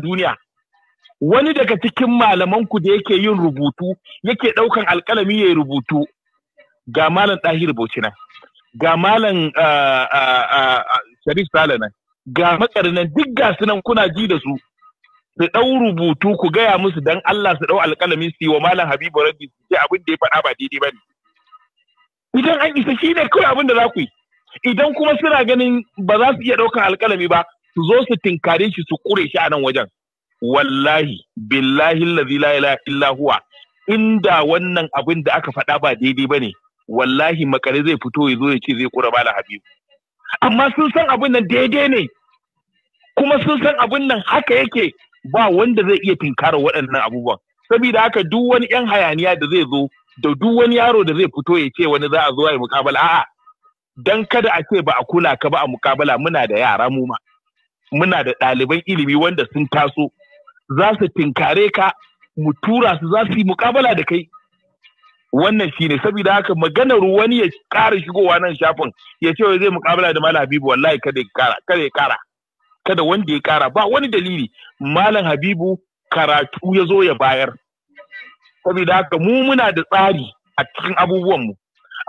duniya wani daga cikin malaman ku da yake yin rubutu yake ɗaukan alƙalami ya rubutu ga malam ɗahir bauchi ga malam sharif sale ga makarnan duk ga sunan kuna ji da su su ɗau rubutu ku gaya musu dan Allah su ɗau alƙalami su yi wa malam habibu rabbi su ce abin da ya faɗa ba daidai ba ne idan an isa shi ne kawai abin da za ku yi idan kuma suna ganin ba za su iya ɗaukan alƙalami ba su zo su tinkare shi su kure shi a nan wajen wallahi billahi allazi la ila illa huwa inda wannan abin da aka faɗa ba daidai ba ne, wallahi makare zai fito ya zo ya ce zai kura bala habibu amma sun san abin nan daidai ne kuma sun san abin nan haka yake ba wanda zai iya tinkara waɗannan abubuwan Sabida haka duk wani yan hayaniya da zai zo da duk wani yaro da zai fito ya ce wani za a zo a yi mukabala a'a dan kada a ce ba a kula ka ba a mukabala muna da yara mu ma muna da ɗaliban ilimi wanda sun taso za su tinkare ka mu tura su za su yi mukabala da kai wannan shi ne saboda haka maganar wani ya ƙara shigowa nan shafin ya ce zai mukabala da malam habibu wallahi kada ya kara kada ya kara kada wanda ya ƙara ba wani dalili malam habibu karatu ya zo ya bayar saboda haka mu muna da tsari a cikin abubuwanmu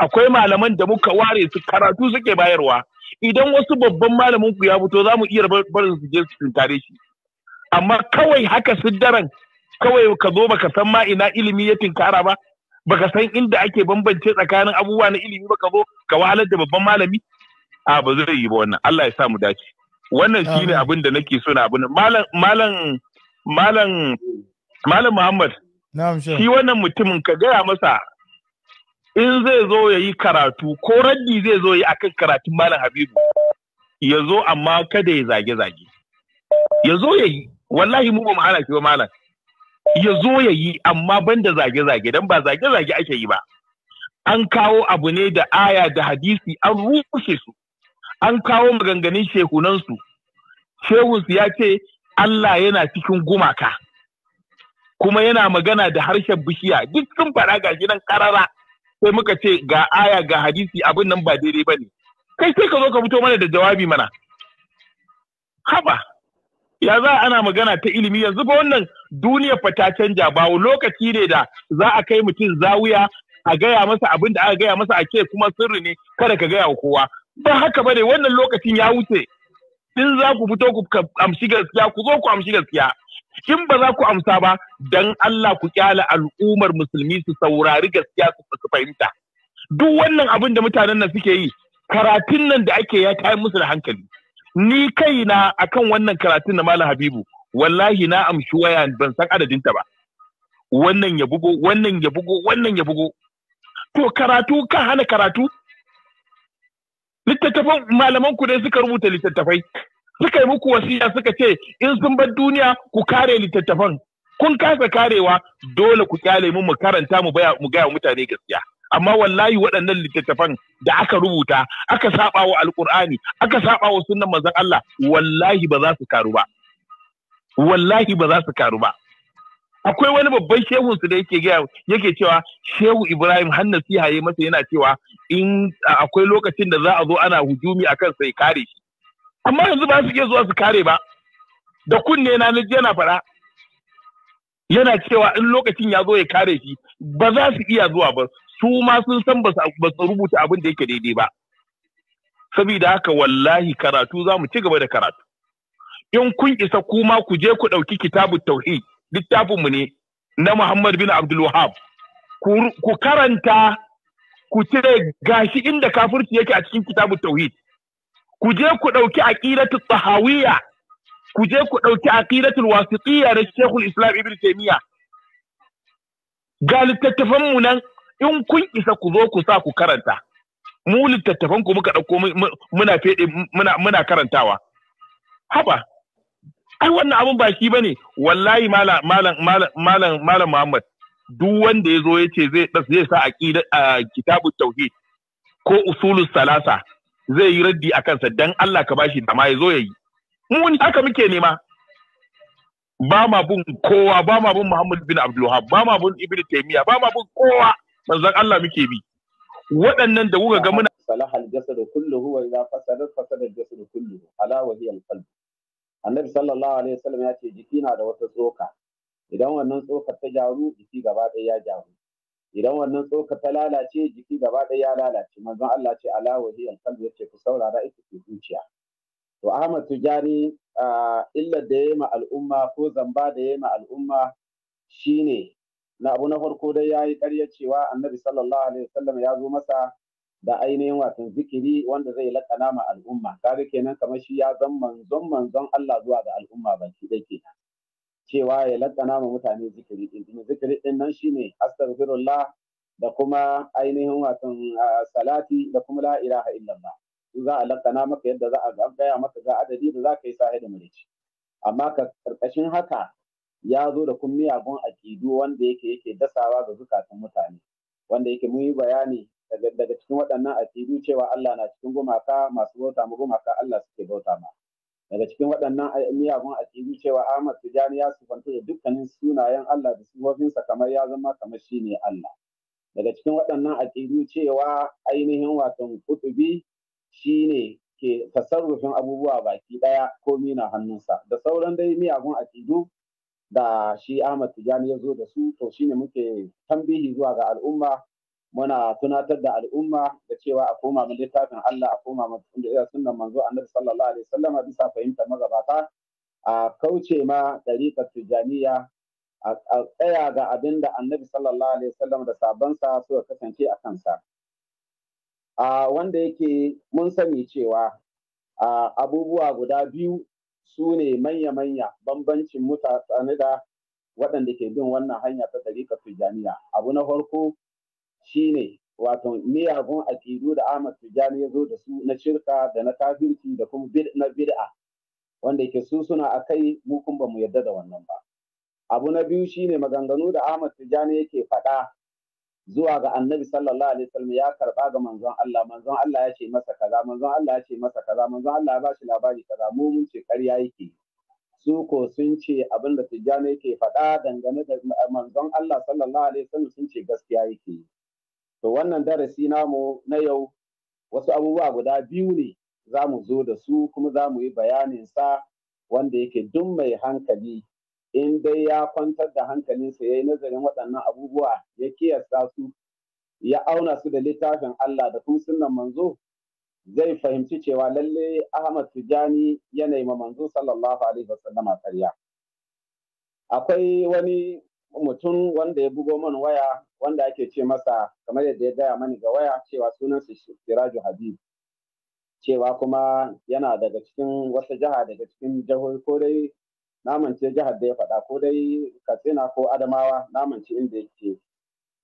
akwai malaman da muka ware su karatu suke bayarwa idan wasu babban malamin ku ya fito za mu iya barin su je su tare shi amma kawai haka daren kawai ka zo baka san ma ina ilimi ya tinkara ba baka san inda ake bambance tsakanin abubuwa na ilimi ba zo ka wahalar da babban malami a ba zai yi ba wannan Allah ya sa mu dace wannan shine abin da nake so na abin malam malam malam malam Muhammad shi wannan mutumin ka gaya masa in zai zo ya yi karatu ko raddi zai zo yi akan karatun malam habibu ya zo amma kada ya zage-zage ya zo ya yi wallahi mu ba mu ba malam ya zo ya yi amma banda zage-zage dan ba zage-zage ake yi ba an kawo abu ne da aya da hadisi an rushe su an kawo maganganun shehunansu shehunsu ya ce Allah yana cikin gumaka kuma yana magana da harshen bishiya duk sun faɗa ga gidan ƙarara sai muka ce ga aya ga hadisi abin nan ba daidai ba ne kai sai ka zo ka fito mana da jawabi mana haba ya za ana magana ta ilimi yanzu ba wannan duniyar Fata ta canja ba lokaci ne da za a kai mutum zawuya a gaya masa abin da aka gaya masa a ce kuma sirri ne kada ka gaya wa kowa ba haka ba ne wannan lokacin ya wuce in za ku fito ku amshi gaskiya ku zo ku amshi gaskiya in ba za ku amsa ba dan Allah ku kyala al'ummar musulmi su saurari gaskiya su fahimta duk wannan abin da mutanen nan suke yi karatun nan da ake ya tayi musu da hankali ni kaina akan wannan karatun na malam habibu wallahi na amshi waya ban san adadinta ba wannan ya bugo wannan ya bugo wannan ya bugo to karatu ka hana karatu littattafan malaman ku dai suka rubuta littattafai suka yi muku wasiya suka ce in sun bar duniya ku kare littattafan kun kasa karewa dole ku kyale mu mu karanta mu baya mu gaya mutane gaskiya amma wallahi waɗannan littattafan da aka rubuta aka saba wa alkur'ani aka saba wa sunnan manzon Allah wallahi ba za su karu ba wallahi ba za su karu ba akwai wani babban shehun su da yake gaya yake cewa shehu Ibrahim har nasiha yayi masa yana cewa in akwai lokacin da za a zo ana hujumi akan sai kare shi amma yanzu ba su iya zuwa su kare ba da kunne na na yana fara yana cewa in lokacin ya zo ya kare shi ba za su iya zuwa ba su ma sun san ba su rubuta abin da yake daidai ba saboda haka wallahi karatu za mu ci gaba da karatu in kun isa kuma ku je ku ɗauki kitabu tauhid littafinmu ne na Muhammad bin Abdul Wahab ku karanta ku cire gashi inda kafirci yake a cikin kitabu tauhid ku je ku ɗauki aqidatu tsahawiyya ku je ku ɗauki aqidatul wasiqiyya na Sheikhul Islam Ibn Taymiyyah ga littattafan mu nan in kun isa ku zo ku sa ku karanta mu littattafan ku muka ɗauko muna fede muna muna karantawa haba ai wannan abun ba shi bane wallahi malam malam malam malam Muhammad duk wanda ya zo ya ce zai zai sa aqida ah, kitabut tauhid ko usulus salasa zai yi raddi a kansa dan Allah ka bashi dama ya zo ya yi mun haka muke nema ba ma bin kowa ba ma bin Muhammad bin Abdul ba ma bin Ibn Taymiyyah ba ma bin kowa manzon Allah muke bi waɗannan da kuka ga muna salaha al-jasad kulluhu wa idha fasa da al-jasad kulluhu ala wa hiya al-qalb annabi sallallahu alaihi sallam ya ce jiki na da wata tsoka idan wannan tsokar ta jaru jiki gaba ɗaya ya jaru idan wannan tsoka ta lalace jiki gaba ɗaya ya lalace manzon Allah ce ala wahiyal ya yace ku saurara ita ke zuciya to Ahmad Tijani illar da yayi ma al'umma ko zamba da yayi ma al'umma shine na abu na farko dai yayi ƙarya cewa Annabi sallallahu alaihi wasallam ya zo masa da ainihin watan zikiri wanda zai lakana ma al'umma kaga kenan kamar shi ya zan manzon manzon Allah zuwa ga al'umma baki ɗaya kenan cewa ya lakana ma mutane zikiri din zikiri din nan shine astaghfirullah da kuma ainihin wasan salati da kuma la ilaha illallah za a lakana maka yadda za a gaya maka ga adadi da za ka yi sahi da mulki amma ka karkashin haka ya zo da kun miyagun akidu wanda yake yake dasawa ga zukatan mutane wanda yake mun yi bayani daga cikin waɗannan akidu cewa Allah na cikin gumaka masu bauta mu gumaka Allah suke bauta ma daga cikin waɗannan eh, miyagun asiri cewa Ahmad Tijani ya sufanta da dukkanin sunayen Allah da sifofinsa kamar ya zama kamar shi ne Allah. Daga cikin waɗannan asiri cewa ainihin wasan kutubi shi ne ke tasarrufin abubuwa baki ɗaya ko na hannunsa da sauran dai miyagun asiru da shi Ahmad Tijani ya zo da su to shi ne muke tambihi zuwa ga al'umma muna tunatar da al'umma da cewa a koma mun littafin Allah a koma mu da sunnan manzo Annabi sallallahu alaihi wasallam bisa fahimtar magabata a kauce ma dariqat tijaniya a tsaya ga abin da Annabi sallallahu alaihi wasallam da sabansa suka kasance a kansa a wanda yake mun sani cewa abubuwa guda biyu su ne manya-manya bambancin mutane da waɗanda ke bin wannan hanya ta dariƙar tijaniya abu na farko shine wato miyagun akidu da Ahmad Tijani ya zo da su na shirka da na kafirci da kuma na bid'a wanda yake su suna a kai mu kun ba mu yarda da wannan ba. Abu na biyu shine maganganu da Ahmad Tijani yake faɗa zuwa ga Annabi sallallahu alaihi wasallam ya karɓa ga manzon Allah manzon Allah ya ce masa kaza manzon Allah ya ce masa kaza manzon Allah ya ba shi labari kaza mu mun ce ƙarya yake su ko sun ce abin da Tijjani yake faɗa dangane da manzon Allah sallallahu alaihi wasallam sun ce gaskiya yake yi. To wannan darasi namu na yau wasu abubuwa guda biyu ne za mu zo da su kuma za mu yi bayanin sa wanda yake duk mai hankali in dai ya kwantar da hankalinsa ya yi nazarin waɗannan abubuwa ya kiyasta su ya auna su da littafin Allah da kuma sunnan manzo zai fahimci cewa lalle Ahmad Tijani yanayi ma manzo sallallahu alaihi wasallam a Akwai wani mutum wanda ya bugo mana waya wanda ake ce masa kamar yadda ya gaya mani ga waya cewa sunansa Siraju Habib cewa kuma yana daga cikin wata jiha daga cikin jihohi ko dai namance jihar da ya faɗa ko dai Katsina ko Adamawa namance inda yake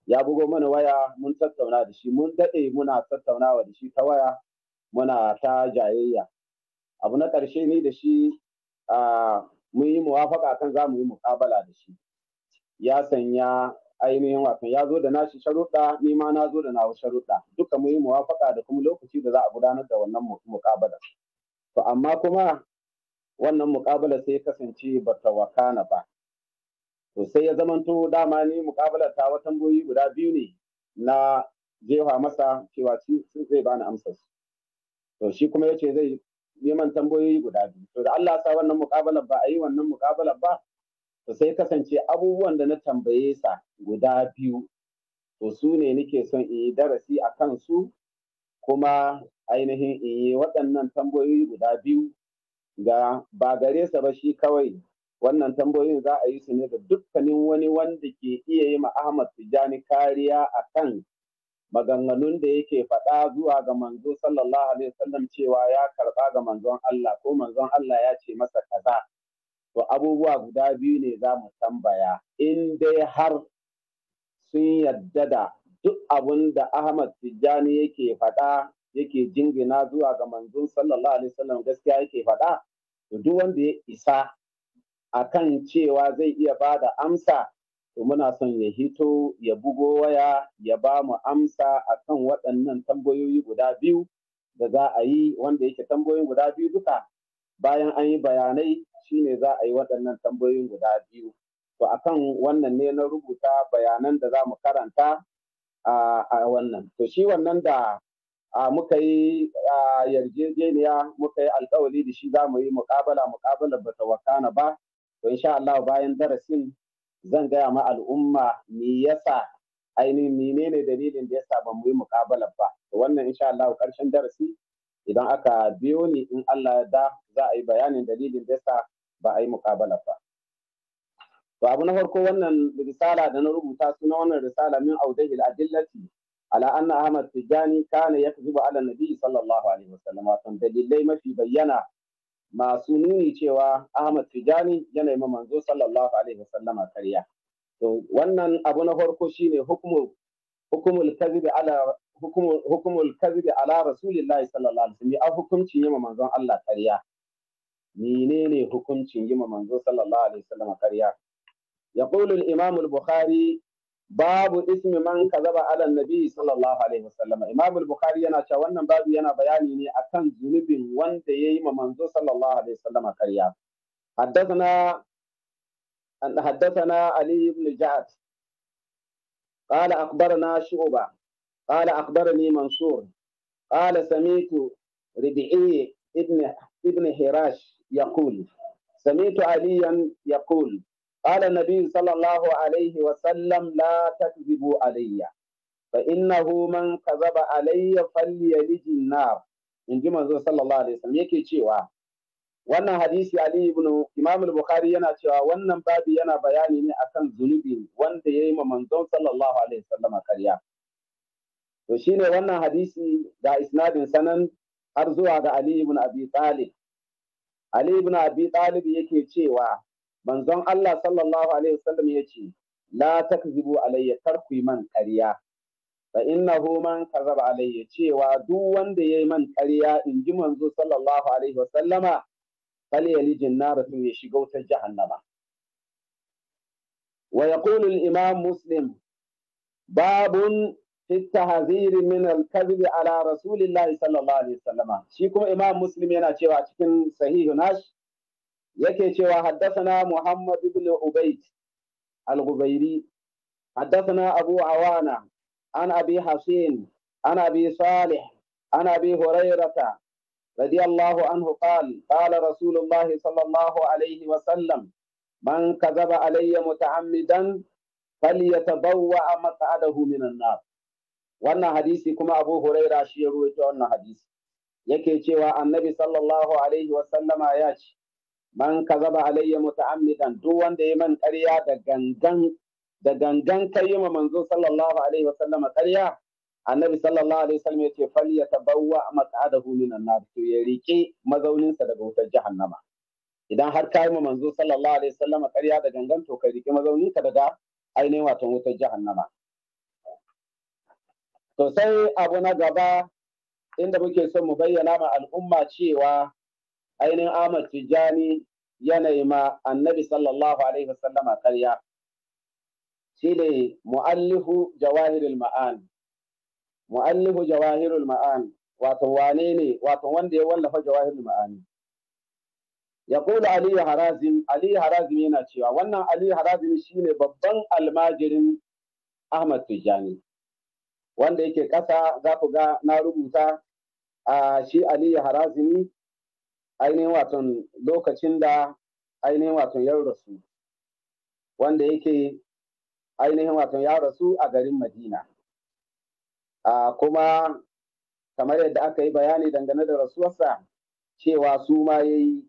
ya bugo mana waya mun tattauna da shi mun daɗe muna tattaunawa da shi ta waya muna ta jayayya abu na ƙarshe ni da shi ah, mun yi muwafaka kan za mu yi muƙabala da shi ya sanya ainihin wato ya zo da nashi sharuɗa ni ma na zo da nawa sharuɗa duka mu yi muwafaka da kuma lokaci da za a gudanar da wannan muƙabala to amma kuma wannan muƙabala sai kasance ba ta wakana ba to sai ya zamanto dama ni muƙabalar ta wa tambayoyi guda biyu ne na jefa masa cewa sun zai bani amsa to shi kuma yace zai neman tambayoyi guda biyu to da Allah sa wannan muƙabalar ba a yi wannan muƙabalar ba to sai kasance abubuwan da na tambaye sa guda biyu to su ne nake son in yi darasi a kansu kuma ainihin in yi waɗannan tambayoyi guda biyu ga ba gare sa ba shi kawai wannan tambayoyin za a yi su ne ga dukkanin wani wanda ke iya yi ma Ahmad Tijjani kariya a kan maganganun da yake faɗa zuwa ga manzo sallallahu alaihi wasallam cewa ya karɓa ga manzon Allah ko manzon Allah ya ce masa kaza to abubuwa guda biyu ne za mu tambaya in dai har sun yadda da duk abun da Ahmad Tijjani yake faɗa yake jingina zuwa ga manzon sallallahu alaihi wasallam gaskiya yake faɗa to duk wanda ya isa akan cewa zai iya ba da amsa to muna son ya hito ya bugo waya ya ba mu amsa akan waɗannan tambayoyi guda biyu da za a yi wanda yake tambayoyin guda biyu duka bayan an yi bayanai shine za a yi waɗannan tambayoyin guda biyu to akan wannan ne na rubuta bayanan da za mu karanta a wannan to shi wannan da muka yi yarjejeniya muka yi alkawari da shi za mu yi mukabala mukabala bata wakana ba to insha Allah bayan darasin zan gaya ma al'umma me yasa ainihin menene dalilin da yasa ba mu yi mukabalar ba to wannan insha Allah karshen darasi idan aka biyo ni in Allah ya da za a yi bayanin dalilin da yasa ba a yi muƙabala ba to abu na farko wannan risala da na rubuta suna wannan risala min audahil adillati ala anna ahmad tijani kana yakzibu ala nabi sallallahu alaihi wasallam wato dalilai mafi bayyana masu nuni cewa ahmad tijani yana yi manzo sallallahu alaihi wasallama karya to wannan abu na farko shine hukumul hukumul kadhib ala hukumul hukumul ala rasulillahi sallallahu alaihi wasallam a hukuncin yima manzon Allah ƙarya menene hukuncin yima manzon sallallahu alaihi wasallam ƙarya yaqulu al-imam al-bukhari babu ismi man kadhaba ala nabi sallallahu alaihi wasallam imam al-bukhari yana cewa wannan babu yana bayani ne akan zunubin wanda yayi ma manzo sallallahu alaihi wasallam ƙarya haddathana حدثنا علي بن جعد قال أخبرنا شعبة قال أخبرني منصور قال سمعت ربعي ابن ابن هراش يقول سمعت عليا يقول قال النبي صلى الله عليه وسلم لا تكذبوا علي فإنه من كذب علي فليلج النار in ji manzo sallallahu alaihi wasallam yake cewa wannan hadisi Ali ibn Imam al-Bukhari yana cewa wannan babi yana bayani ne akan zunubi wanda ya yi ma manzon sallallahu alaihi wasallam karya to shine wannan hadisi ga isnadin sanan har zuwa ga Ali ibn Abi Talib Ali ibn Abi Talib yake cewa manzon Allah sallallahu alaihi wasallam yace la takzibu alayya tarku man Ba fa innahu man kazaba alayya cewa duk wanda yayi man ƙarya in ji manzo sallallahu alaihi wasallama fal yalijin nar to ya shiga wutar jahannama wa yaqulu al imam muslim babun fi tahziri min al-kadhib ala rasulillahi sallallahu alaihi wasallama shi kuma imam muslim yana cewa cikin sahihu nash yake cewa haddathana muhammad ibn ubayd al-gubairi haddathana abu awana an abi hasin an abi salih an abi hurairata رضي الله عنه قال قال رسول الله صلى الله عليه وسلم من كذب علي متعمدا فليتبوأ مقعده wannan hadisi kuma abu huraira shi ya ruwaito wannan hadisi yake cewa annabi sallallahu alaihi wasallama ya ce man kazaba alayya muta'ammidan duk wanda ya man ƙarya da gangan da gangan kai ma manzo sallallahu alaihi sallama ƙarya annabi sallallahu alaihi wasallam ce, fal tabawwa maq'adahu minan nar to ya rike mazaunin sa daga wutar jahannama idan har kai ma manzo sallallahu alaihi wasallam ƙarya da gangan to kai rike mazaunin ka daga ainihin watan wutar jahannama To sai abu na gaba inda muke son mu bayyana ma al'umma cewa ainihin Ahmad Tijjani yanayi ma annabi sallallahu alaihi wasallama karya. Shi ne mu'allihu jawahirul ma'an. Mu'allihu jawahirul ma'an wato wane ne wato wanda ya wallafa jawahirul ma'ani. Ya kula Aliyu Harazim, Aliyu Harazim yana cewa wannan Aliyu Harazim shine babban almajirin Ahmad Tijjani. wanda yake ƙasa za ku ga na rubuta a shi aliyu harazini ainihin watan lokacin da ainihin watan ya rasu wanda yake ainihin watan ya rasu a garin madina a kuma kamar yadda aka yi bayani dangane da rasuwarsa cewa su ma ya yi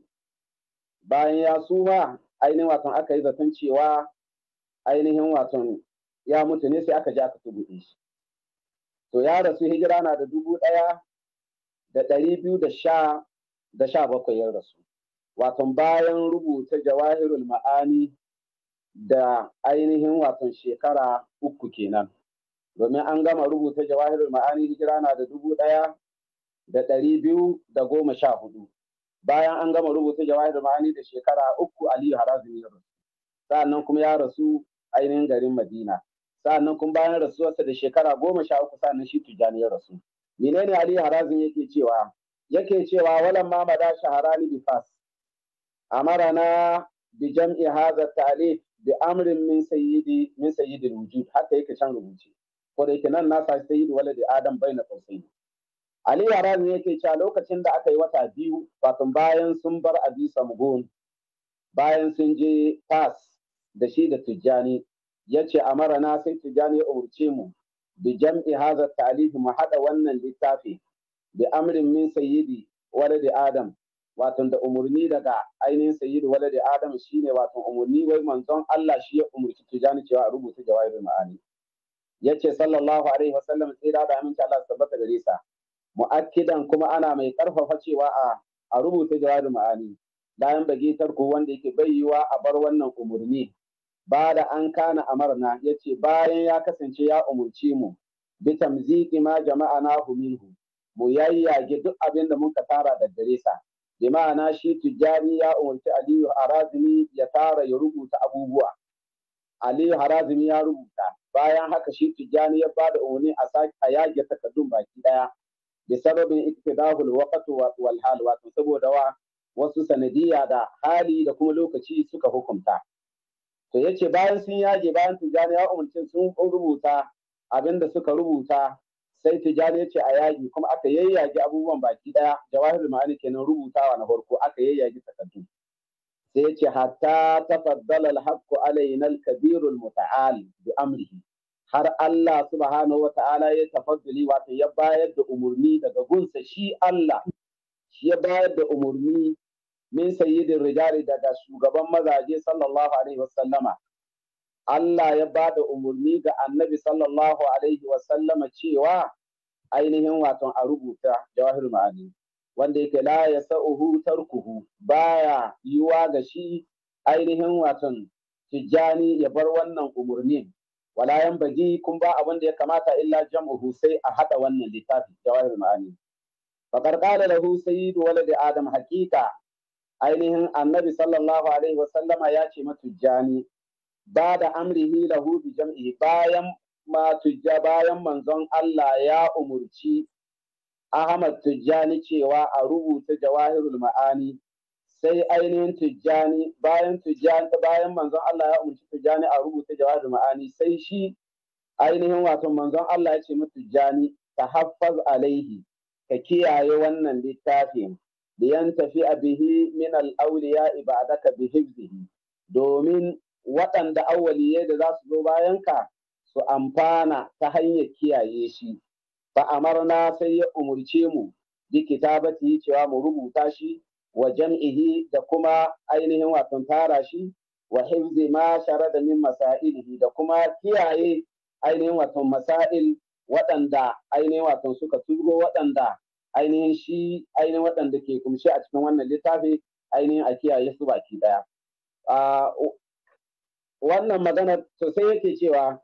bayan ya suma ainihin watan aka yi zaton cewa ainihin waton ya mutu ne sai aka ja aka tubuɗe shi to ya rasu hijira na da dubu ɗaya da ɗari biyu da sha da sha bakwai ya rasu Watan bayan rubuta jawahirul ma'ani da ainihin watan shekara uku kenan domin an gama rubuta jawahirul ma'ani hijira na da dubu ɗaya da ɗari biyu da goma sha hudu bayan an gama rubuta jawahirul ma'ani da shekara uku aliyu harazin ya rasu sa'annan kuma ya rasu ainihin garin madina sa'annan kun bayan rasuwarsa da shekara goma sha uku sa'annan shi tijjani ya rasu menene ali harazin yake cewa yake cewa walan ma mada shaharani bi fas amarana bi jam'i haza ta'lif bi amrin min sayyidi min sayyidil wujud haka yake can rubuce ko da yake nan na sa wala waladi adam baina qausaini ali harazin yake cewa lokacin da aka yi wata biyu kafin bayan sun bar abi samgun bayan sun je fas da shi da tijjani yace amara na sai tijani umurce mu bi jam'i haza ta'lif mu haɗa wannan littafi bi amrin min sayyidi waladi adam wato da umurni daga ainihin sayyidi waladi adam shine wato umurni wai manzon Allah shi ya umurci tijani cewa a rubuta jawahirul ma'ani ce sallallahu alaihi wasallam tsira da aminci Allah tabbata gare sa mu'akkidan kuma ana mai karfafa cewa a a rubuta jawahirul ma'ani bayan bage tarko wanda yake bayyuwa a bar wannan umurni ba da an kana amarna ya ce bayan ya kasance ya umarci mu bi tamziki ma jama'a na huminhu mu yayyage duk abin da muka tara da gare sa bi ma'ana shi tujjani ya umurci aliyu harazimi ya tara ya rubuta abubuwa aliyu harazimi ya rubuta bayan haka shi tujjani ya bada umarni a sake a yage takardun baki daya bi sababin iktidahul waqtu wal hal wato saboda wa wasu sanadiyya da hali da kuma lokaci suka hukunta to yace bayan sun yage bayan tijani ya umarci sun rubuta abin da suka rubuta sai tijani yace a yage kuma aka yayyage abubuwan baki daya jawahirul ma'ani kenan rubutawa na farko aka yayyage takardu sai yace hatta tafaddala al-haqqu alaina al-kabirul muta'al bi amrihi har Allah subhanahu wa ta'ala ya tafaddali wato ya bayar da umarni daga gunsa shi Allah shi ya bayar da umarni min sayyidin rijali daga shugaban mazaje sallallahu alaihi wasallama Allah ya ba da umarni ga annabi sallallahu alaihi wasallama cewa ainihin waton a rubuta jawahir ma'ani wanda yake la ya sa'uhu tarkuhu baya yiwa ga shi ainihin waton tijjani ya bar wannan umarni wala yan baji kun ba abin da ya kamata illa jam'uhu sai a hada wannan littafi jawahir ma'ani faqad qala lahu sayyidu waladi adam haqiqa ainihin annabi sallallahu alaihi wa sallama ya ce matujjani ba da amrihi lahu bi jam'i bayan matujja bayan manzon Allah ya umurci Ahmad Tujjani cewa a rubuta jawahirul ma'ani sai ainihin Tujjani bayan Tujjani bayan manzon Allah ya umurci Tujjani a rubuta jawahirul ma'ani sai shi ainihin wato manzon Allah ya ce mu Tujjani haffaz alaihi ka kiyaye wannan littafin liyantafi bihi min al-awliya ibadaka bi hifzihi domin waɗanda awwaliye da za su zo bayanka su amfana ta hanyar kiyaye shi Ba a marna sai ya umurce mu bi kitabati cewa mu rubuta shi wa jam'ihi da kuma ainihin watan tara shi wa hifzi ma da min masailihi da kuma kiyaye ainihin watan masail waɗanda ainihin watan suka turgo waɗanda ainihin shi ainihin waɗanda ke kumshe a cikin wannan littafi ainihin a kiyaye su baki ɗaya. Wannan maganar sosai yake cewa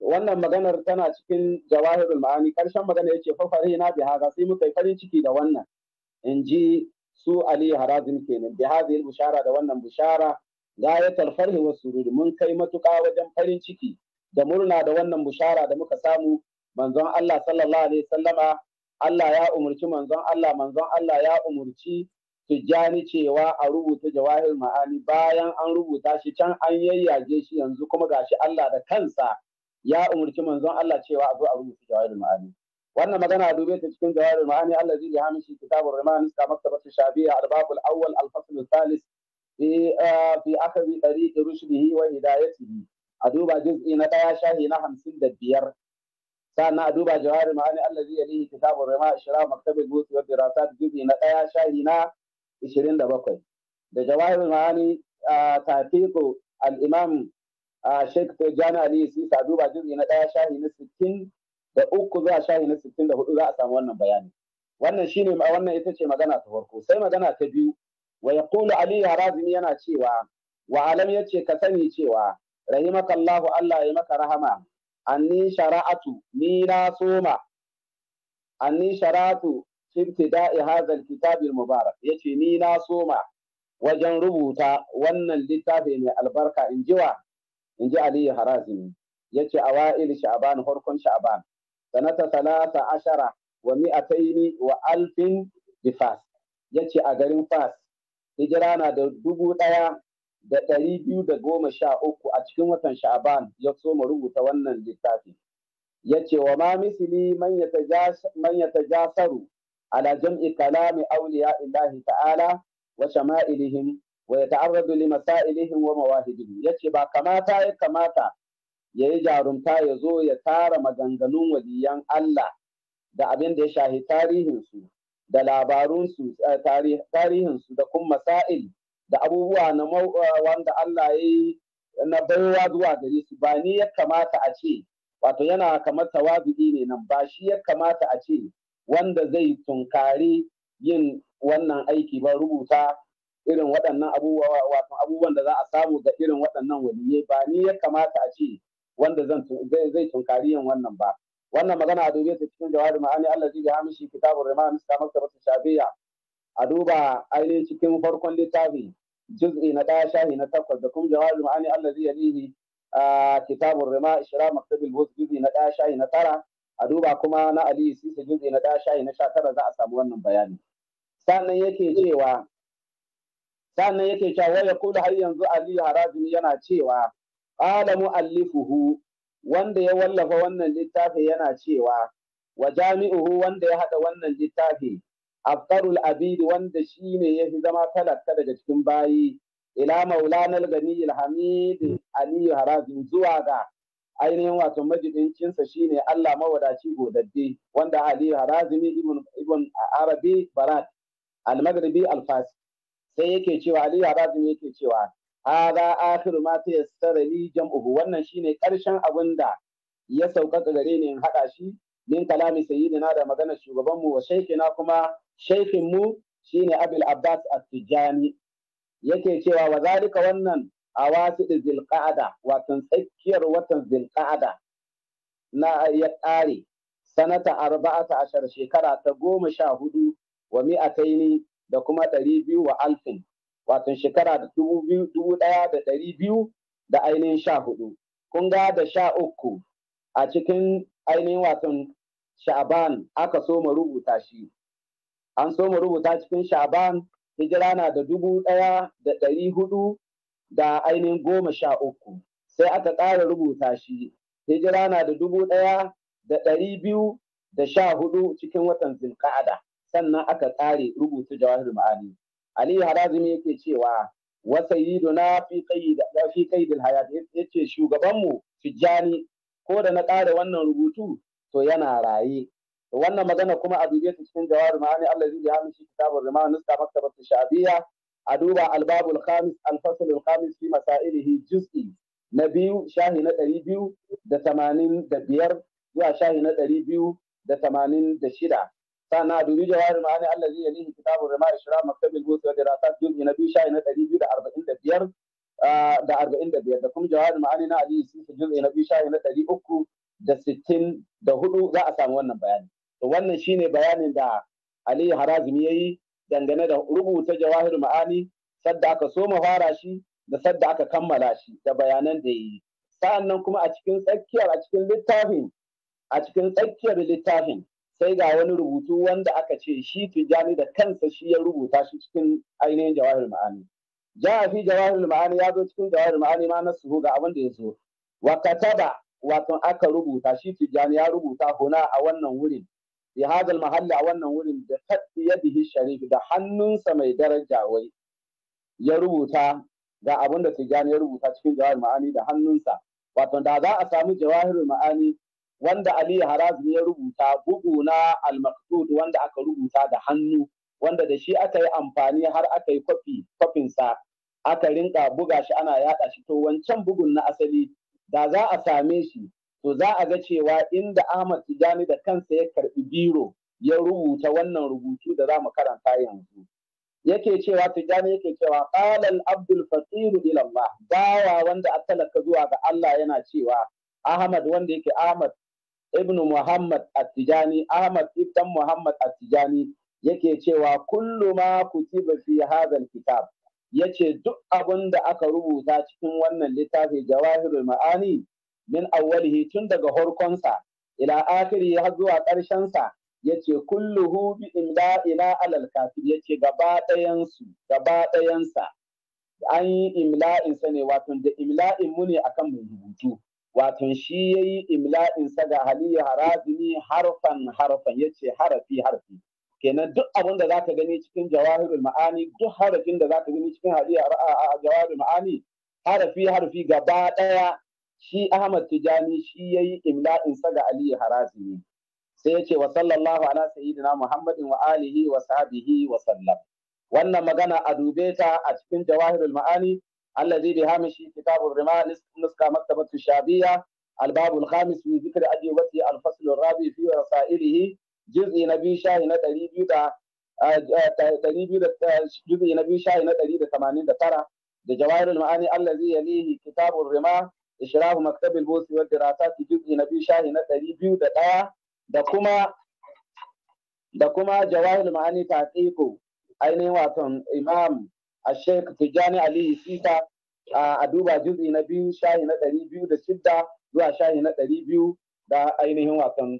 wannan maganar tana cikin jawahirul ma'ani ƙarshen magana yake fafari na bi haka sai muka yi farin ciki da wannan in ji su Ali Harazim kenan bi hadhihi bushara da wannan bushara gayatul farhi was sururi mun kai matuƙa wajen farin ciki da murna da wannan bushara da muka samu manzon Allah sallallahu alaihi sallama Allah ya umurci manzon Allah manzon Allah ya umurci Tijjani cewa a rubuta jawahir ma'ani bayan an rubuta shi can an yayyage shi yanzu kuma gashi Allah da kansa ya umurci manzon Allah cewa a zo a rubuta jawahir ma'ani wannan magana dube ta cikin jawahir ma'ani Allah zai hami shi kitabur rimani ka maktabatu shabiya al-bab al-awwal al-fasl al-thalith fi ah, fi akhri tariq rushdihi wa hidayatihi a duba juz'i na daya shahi na 55 sannan a duba jawari ma'ani allazi yalihi kitabur rima shira maktabil busi wa dirasat juzi na daya shahi na 27 da jawari ma'ani tafiqu al-imam Sheikh Tijjani Ali Sisi a duba juzi na daya shahi na 60 da uku zuwa shahi na 64 za a samu wannan bayani wannan shine wannan ita ce magana ta farko sai magana ta biyu wa yaqulu Ali Razimi yana cewa wa alam yace ka sani cewa rahimakallahu Allah ya maka rahama anni shara'atu ni na soma anni shara'atu fi ibtida'i hadha al-kitab mubarak yace ni na soma wajen rubuta wannan littafi mai albarka in ji wa in ji Aliyu Harazimi yace awa'il sha'ban horkon sha'ban sanata talata ashara wa mi'ataini wa alfin difas yace a garin fas hijira na da dubu ɗaya da ɗari biyu da goma sha uku a cikin watan sha'aban ya soma rubuta wannan littafi ya ce wa ma misili man ya tajasaru ala jam'i kalami auliya illahi ta'ala wa shama'ilihim wa ya ta'arradu li masailihim wa mawahidihim ya ce ba kamata ya kamata ya yi jarumta ya zo ya tara maganganun waliyan Allah da abin da ya shahi tarihinsu da labarunsu eh, tarihinsu da kuma masail da abubuwa na eh, wanda Allah ya yi na baiwa zuwa gare su ba ni ya kamata a ce wato yana kamar tawazu'i ne nan ba shi ya kamata a ce wanda zai tunkari yin wannan aiki ba rubuta irin waɗannan abubuwa wato abubuwan da za a samu ga irin waɗannan waliyai ba ni ya kamata a ce wanda zan zai tunkari yin wannan ba wannan magana a dubiya ta cikin jawabi ma'ani Allah zai ga hamishi kitabur rimani mista maktabatu shabiya a duba ainihin cikin farkon littafi juz'i na ɗaya shahi na takwas da kuma jawabin ma'ani Allah zai yalihi a kitabun rima ishira maktabil bus juz'i na ɗaya shahi na tara a duba kuma na aliyu sisa juz'i na ɗaya shahi na sha tara za a samu wannan bayani sannan yake cewa sannan yake cewa ya kula har yanzu aliyu harazumi yana cewa qala mu'allifuhu wanda ya wallafa wannan littafi yana cewa wa jami'uhu wanda ya haɗa wannan littafi abqarul abidi wanda shine yafi zama talaka daga cikin bayi ila maulana al-gani al-hamid zuwa ga ainihin wato majidincin shi shine Allah mawadaci godadde wanda Aliyu harazimi ibn arabi barat al al sai yake cewa Aliyu harazimi yake cewa hada akhiru ma tayassara li jam'uhu wannan shine karshen abin da ya sauƙaƙa gare ni in haɗa shi min kalami sayyidina da maganar shugabanmu wa shaikina kuma shaikinmu shine abul abbas at-tijani yake cewa wa zalika wannan a wasu zilqa'ada watan tsakiyar watan zilqa'ada na ya ƙare sanata arba'ata ashar shekara ta goma sha hudu wa mi'ataini da kuma ɗari biyu wa alfin watan shekara da dubu ɗaya da ɗari biyu da ainihin sha hudu kun ga da sha uku a cikin ainihin watan shaban aka so mu rubuta shi an so mu rubuta cikin sha'aban hijira na da dubu ɗaya da ɗari hudu da ainihin goma sha uku sai aka ƙara rubuta shi hijira na da dubu ɗaya da ɗari biyu da sha hudu cikin watan Zinƙa'ada, sannan aka ƙare rubuta jawahir ma'ani ali harazimi yake cewa wasa yi na fi kai da hayat ya ce shugabanmu tijjani ko da na ƙara wannan rubutu to yana raye wannan magana kuma a dube ta cikin jawabin ma'ani Allah zai ya mishi kitabul rimani nuska maktabatu sha'biya a duba albabul khamis alfasl alkhamis fi masailihi juz'i na biyu shahi na ɗari biyu da tamanin da biyar zuwa shahi na ɗari biyu da tamanin da shida sannan a dubi jawabin ma'ani Allah zai yalihi kitabul rimani shura maktabil gusa da rasat juz'i na biyu shahi na ɗari biyu da arba'in da biyar ah, da arba'in da biyar da kuma jawabin ma'ani na Ali Yusuf juz'i na biyu shahi na ɗari uku da sittin da hudu za a samu wannan bayani to wannan shine bayanin da aliyu harazimi ya yi dangane da rubuta jawahir ma'ani sadda aka soma fara shi da sadda aka kammala shi da bayanan da ya yi sa'annan kuma a cikin tsakiyar a cikin littafin a cikin tsakiyar littafin sai ga wani rubutu wanda aka ce shi tijjani da kansa shi ya rubuta shi cikin ainihin jawahir ma'ani ja fi jawahir ma'ani ya zo cikin jawahir ma'ani ma na suhu ga abin da ya zo wa kataba wato aka rubuta shi Tijjani ya rubuta huna a wannan wurin bi hadal mahalli a wannan wurin da kaddi yadihi sharif da hannunsa mai daraja wai ya rubuta ga abin da tijani ya rubuta cikin jawahir ma'ani da hannunsa wato da za a samu jawahir ma'ani wanda Ali Harazmi ya rubuta bugu na al-maqsud wanda aka rubuta da hannu wanda da shi aka yi amfani har aka yi kwafi sa aka rinka buga shi ana yada shi to wancan bugun na asali da za a same shi to za a ga cewa inda Ahmad Tijani da kansa ya karɓi biro ya rubuta wannan rubutu da za mu karanta yanzu yake cewa Tijani yake cewa qalal abdul fasir ila Allah bawa wanda a talaka zuwa ga Allah yana cewa Ahmad wanda yake Ahmad Ibn Muhammad At-Tijani Ahmad ibn Muhammad At-Tijani yake cewa kullu ma kutiba fi hadha kitab Yace duk abin da aka rubuta cikin wannan littafi jawahirul ma'ani min awwalihi tun daga horkonsa ila akhiri har zuwa ƙarshensa ya ce kulluhu bi inda ila alal kafir ya ce gaba su gaba ɗayansa an yi imla'in sa ne wato da imla'in mu ne akan mu rubutu wato shi yayi yi imla'in sa ga haliyu harazini harfan harfan Yace ce harafi harfi kenan duk abin da zaka gani cikin jawahirul ma'ani duk harafin da zaka gani cikin hadiya a jawahirul ma'ani harafi harafi gaba daya shi Ahmad Tijani shi yayi imla'in sa ga Ali Harazimi sai ya ce wa sallallahu ala sayyidina Muhammadin wa alihi wa sahbihi wa sallam wannan magana a dube ta a cikin jawahirul ma'ani allazi bi hamishi kitabur rimal nuska maktabatu shabiya albabul khamis fi zikr ajibati al rabi fi rasailihi juz'i na biyu shayi na ɗari biyu da ɗari biyu da juz'i na biyu shahi na ɗari da tamanin da tara da jawahirul ma'ani allazi yalihi kitabur rima ishrahu maktabil busi wa dirasati juz'i na biyu shayi na ɗari biyu da ɗaya da kuma da kuma jawahirul ma'ani taqiqu ainihin waton imam ashek tijjani aliyu sita a duba juz'i na biyu shayi na ɗari biyu da shidda zuwa shayi na ɗari biyu da ainihin waton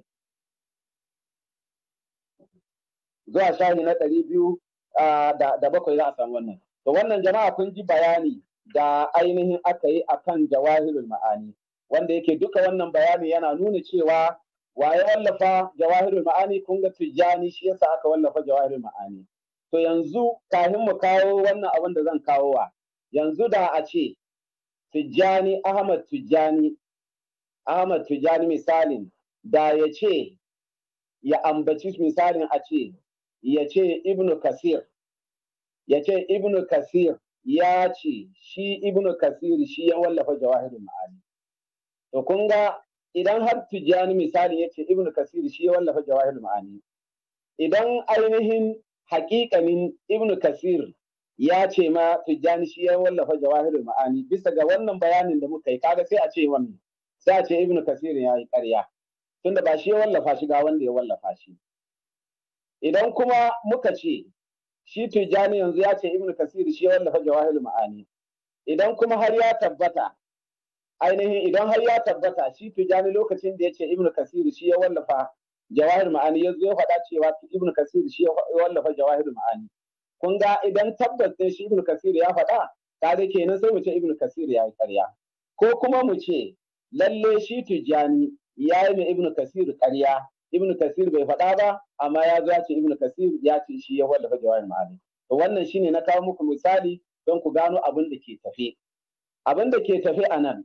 zuwa shahi na ɗari biyu da bakwai za a samu wannan to wannan jama'a kun ji bayani da ainihin aka yi akan jawahirul ma'ani wanda yake duka wannan bayani yana nuna cewa wa ya wallafa jawahirul ma'ani kun ga tijjani shi yasa aka wallafa jawahirul ma'ani to yanzu kafin mu kawo wannan abin da zan kawo wa yanzu da a ce tijjani ahmad tijjani ahmad tijjani misalin da ya ce ya ambaci misalin a ce ya ce ibnu kasir ya ce ibnu kasir ya ce shi ibnu kasir shi ya wallafa jawahirin ma'ani to kun ga idan har tijjani misali ya ce ibnu kasir shi ya wallafa jawahirin ma'ani idan ainihin hakikanin ibnu kasir ya ce ma tijjani shi ya wallafa jawahirin ma'ani bisa ga wannan bayanin da muka yi kaga sai a ce wannan sai a ce ibnu kasir ya yi karya. tunda ba shi ya wallafa shi ga wanda ya wallafa shi idan kuma muka ce shi tijani yanzu ya ce ibnu kasir shi ya wallafa jawahirul ma'ani idan kuma har ya tabbata ainihin idan har ya tabbata shi tijani lokacin da ya ce ibnu kasir shi ya wallafa jawahirul ma'ani yanzu ya faɗa cewa ibnu kasir shi ya wallafa jawahirul ma'ani kun ga idan tabbas ne shi ibnu kasir ya faɗa ta da kenan sai mu ce ibnu kasir ya yi ƙarya ko kuma mu ce lalle shi tijani ya yi ibnu kasir ƙarya ibnu kasir bai faɗa ba amma ya zo ya ce ibnu kasir ya ce shi ya wallafa jawahir ma'ani to wannan shine na kawo muku misali don ku gano abin da ke tafe abin da ke tafe a nan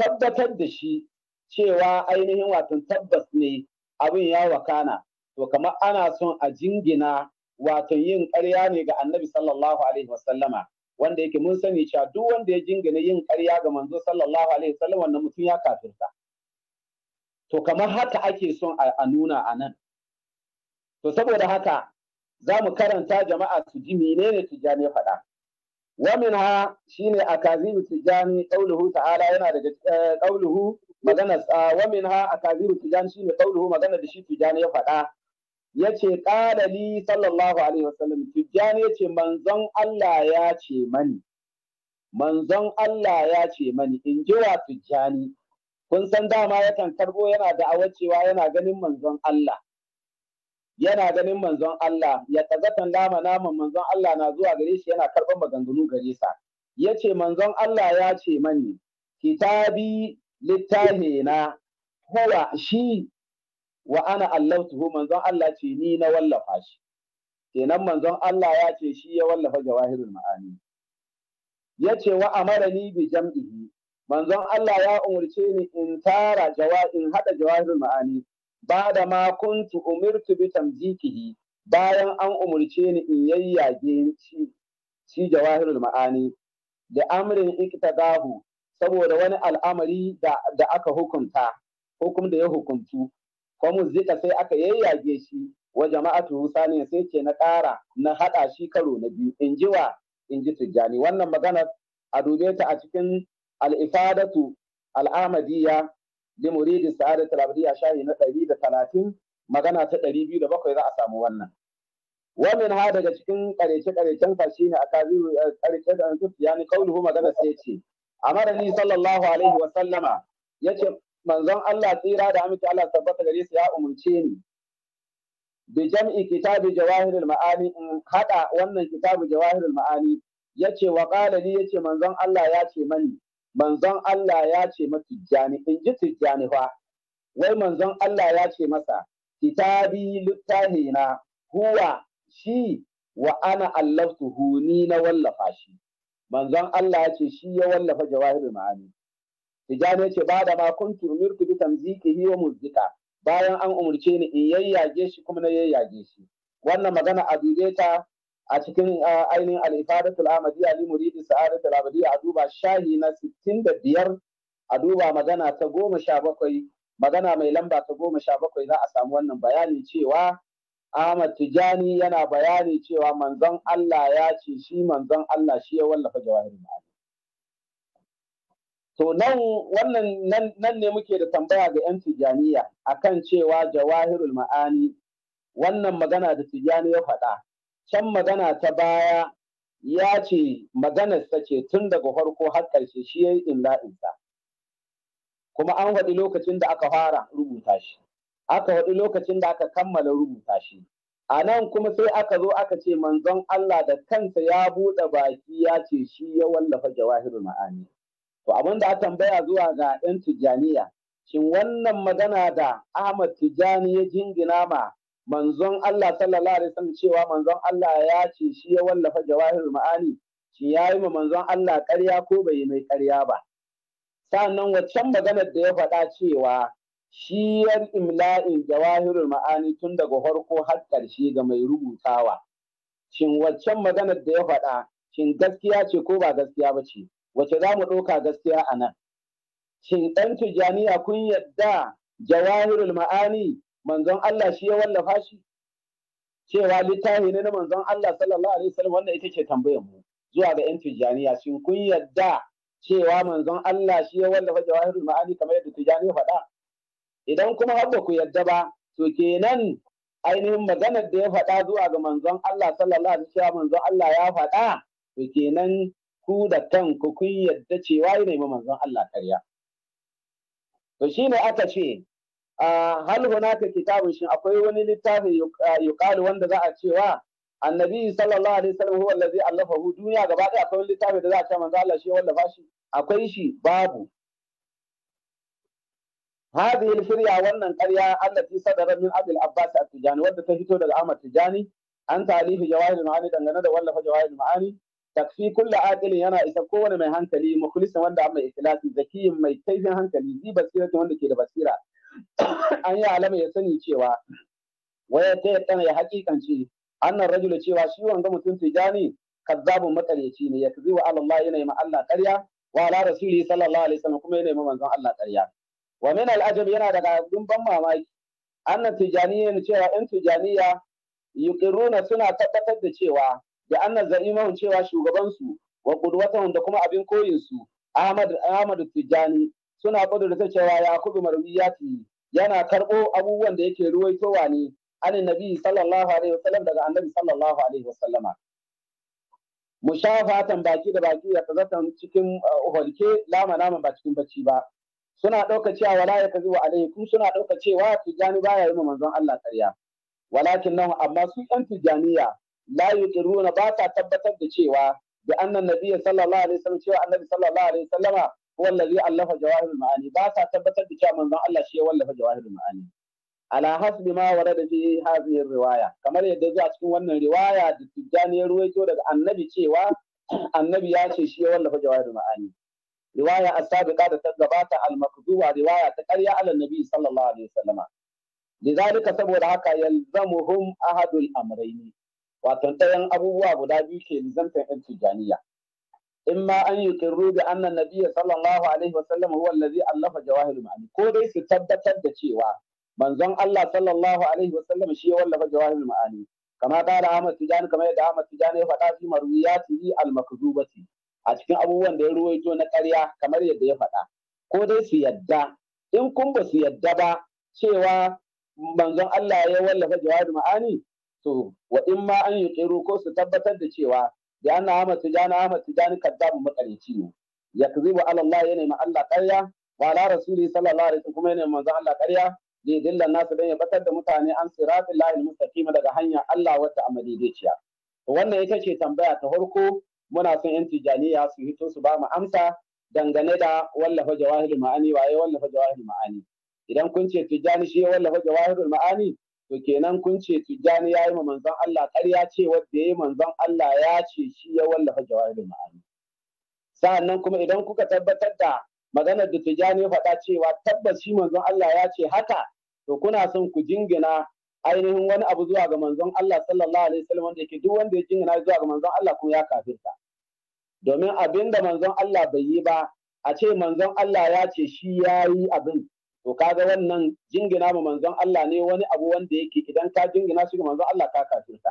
tabbatar da shi cewa ainihin wato tabbas ne abin ya wakana to kamar ana son a jingina wato yin ƙarya ne ga annabi sallallahu alaihi wasallama wanda yake mun sani cewa duk wanda ya jingina yin ƙarya ga manzo sallallahu alaihi wasallam wannan mutum ya kafirta To kamar haka ake son a nuna a nan. To saboda haka za mu karanta jama'a su ji menene tijjani faɗa. Wa min ha a akazibu tijjani qauluhu ta'ala yana daga qauluhu eh, magana ah, wa min ha akazibu tijjani shi ne qauluhu magana da shi tijjani ya faɗa. Ya ce ƙadali sallallahu alaihi wasallam tijjani ya ce, manzon Allah ya ce mani. Manzon Allah ya ce mani in ji wa tijjani kun san dama yakan karbo yana da awacewa yana ganin manzon Allah yana ganin manzon Allah ya kazatan dama naman manzon Allah na zuwa gare shi yana karban maganganu gare sa yace manzon Allah ya ce mani kitabi littafina, na huwa shi wa ana allautuhu manzon Allah ce ni na wallafa shi kenan manzon Allah ya ce shi ya wallafa jawahirul ma'ani yace wa amarani bi jam'ihi manzon Allah ya umarce ni in tara jawa hada jawahirul ma'ani ba da ma kuntu umirtu bi tamzikihi bayan an umarce ni in yayyage shi shi jawahirul ma'ani da amrin iktadahu saboda wani al'amari da, da aka hukunta hukum da ya hukuntu ko zika sai aka yayyage shi wa jama'atu sani sai ce na ƙara na hada shi karo na biyu in ji wa in ji tijjani wannan maganar a dube ta a cikin Al'ifadatu Al'amadiya al-ahmadiyya li muridi sa'adat al-abdiyya shahi na talatin magana ta ɗari biyu da bakwai za a samu wannan wannan ha daga cikin karece karecen ka ne a kaziru karece da antu yani qauluhu magana sai ce ni sallallahu alaihi wa sallama yace manzon Allah tsira da amince Allah tabbata gare su ya umarce ni bi jam'i kitabi jawahirul ma'ani in haɗa wannan kitabu jawahirul ma'ani yace wa qala li yace manzon Allah ya ce mani manzon Allah ya ce ma Tijjani in ji Tijjani fa wai manzon Allah ya ce masa kitabi na huwa shi wa ana allaftu huni na wallafa shi manzon Allah ya ce shi ya wallafa jawahirul ma'ani Tijjani ya ce ba da ma kuntu umirtu bi tamziqihi wa muzika bayan an umurce ni in yayyage shi kuma na yayyage shi wannan magana a ta a cikin ainihin al-ifadatul ahmadiyya li muridi sa'adatul abadiyya a duba shahi na 65 a duba magana ta 17 magana mai lamba ta 17 za a samu wannan bayani cewa Ahmad Tijani yana bayani cewa manzon Allah ya ce shi manzon Allah shi ya wallafa jawahirin ma'ana. To nan wannan nan ne muke da tambaya ga 'yan Tijaniya akan cewa jawahirul ma'ani wannan magana da Tijani ya faɗa can magana ta baya ya ce maganarsa ce tun daga farko har ƙarshe shi ya yi imla'insa kuma an faɗi lokacin da aka fara rubuta shi aka faɗi lokacin da aka kammala rubuta shi a nan kuma sai aka zo aka ce manzon Allah da kansa ya buɗe baki ya ce shi ya wallafa jawahirul ma'ani to abin da a tambaya zuwa ga ɗan tijjaniya shin wannan magana da Ahmad Tijjani ya jingina ma manzon Allah sallallahu alaihi wasallam cewa manzon Allah ya ce shi ya wallafa jawahirul ma'ani shi ya yi ma manzon Allah ƙarya ko bai yi mai ƙarya ba sannan waccan maganar da ya faɗa cewa shi yan imla'in jawahirul ma'ani tun daga farko har ƙarshe ga mai rubutawa shin waccan maganar da ya faɗa shin gaskiya ce ko ba gaskiya ba ce wace za mu ɗauka gaskiya a nan shin ɗan tijjaniya kun yadda jawahirul ma'ani manzon Allah shi ya wallafa shi cewa littafi ne na manzon Allah sallallahu alaihi wasallam Wannan ita ce tambayar mu zuwa ga yan tijaniya shin kun yadda cewa manzon Allah shi ya wallafa jawahirul ma'ani kamar yadda tijani faɗa idan kuma har ba ku yadda ba to kenan ainihin maganar da ya faɗa zuwa ga manzon Allah sallallahu alaihi wasallam manzon Allah ya faɗa to kenan ku da kanku kun yadda cewa yana yi manzon Allah karya to shine aka ce hal hunaka kitabun shin akwai wani littafi yuqalu wanda za a cewa annabi sallallahu alaihi wasallam huwa allazi allafahu duniya gaba ɗaya akwai littafi da za a ce manzo Allah shi wallafa shi akwai shi babu هذه الفرية wannan ƙarya التي صدر من أبي at التجاني wadda ta fito daga Ahmad Tijani an talifi jawahir ma'ani dangane da wallafa jawahir ma'ani takfi kulla aqilin yana isa kowane mai hankali mukhlisin wanda mai ikhlasi zakiyin mai kaifin hankali zi basiratin wanda ke da basira an yi alama ya sani cewa waya ta yadda ya hakikance annan rajula cewa shi wanda mutum tijani kazzabun makaryaci ne ya kazi wa Allah yana yi Allah ƙarya wa ala rasuli sallallahu alaihi wasallam kuma yana yi manzon Allah ƙarya wa min al ajab yana daga dumban mamaki annan tijani ne cewa in tijaniya yuqiruna suna tabbatar da cewa da annan za'imahun cewa shugabansu wa qudwatahum da kuma abin koyin su Ahmad Ahmad Tijani suna da cewa ya ya marwiyati yana karɓo abubuwan da yake ruwaitowa ne an nabi sallallahu alaihi wasallam daga annabi sallallahu alaihi wasallama mushafatan baki da baki ya tazatan cikin holke uh, lama lama ba cikin bacci ba suna ɗauka cewa wala ya kazi wa alaikum suna ɗauka cewa ba baya yi manzon Allah ƙarya walakin nan amma su ɗan tijjaniya la yuqiruna ba ta tabbatar da cewa bi anna nabiyya sallallahu alaihi wasallam cewa annabi sallallahu alaihi wasallama wallazi allafa jawahirul ma'ani ba sa tabbatar da cewa manzon Allah shi ya wallafa jawahirul ma'ani ala hasbi ma warada bi hadhihi riwaya kamar yadda a cikin wannan riwaya da tijjani ya ruwaito daga annabi cewa annabi ya ce shi ya wallafa jawahirul ma'ani riwaya as-sabiqa da ta gabata al-makduba riwaya ta ƙarya ala nabi sallallahu alaihi wasallama lidhalika saboda haka yalzamuhum ahadul amrayni wato ɗayan abubuwa guda biyu ke lizantar yan tijjaniya imma an yi kirru da annan nabiyya sallallahu alaihi wasallam huwa allazi allafa jawahirul ma'ani ko dai su tabbatar da cewa manzon Allah sallallahu alaihi wasallam shi ya wallafa jawahirul ma'ani kama kala Ahmad Tijani kamar yadda Ahmad Tijani ya faɗa fi marwiyatihi al-makdubati a cikin abubuwan da ya ruwaito na ƙarya kamar yadda ya faɗa ko dai su yadda in kun ba su yadda ba cewa manzon Allah ya wallafa jawahirul ma'ani to wa in ma an yi ko su tabbatar da cewa da anna Ahmad Tijani Ahmad Tijani kaddabu makareci ne ya kazibu ala Allah yana ma Allah ƙarya wa ala rasuli sallallahu alaihi wasallam kuma yana manzo Allah karya. ne dillan nasu dan ya batar da mutane an siratul lahi mustaqima daga hanya Allah wata a madaidaiciya wannan ita ce tambaya ta farko muna son yan tijaniya su hito su ba mu amsa dangane da wallafa jawahirul ma'ani waye wallafa jawahirul ma'ani idan kun ce tijani shi ya wallafa jawahirul ma'ani to kenan kun ce tijjani ya yi ma manzon Allah ƙarya ce wanda ya yi manzon Allah ya ce shi ya wallafa jawahirul ma'ani sa'annan kuma idan kuka tabbatar da maganar da tijjani ya faɗa cewa tabbas shi manzon Allah ya ce haka to kuna son ku jingina ainihin wani abu zuwa ga manzon Allah sallallahu alaihi wasallam wanda yake duk wanda ya jingina zuwa ga manzon Allah kuma ya kafirta domin abinda da manzon Allah bai yi ba a ce manzon Allah ya ce shi ya yi abin to kaga wannan jingina ma manzon Allah ne wani abu wanda yake idan ka jingina shi ga manzon Allah ka kafirta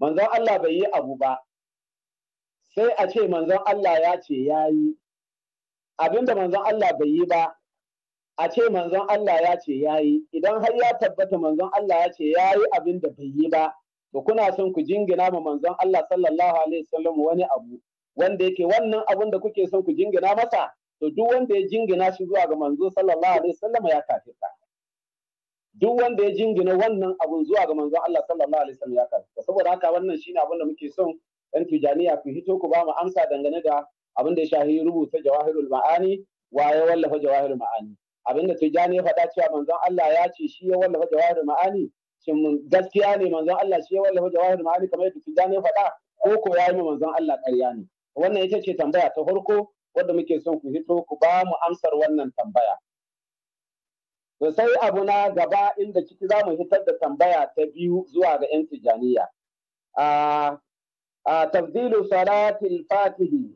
manzon Allah bai yi abu ba sai a ce manzon Allah ya ce ya yi abinda manzon Allah bai yi ba a ce manzon Allah ya ce ya yi idan har ya tabbata manzon Allah ya ce ya yi abinda bai yi ba to kuna son ku jingina ma manzon Allah sallallahu alaihi wasallam wani abu wanda yake wannan abun da kuke son ku jingina masa to duk wanda ya jingina shi zuwa ga manzo sallallahu alaihi wasallam ya kafirta duk wanda ya jingina wannan abun zuwa ga manzon Allah sallallahu alaihi wasallam ya kafirta saboda haka wannan shine abin da muke son ɗan tijaniya ku hito ku ba mu amsa dangane da abin da ya shahi rubuta jawahirul ma'ani wa ya wallafa jawahirul ma'ani abin da tijani ya faɗa cewa manzon Allah ya ce shi ya wallafa jawahirul ma'ani shin gaskiya ne manzon Allah shi ya wallafa jawahirul ma'ani kamar yadda tijani ya faɗa ko ko ya yi manzon Allah ƙarya ne wannan ita ce tambaya ta farko wadda muke son ku hito ku ba mu amsar wannan tambaya. To sai abu na gaba inda ciki za mu hitar da tambaya ta biyu zuwa ga 'yan tijaniya. A tafdilu salatil fatihi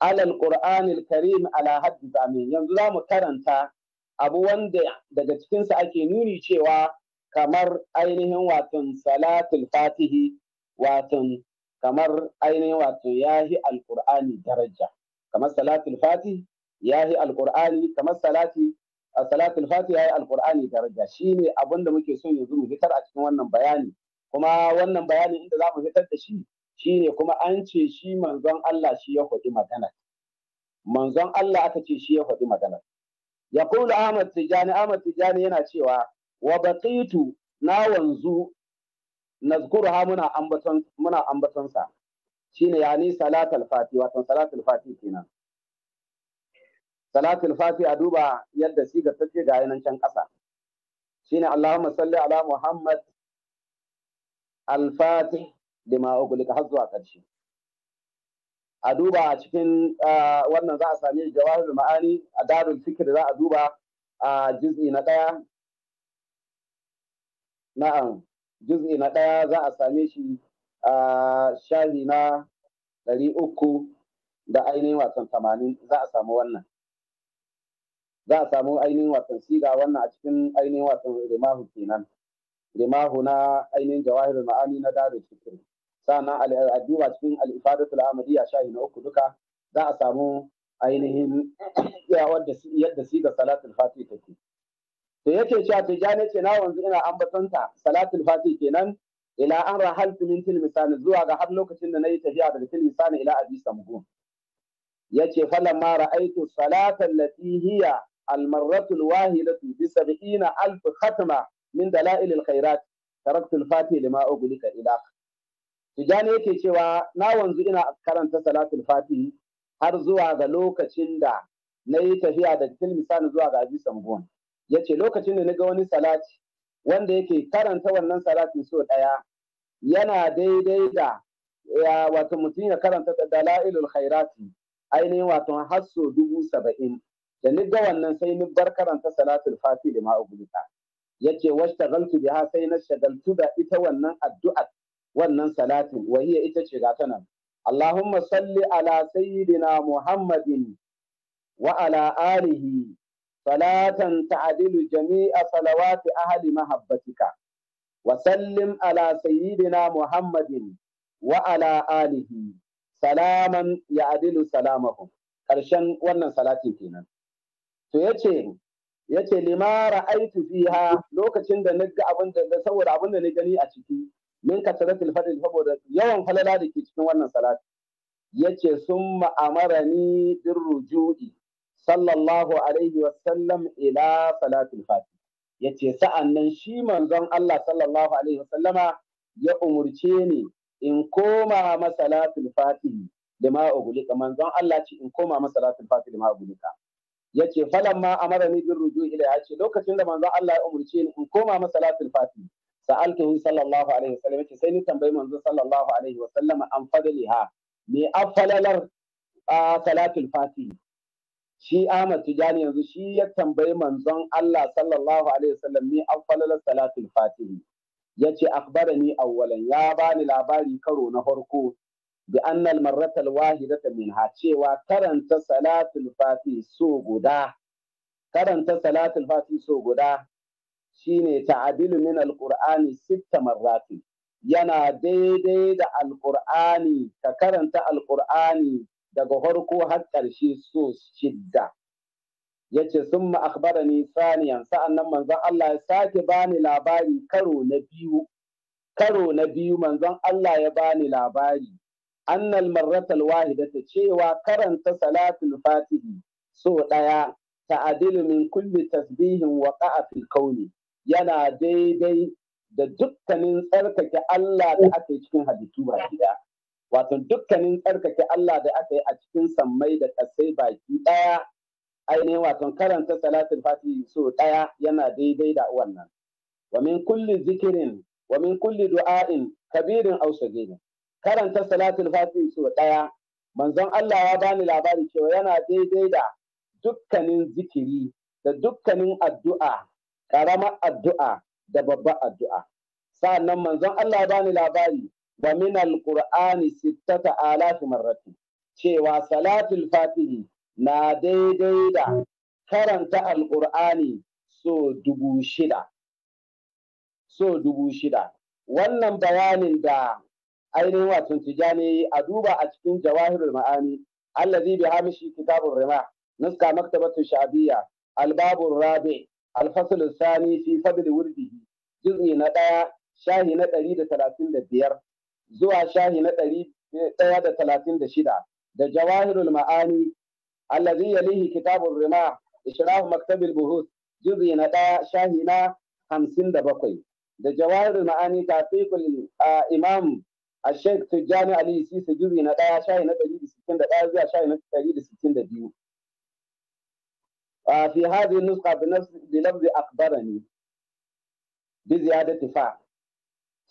alal qur'anil karim ala haddi yanzu za mu karanta abu wanda daga cikinsa ake nuni cewa kamar ainihin watan salatul fatihi watan kamar ainihin watan yahi alqur'ani daraja kamar salatul fati yahi alqur'ani kamar salati salatul fati yahi alqur'ani daraja shine abin da muke son yanzu mu fitar a cikin wannan bayani kuma wannan bayani inda za mu fitar da shi shine kuma an ce shi manzon Allah shi ya faɗi magana manzon Allah aka ce shi ya faɗi magana ya kula Ahmad Tijani Ahmad Tijani yana cewa wa baqitu na wanzu nazkuruha muna ambaton muna ambaton sa shine yani salatul fati wato salatul fati kenan salatul fati a duba yadda siga take ga yanan can ƙasa shine Allahumma salli ala Muhammad al lima har zuwa ƙarshe a duba a cikin wannan za a sami jawahirul ma'ani a darul fikr za a duba a juz'i na ɗaya na'am na za a same shi a shayi na ɗari uku da ainihin wasan tamanin za a samu wannan za a samu ainihin wasan siga wannan a cikin ainihin wasan rimahu kenan rimahu na ainihin jawahir ma'ani na dare shukri sannan al'adduba cikin al'ifadatul a shayi na uku duka za a samu ainihin yadda siga salatul fati take to yake cewa tijjani ce na wanzu ina ambatonta salatul Fati kenan ila an rahaltu min tilmisani zuwa ga har lokacin da na yi tafiya daga tilmisani ila abi samgun yace falan ma salata salatan latihiya almarratu alwahidatu bi 70 alf khatma min dalail alkhairat taraktu alfati lima ughliqa ila tijani yake cewa na wanzu ina karanta salatul fati har zuwa ga lokacin da na yi tafiya daga tilmisani zuwa ga abi samgun yace lokacin da na ga wani salati wanda yake karanta wannan salati so ɗaya yana daidai da ya wato mutum ya karanta da dala'ilul khairati ainihin wato har dubu saba'in da ni ga wannan sai ni bar karanta salatul fati da ma'ubuta yace washtagaltu biha sai na shagaltu da ita wannan addu'a wannan salatin wahiya ita ce ga ta nan Allahumma salli ala sayyidina Muhammadin wa ala alihi salatan Adilu jami'a salawati ahli mahabbatika wa sallim ala sayyidina muhammadin wa ala alihi salaman ya'dilu salamahum karshen wannan salatin kenan to yace yace lima ra'aitu fiha lokacin da naga abin da saboda abin da na gani a ciki min kasratil fadl saboda yawan falala da ke cikin wannan salati yace summa amarani bir ruju'i sallallahu alaihi wa sallam ila salatul fati ya ce sa'an nan shi manzon Allah sallallahu alaihi wa sallama ya umurce ni in koma masalatul Fati. da ma ugulika manzon Allah ce in koma masalatul Fati da ma Ya ce falon ma a mara bin ruju ila ya ce lokacin da manzon Allah ya umurce ni in koma masalatul fatihi sa'altuhu sallallahu alaihi wa sallam ya ce sai ni tambayi manzon sallallahu alaihi wa sallama an fadliha me afalalar salatul Fati? shi Ahmad Tijani yanzu shi ya tambayi manzon Allah sallallahu alaihi wasallam ni an falala salatul fatihi yace akhbarani awwalan ya bani labari karo na farko bi annal marratal wahidata minha cewa karanta salatul fatihi so guda karanta salatul fatihi so guda shine ta'dilu min sitta marratin yana daidai da alqur'ani ka karanta alqur'ani daga farko har ƙarshe so shidda ya ce sun ne ni saniyan sa'annan manzon Allah ya sake bani labari karo na biyu karo na biyu manzon Allah ya bani labari annal marratal ta cewa karanta salatul fatihi so ɗaya ta'adilu min kulli tasbihin waqa'a fil kauni yana daidai da dukkanin tsarkake Allah da aka yi cikin halittu ba gida wato dukkanin tsarkake Allah da aka yi a cikin sammai da ƙasai baki ɗaya ainihin wato karanta salatin fatihi so ɗaya yana daidai da wannan wa min kulli zikirin wa min kulli du'a'in kabirin aw sagirin karanta salatin fatihi so ɗaya manzon Allah ya bani labari cewa yana daidai da dukkanin zikiri da dukkanin addu'a ƙaramar addu'a da babbar addu'a sa'annan manzon Allah ya bani labari wa min alqur'ani sittata alafi marrati cewa salatul fatihi na daidai da karanta Alƙur'ani so dubu shida so dubu shida wannan bayanin da ainihin wato tijani a duba a cikin jawahirul ma'ani allazi bi hamishi kitabur rima nuska maktabatu sha'biyya albabur rabi alfasl sani fi fadl wurdihi juz'i na daya shahi na ɗari da talatin da biyar zuwa shahi na ɗari ɗaya da talatin da shida da jawahirul ma'ani allazi yalihi kitabun rima ishrahu maktabil buhus juzi na ɗaya shahi na hamsin da bakwai da jawahirul ma'ani tafiqul imam الشيخ تجاني ali, sisi جزي na ɗaya shahi na ɗari da sittin da ɗaya zuwa shahi na ɗari da sittin da biyu. في هذه النسخة بنفس بلفظ أخبرني بزيادة فاء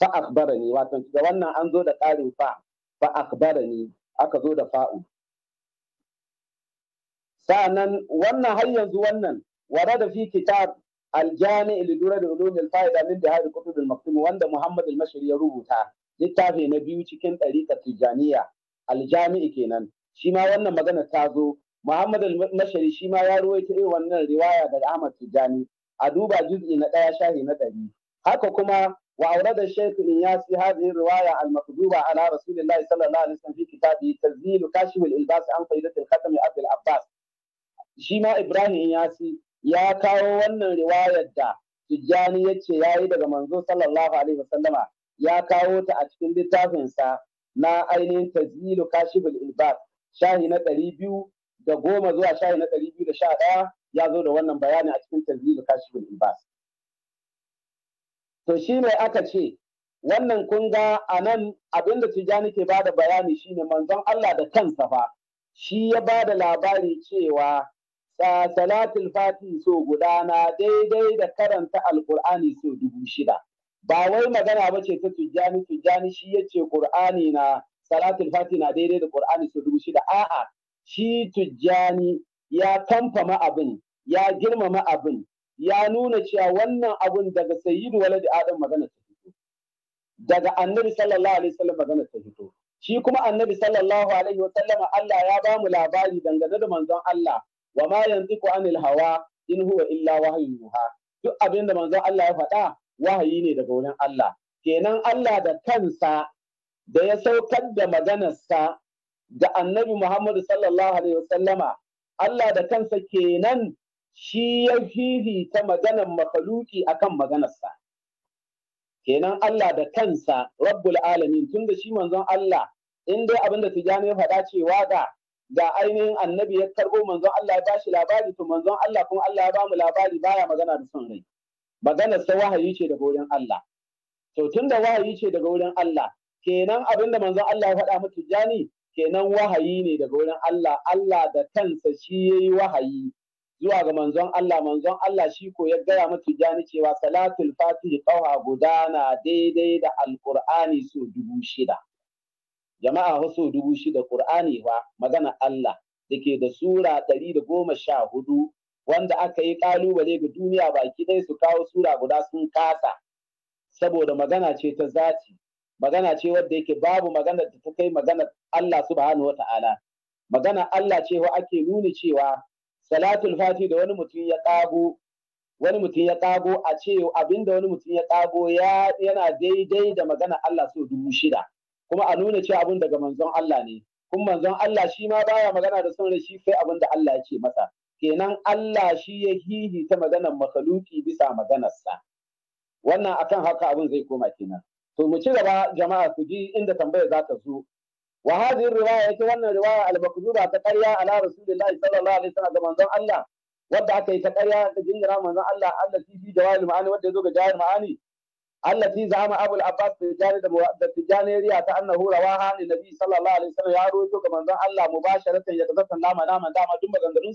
fa akhbarani wato da wannan an zo da ƙarin fa fa akhbarani aka zo da fa'u sa'annan wannan har yanzu wannan warada fi kitab aljami lidura da ulum al-fa'ida min da kutub al-maktum wanda Muhammad al-Mashri ya rubuta littafi na biyu cikin ɗariƙar Tijjaniya aljami'i kenan shi ma wannan magana ta zo Muhammad al-Mashari shi ma ya ruwaita irin wannan riwaya daga Ahmad Tijjani a duba juz'i na ɗaya shahi na ɗari haka kuma وأورد الشيخ إياس في هذه الرواية المكذوبة على رسول الله صلى الله عليه وسلم في كتابه تنزيل كاشف الإلباس عن فائدة الختم عبد العباس شيما إبراهيم إياسي يا كاو wannan riwayar da Tijjani ya ce ya yi daga manzo sallallahu alaihi wasallama ya kawo ta a cikin littafinsa na ainihin tazilu kashibul ilbas shahi na ɗari biyu da goma zuwa shahi na ɗari biyu da sha ɗaya ya zo da wannan bayanin a cikin tazilu kashibul to shi ne aka ce wannan kun ga a nan abinda tijjani ke ba da bayani shine manzon Allah da kansa fa shi ya ba da labari cewa salatul fati so na daidai da karanta alkur'ani so dubu shida ba wai magana ba ce ta tijjani tijjani shi ya ce Kur'ani na salatul fati na daidai da ƙur'ani so dubu shida a'a shi tijjani ya tamfama abin ya girmama abin ya nuna cewa wannan abun daga sayyidu waladi adam magana ta fito daga annabi sallallahu alaihi wasallam magana ta fito shi kuma annabi sallallahu alaihi wasallam Allah ya ba mu labari dangane da manzon Allah wa ma yanziku anil hawa in huwa illa wahyu yuha duk abin da manzon Allah ya faɗa wahayi ne daga wurin Allah kenan Allah da kansa da ya saukar da maganarsa da annabi Muhammadu sallallahu alaihi wasallama Allah da kansa kenan shi ya fifita maganan makaluki kan maganarsa kenan Allah da kansa rabbul alamin tun da shi manzon Allah in dai abinda tijani ya faɗa cewa da ga ainihin annabi ya karɓo manzon Allah ya bashi labari to manzon Allah kuma Allah ya bamu labari baya magana da son rai maganar sa wahayi ce daga wurin Allah to tun da wahayi ce daga wurin Allah kenan abinda manzon Allah ya faɗa mu jani kenan wahayi ne daga wurin Allah Allah da kansa shi ya yi wahayi zuwa ga manzon Allah manzon Allah shi ko ya gaya mata jani cewa salatul fatihi kauha na daidai da alqur'ani so dubu shida jama'a so dubu shida qur'ani wa magana Allah dake da sura ɗari da goma sha hudu wanda aka yi ƙalubale ga duniya baki ɗaya su kawo sura guda sun kasa saboda magana ce ta zati, magana ce wadda yake babu magana da ta kai magana Allah subhanahu wa ta'ala magana Allah ce wa ake nuni cewa salatul fati da wani mutum ya ƙago wani mutum ya ƙago a ce abinda wani mutum ya ƙago yana daidai da magana Allah so dubu shida kuma a nuna cewa abin daga manzon Allah ne kuma manzon Allah shi ma baya magana da son shi sai abin da Allah ya ce masa kenan Allah shi ya ta maganar makhluki bisa maganarsa wannan akan haka abin zai koma kenan to mu ci gaba jama'a ku ji inda tambayar za ta zo wa hadhihi riwaya ita wannan riwaya al-makdura ta ƙarya ala sallallahu alaihi wasallam ga manzon Allah wadda aka yi ta ƙarya ta jingira manzon Allah Allah fi jawahir ma'ani wadda ya zo ga jawahir ma'ani Allah fi zama Abu al-Abbas Tijani da da Tijani ta annahu rawaha ni Nabi sallallahu alaihi wasallam ya rawaito ga manzon Allah mubasharatan ya gazatan nama nama dama duk maganganun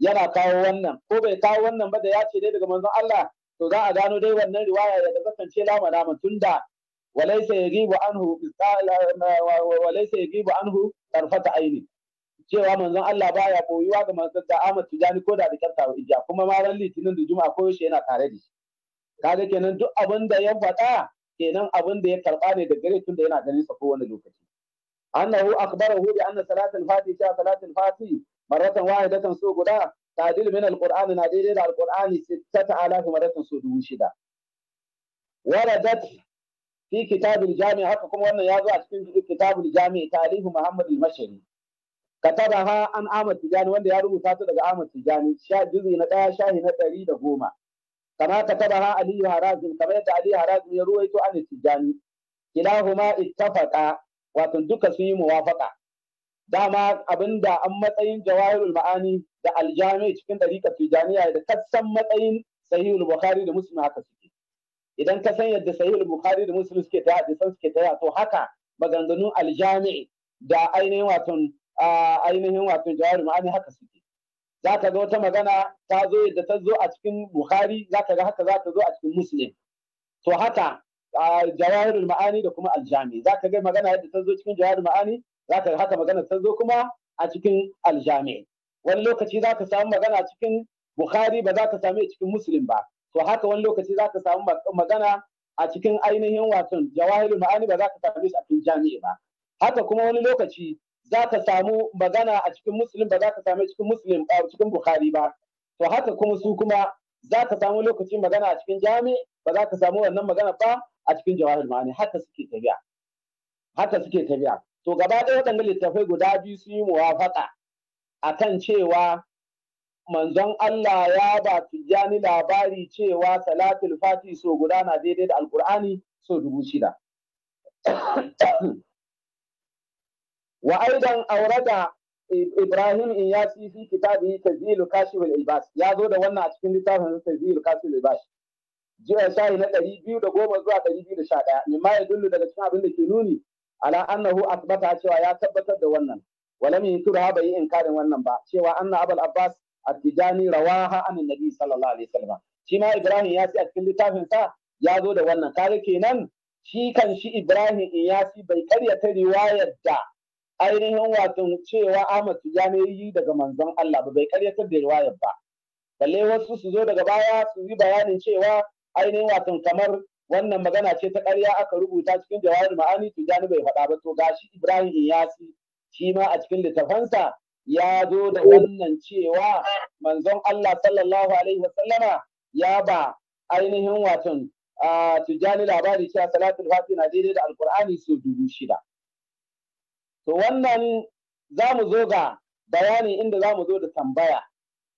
yana kawo wannan ko bai kawo wannan ba da ya ce dai daga manzon Allah to za a gano dai wannan riwaya ya gazatan ce lama nama tunda وليس يجيب عنه وليس يجيب عنه طرفة عيني cewa manzon Allah baya koyuwa ga manzon da Ahmad Tijani ko da da wa ijja kuma ma ran litinin da juma'a ko yana tare da shi kaga kenan duk abin da ya faɗa kenan abin da ya karba ne da gare tun da yana ganin sa kowane lokaci annahu akhbarahu bi anna salatul fati ta salatul fati maratan wahidatan su guda ta'dil min alquran na daidai da alqur'ani 6000 maratan su dubu shida waradat fi kitabul jami haka kuma wannan ya zo a cikin kitabul jami tarihi muhammad al-mashari katadaha an ahmad tijani wanda ya rubuta ta daga ahmad tijani sha juzi na daya shahi na ɗari da goma kama katadaha aliyu harazin kamar yadda aliyu harazin ya ruwaito an tijani kilahuma ittafaqa wato duka sun yi muwafaqa dama abinda an matsayin jawahirul ma'ani da aljami cikin dariƙar ya da kassan matsayin sahihul bukhari da muslim haka suke idan ka san yadda sahih bukhari da muslim suke ta hadisan suke ta to haka maganganun aljami da ainihin waton ainihin waton jawar ma'ani haka suke za ka ga wata magana ta zo yadda ta zo a cikin bukhari za ka ga haka za ta zo a cikin muslim to haka jawahirul ma'ani da kuma aljami za ka ga magana yadda ta zo cikin jawar ma'ani za ka ga haka magana ta zo kuma a cikin aljami wani lokaci za ka samu magana cikin bukhari ba za ka same cikin muslim ba to haka wani lokaci za ka samu magana a cikin ainihin wasan, jawahiri ma'ani ba za ka same shi a cikin jami'i ba haka kuma wani lokaci za ka samu magana a cikin musulun ba za ka same cikin musulun ba cikin bukhari ba to haka kuma su kuma za ka samu lokaci magana a cikin jami'i ba za ka samu wannan magana ba a cikin jawahiri ma'ani haka suke tafiya haka suke tafiya to gaba ɗaya waɗanda littafai guda biyu su yi muwafaƙa akan cewa manzon Allah ya ba Tijjani labari cewa salatul fati so guda na daidai da alkur'ani so dubu shida. wa aidan Ibrahim in ya fi fi kitabi al-ilbas ya zo da wannan a cikin littafin tazilu kashif al-ilbas jiya shahi na ɗari biyu da goma zuwa ɗari biyu da sha ɗaya ya dullu daga cikin abin da ke nuni ala annahu asbata cewa ya tabbatar da wannan Wala walam yunkirha bai inkarin wannan ba cewa anna abul abbas at rawaha an annabi sallallahu alaihi wasallam shi ma ibrahim ya a cikin littafin sa ya zo da wannan Kare kenan shi kan shi ibrahim in si bai ta riwayar da ainihin watan cewa ahmad tijani yi daga manzon Allah ba bai ta da riwayar ba balle wasu su zo daga baya su yi bayanin cewa ainihin watan kamar wannan magana ce ta ƙarya aka rubuta cikin jawahir ma'ani tijani bai faɗa ba to gashi ibrahim in iyasi shi ma a cikin littafansa ya zo da wannan cewa manzon Allah sallallahu alaihi wasallama ya ba ainihin watan tujani labari cewa salatul fati na daidai da alkur'ani sau dubu shida. To wannan za mu zo ga bayani inda za mu zo da tambaya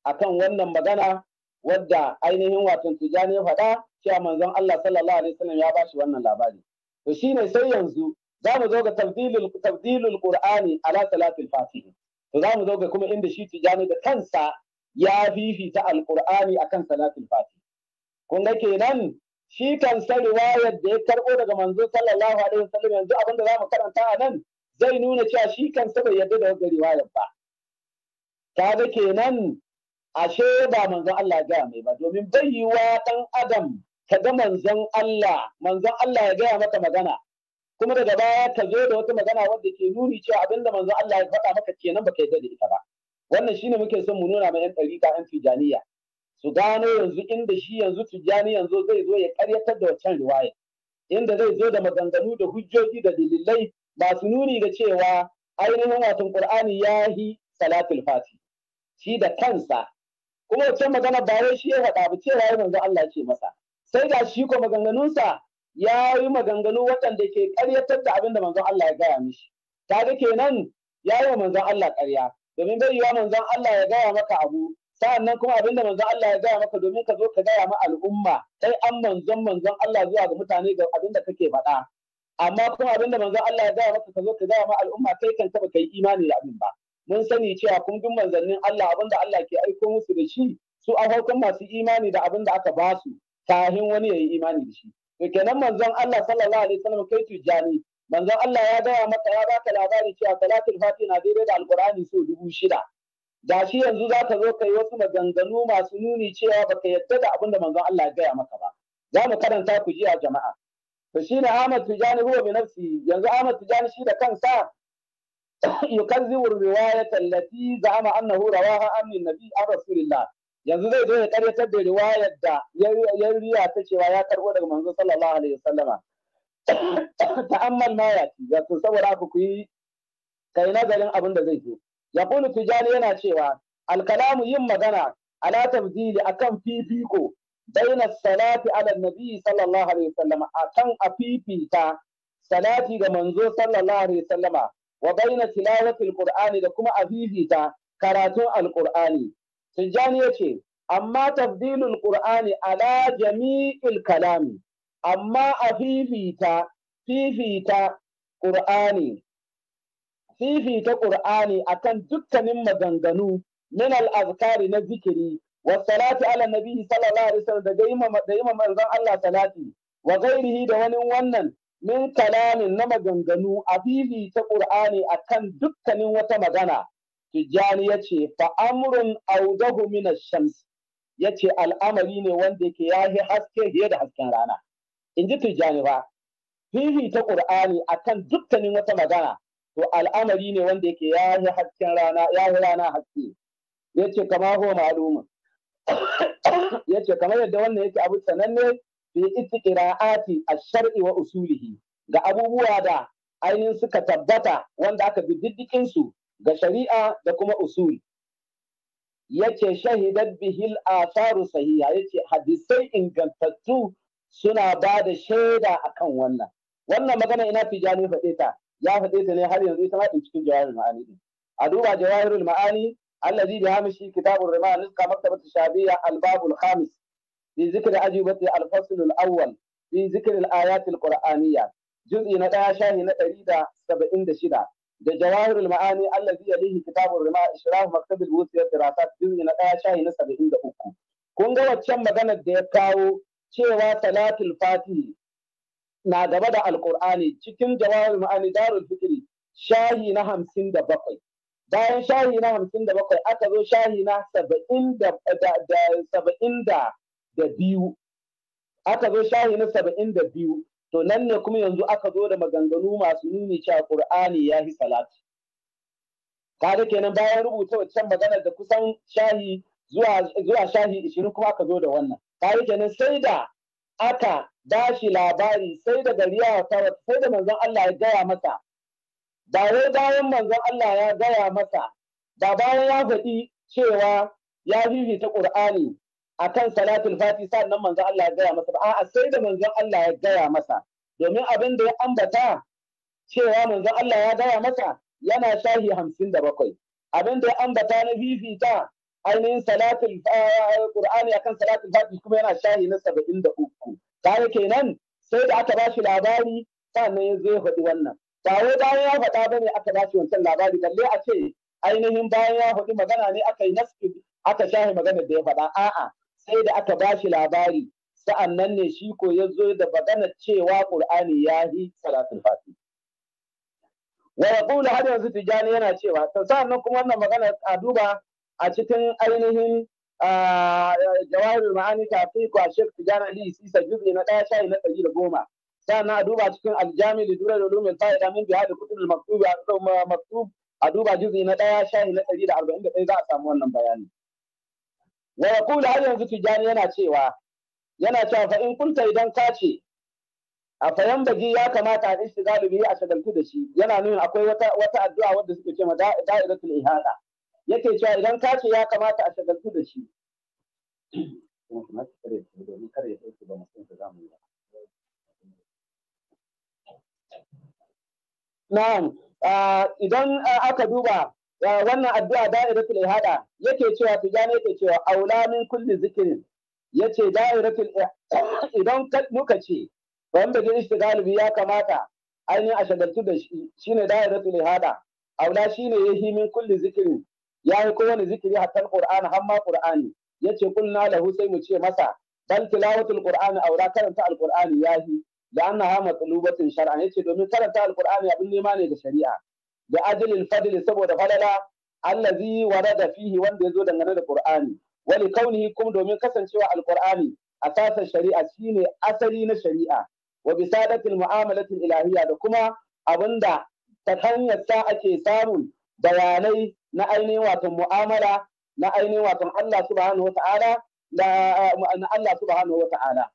akan wannan magana wadda ainihin watan tijjani ya faɗa cewa manzon Allah sallallahu alaihi wasallam ya shi wannan labari. To shine sai yanzu za mu zo ga tabdilul qur'ani ala salatul fatiha to za mu zo ga kuma inda shi tijani da kansa ya fifita a akan salatul fati kun ga kenan shi kansa riwayar da ya karbo daga manzo sallallahu alaihi wasallam yanzu abinda za mu karanta a nan zai nuna cewa shi kansa bai yarda da wannan riwayar ba Ta ga kenan ashe ba manzon Allah gaya mai ba domin bai yiwa dan adam ka ga manzon Allah manzon Allah ya gaya maka magana kuma daga baya ka zo da wata magana wadda ke nuni cewa abinda manzo Allah ya faɗa maka kenan baka yarda da ita ba wannan shine muke son mu nuna ma yan ɗariƙa yan tijaniya su gano yanzu inda shi yanzu tijani yanzu zai zo ya karyatar da wancan riwaya inda zai zo da maganganu da hujjoji da dalilai masu nuni ga cewa ainihin watan qur'ani yahi salatul fati shi da kansa kuma wancan magana ba wai shi ya faɗa ba cewa manzo Allah ya ce masa sai ga shi ko maganganunsa ya yi maganganu waɗanda ke ƙaryatar da abin da manzon Allah ya gaya mishi ga kenan ya yi wa manzon Allah ƙarya domin bai yiwa manzon Allah ya gaya maka abu nan kuma abin da manzon Allah ya gaya maka domin ka zo ka gaya ma al'umma sai an manzon manzon Allah zuwa ga mutane ga abin da kake faɗa amma kuma abin da manzon Allah ya gaya maka ka zo ka gaya ma al'umma kai kan taba kai imani da abin ba mun sani cewa kun bin manzannin Allah abin da Allah ke aiko musu da shi su a farkon masu imani da abin da aka ba su kafin wani ya yi imani da shi to kenan manzon Allah sallallahu alaihi wasallam kai Tijjani. manzon Allah ya gaya maka ya baka labari cewa salatul fati na daidai da alqur'ani so dubu shida da shi yanzu za ka zo kai wasu maganganu masu nuni cewa baka yadda da abunda manzon Allah ya gaya maka ba za mu karanta ku ji a jama'a to shine Ahmad Tijani huwa bi nafsi yanzu Ahmad Tijani shi da kansa yukazzibu riwayat allati za'ama annahu rawaha an nabi an rasulillah yanzu zai zo ya karyatar da riwayar da ya riya ta cewa ya karbo daga manzo sallallahu alaihi wasallama ta'ammal ma ya ci wato saboda haka ku yi kai nazarin abin da zai zo ya kulu yana cewa alkalamu yin magana ala tabdili akan fifiko baina salati ala nabi sallallahu alaihi wasallama akan a fifita salati ga manzo sallallahu alaihi wasallama wa baina tilawati alqur'ani da kuma a fifita karatun alqur'ani Tijjani ya ce, amma tabdilul Qur'ani ala jami'il kalami, amma a fifita, fifita Qur'ani, fifita Qur'ani akan dukkanin maganganu min al na zikiri, wa salati ala nabi sallallahu alaihi wasallam da gaima manzon Allah salati, wa gairihi da wani wannan min kalamin na maganganu a fifita Qur'ani akan dukkanin wata magana. Tijjani ya ce fa'amurin audahu mina shams ya ce al'amari ne wanda yake yahi haske fiye da hasken rana. In ji Tijjani ba, ta Ƙur'ani a kan dukkanin wata magana, to al'amari ne wanda yake yahi hasken rana, yahi rana haske. Ya ce kama ho malumin. Ya ce kamar yadda wannan yake abu sananne fi itiqira'ati a shari wa usulihi ga abubuwa da ainihin suka tabbata wanda aka bi diddikin ga shari'a da kuma usuli yace shahidat bihil asaru sahiha yace hadisai ingantattu suna ba da shaida akan wannan wannan magana ina tijani faɗe ta ya faɗe ta ne har yanzu ita ma cikin jawahirul ma'ani din a duba jawahirul ma'ani allazi bi hamishi kitabur rima nuska maktabat shabiya albabul khamis fi zikri ajibati al-fasl awwal fi zikri al na ɗaya quraniyya juz'i na daya shahi na 176 da jawahirul ma'ani allazi yalihi kitabur rima ishraf maktabil wusiyat dirasat juzu na daya shahi na 73 kun ga waccan maganar da ya kawo cewa salatul fatihi na gaba da alqur'ani cikin jawahirul ma'ani darul fikri shahi na 57 bayan shahi na 57 aka zo shahi na 70 da biyu aka zo shahi na 72 to nan ne kuma yanzu aka zo da maganganu masu nuni cewa Qur'ani ya fi salati kaga kenan bayan rubuta wancan maganar da kusan shahi zuwa zuwa shahi 20 kuma aka zo da wannan kaga kenan sai da aka bashi labari sai da gari ta fara sai da manzon Allah ya gaya masa da wai bayan manzon Allah ya gaya masa da bayan ya faɗi cewa ya ta Qur'ani akan salatul fati sannan manzon Allah ya gaya masa ba a'a sai da manzon Allah ya gaya masa domin abin da ya ambata cewa manzon Allah ya gaya masa yana shahi hamsin da bakwai abin da ya ambata na fifita ainihin salatul eh, qur'ani akan salatul fati kuma yana shahi na saba'in da uku tare kenan sai da aka bashi labari sannan ya zo ya faɗi wannan ba wai bayan ya faɗa ba ne aka bashi wancan labari balle a ce ainihin bayan ya faɗi magana ne aka yi naski aka shahi magana da ya faɗa a'a sai da aka ba shi labari sa'an nan ne shi ko ya zo da magana cewa ƙur'ani ya yi salatul fati wa yaqulu har yanzu tijani yana cewa to sa'an nan kuma wannan magana a duba a cikin ainihin jawahirul ma'ani tafiqu a shek tijani ali sisa juzi na ɗaya shayi na ɗari da goma sa'an nan a duba cikin aljamil, durar da lumin fa'ida min biya da kutubul maktub a duba juzi na ɗaya shayi na ɗari da arba'in da ɗaya za a samu wannan bayani wa yaqulu har yanzu tijani yana cewa yana cewa fa in kunta idan ka ce a fayan baji ya kamata a istigalu bihi a shagaltu da shi yana nuna akwai wata wata addu'a wadda suke cewa da'iratul ihada yake cewa idan ka ce ya kamata a shagaltu da shi Na'am, idan aka duba Eh, wannan addu'a da'iratul ihada yake cewa tijani yake cewa aula min kulli zikirin yace da'iratul idan muka ce wanda ke galibi ya kamata ainihin a shagaltu da shi shine da'iratul ihada aula shine yahi min kulli zikirin yayi kowane zikiri hatta alquran har ma qur'ani yace kulna lahu sai mu ce masa bal tilawatul qur'ani aula karanta alqur'ani yahi da annaha matlubatin shar'an yace domin karanta alqur'ani abin nema ne ga shari'a da ajilil fadli saboda falala allazi warada fihi wanda yazo dangane da qur'ani wali kaunihi kuma domin kasancewa alqur'ani asasin shari'a shine asali na shari'a wa bisadatil mu'amalatil ilahiyya da kuma abinda ta hanyar sa ake samun bayanai na ainihin watan mu'amala na ainihin watan Allah subhanahu wata'ala Allah subhanahu wata'ala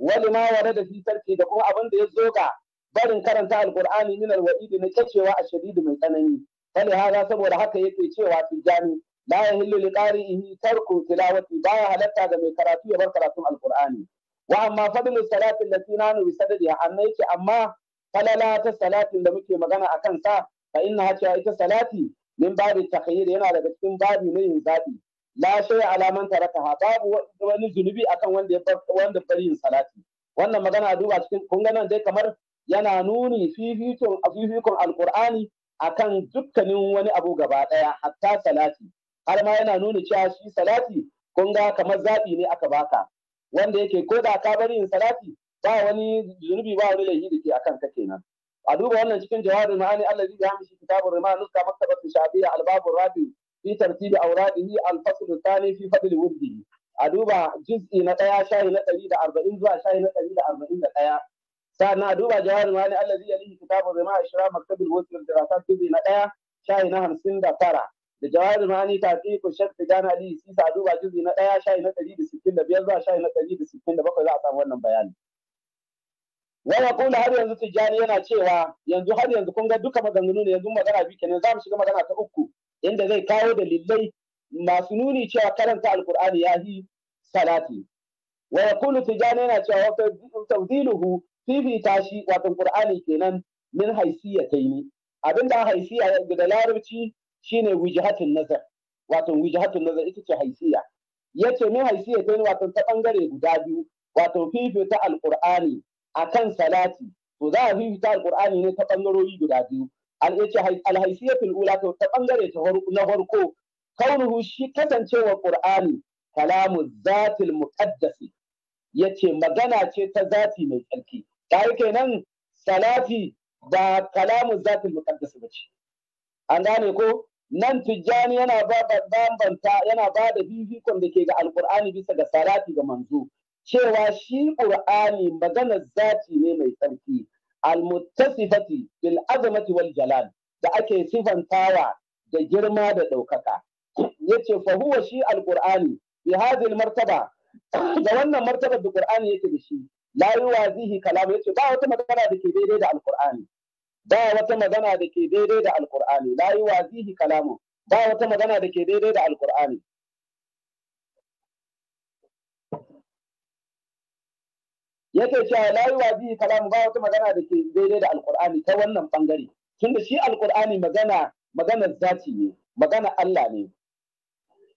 wali ma warada fi tarki da kuma abinda ya zo ga barin karanta alkur'ani min alwa'idi na kacewa a shadidi mai tsanani fali hada saboda haka yake cewa tijani la yahillu li qari'ihi tarku tilawati baya halatta ga mai karatu ya bar karatun alkur'ani wa amma fadlu salati allati nanu bi sadadiha anna yake amma falala ta salatin da muke magana akan sa fa inna cewa ita salati min babi takhayyir yana daga cikin babi na yin zabi la shay ala tarakaha babu wani zunubi akan wanda ya wanda yin salati wannan magana duba cikin kun ga nan dai kamar yana nuni fifikon fifikon alqur'ani akan dukkanin wani abu gaba ɗaya hatta salati har ma yana nuni cewa shi salati kun ga kamar zaɓi ne aka baka wanda yake ko da ka bari yin salati ba wani zunubi ba wani laifi da ke akan ka kenan a duba wannan cikin jawabin ma'ani Allah zai hamishi kitabun rima nuska maktabat shafiya albabur rabi fi tartibi awradihi al-fasl thani fi fadl wurdihi a duba juz'i na ɗaya shayi na ɗari da arba'in zuwa shayi na ɗari da arba'in da ɗaya nan, a duba jawahar ma'ani allazi yalihi kitabu zama ashra maktabul wasil dirasat juzi na ɗaya shayi na hamsin da tara da jawahar ma'ani taqiqu shafi gana ali sisa a duba juzi na ɗaya shayi na ɗari da sittin da biyar zuwa shayi na ɗari da sittin da bakwai za a samu wannan bayani waya kula har yanzu tijjani yana cewa yanzu har yanzu kun ga duka maganganu ne yanzu magana biyu kenan za mu shiga magana ta uku inda zai kawo dalilai masu nuni cewa karanta alkur'ani ya yi salati wa yaqulu tijani yana cewa wa tawdiluhu fifita shi wato qur'ani kenan min haisiyataini abin da haisiya da larabci shine wujahatun nazar wato wujahatun nazar ita ce haisiya yace min haisiyataini wato ta bangare guda biyu wato fifita alqur'ani akan salati to za a fifita alqur'ani ne ta bangarori guda biyu al'ace alhaisiyatul ula to ta bangare ta na farko kaunuhu shi kasancewa qur'ani kalamu zatil muqaddasi yace magana ce ta zati mai tsarki yi kenan salati ba kalamu zatin muqaddas ba ce an gane ko nan tijjani yana ba da bambanta yana ba da bibikon da ke ga alkur'ani bisa ga salati ga manzo cewa shi qur'ani maganar zati ne mai tsarki almuttasifati bil azamati wal jalal da ake sifantawa da girma da ɗaukaka yace fa huwa shi alqur'ani bi hadhihi martaba da wannan martabar da qur'ani yake da shi la zihi kalam yace ba wata magana da ke daidai da alqur'ani ba wata magana da ke daidai da alqur'ani la zihi kalamu ba wata magana da ke daidai da alqur'ani yake cewa la zihi kalamu ba wata magana da ke daidai da alqur'ani ta wannan bangare tunda shi alqur'ani magana maganar zati ne magana Allah ne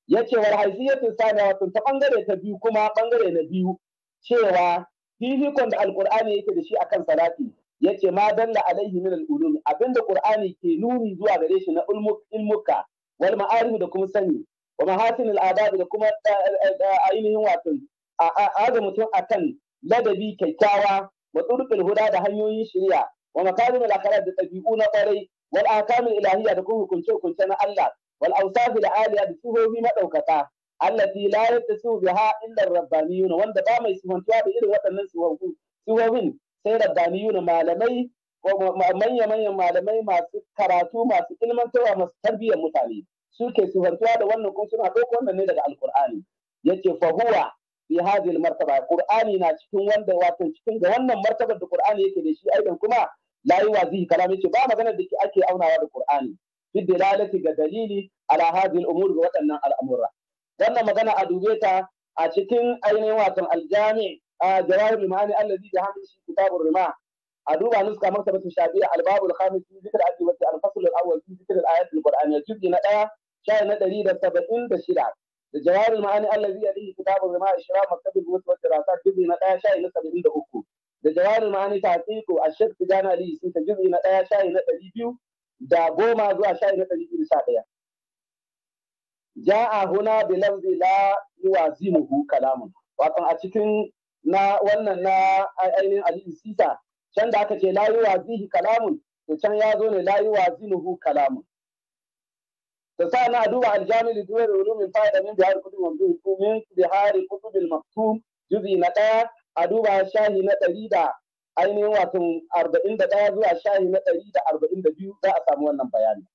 yace wal haysiyatu saniya ta bangare ta biyu kuma bangare na biyu cewa fifikon da alkur'ani yake da shi akan salati yace ma dalla alaihi min al-ulum abinda qur'ani ke nuni zuwa gare shi na ilmuka wal ma'arif da kuma sani wa mahasin al-adab da kuma eh, eh, eh, ainihin wato aga mutum akan ladabi kyakkyawa wa turqil huda da hanyoyin shari'a wa makarim al da tabi'u na kwarai wal ahkam al-ilahiyya da kuma hukunce hukunce na Allah wal awsaf al-aliya da sihohi madaukaka allati la yattasu biha illa rabbaniyuna wanda ba mai sifantuwa da irin waɗannan sifofi sifofin sai rabbaniyuna malamai ko manya manyan malamai masu karatu masu ilmantarwa masu tarbiyyar mutane suke sifantuwa da wannan kuma suna ɗauko wannan ne daga alqur'ani yace fa huwa fi hadhihi martaba qur'ani na cikin wanda wato cikin ga wannan martabar da qur'ani yake da shi aidan kuma la yi wazihi kalam yace ba maganar da ake aunawa da qur'ani bi dalalati ga dalili ala hadhihi al-umur waɗannan al'amura wannan magana a dube ta a cikin ainihin watan aljami a jawahir limani allazi da hamdi shi kitabur rima a duba nuska martaba shafi albabul khamis fi zikr al-ajwati al-fasl al-awwal fi zikr al-ayat al-qur'aniyya juz'i na daya shayi na ɗari da saba'in da shida ma'ani allazi ya ɗin kitabu zama a shira maktabin wasu wata juzi na ɗaya shayi na saba'in da uku a sun ta juzi na ɗaya shayi na ɗari da goma zuwa shayi na ɗari a huna bi lafzi la yuwazimuhu kalamun wato a cikin na wannan na ainihin aliyu sita can da aka ce la zihi kalamun to can ya zo ne la yuwazimuhu kalamun da sa na duba aljami da duwar ulumin fa'ida min bihar kutub mamdud min bihar kutub maktum juzi na ɗaya a duba shahi na ɗari da ainihin wato arba'in da ɗaya zuwa shahi na ɗari da arba'in da biyu za a samu wannan bayani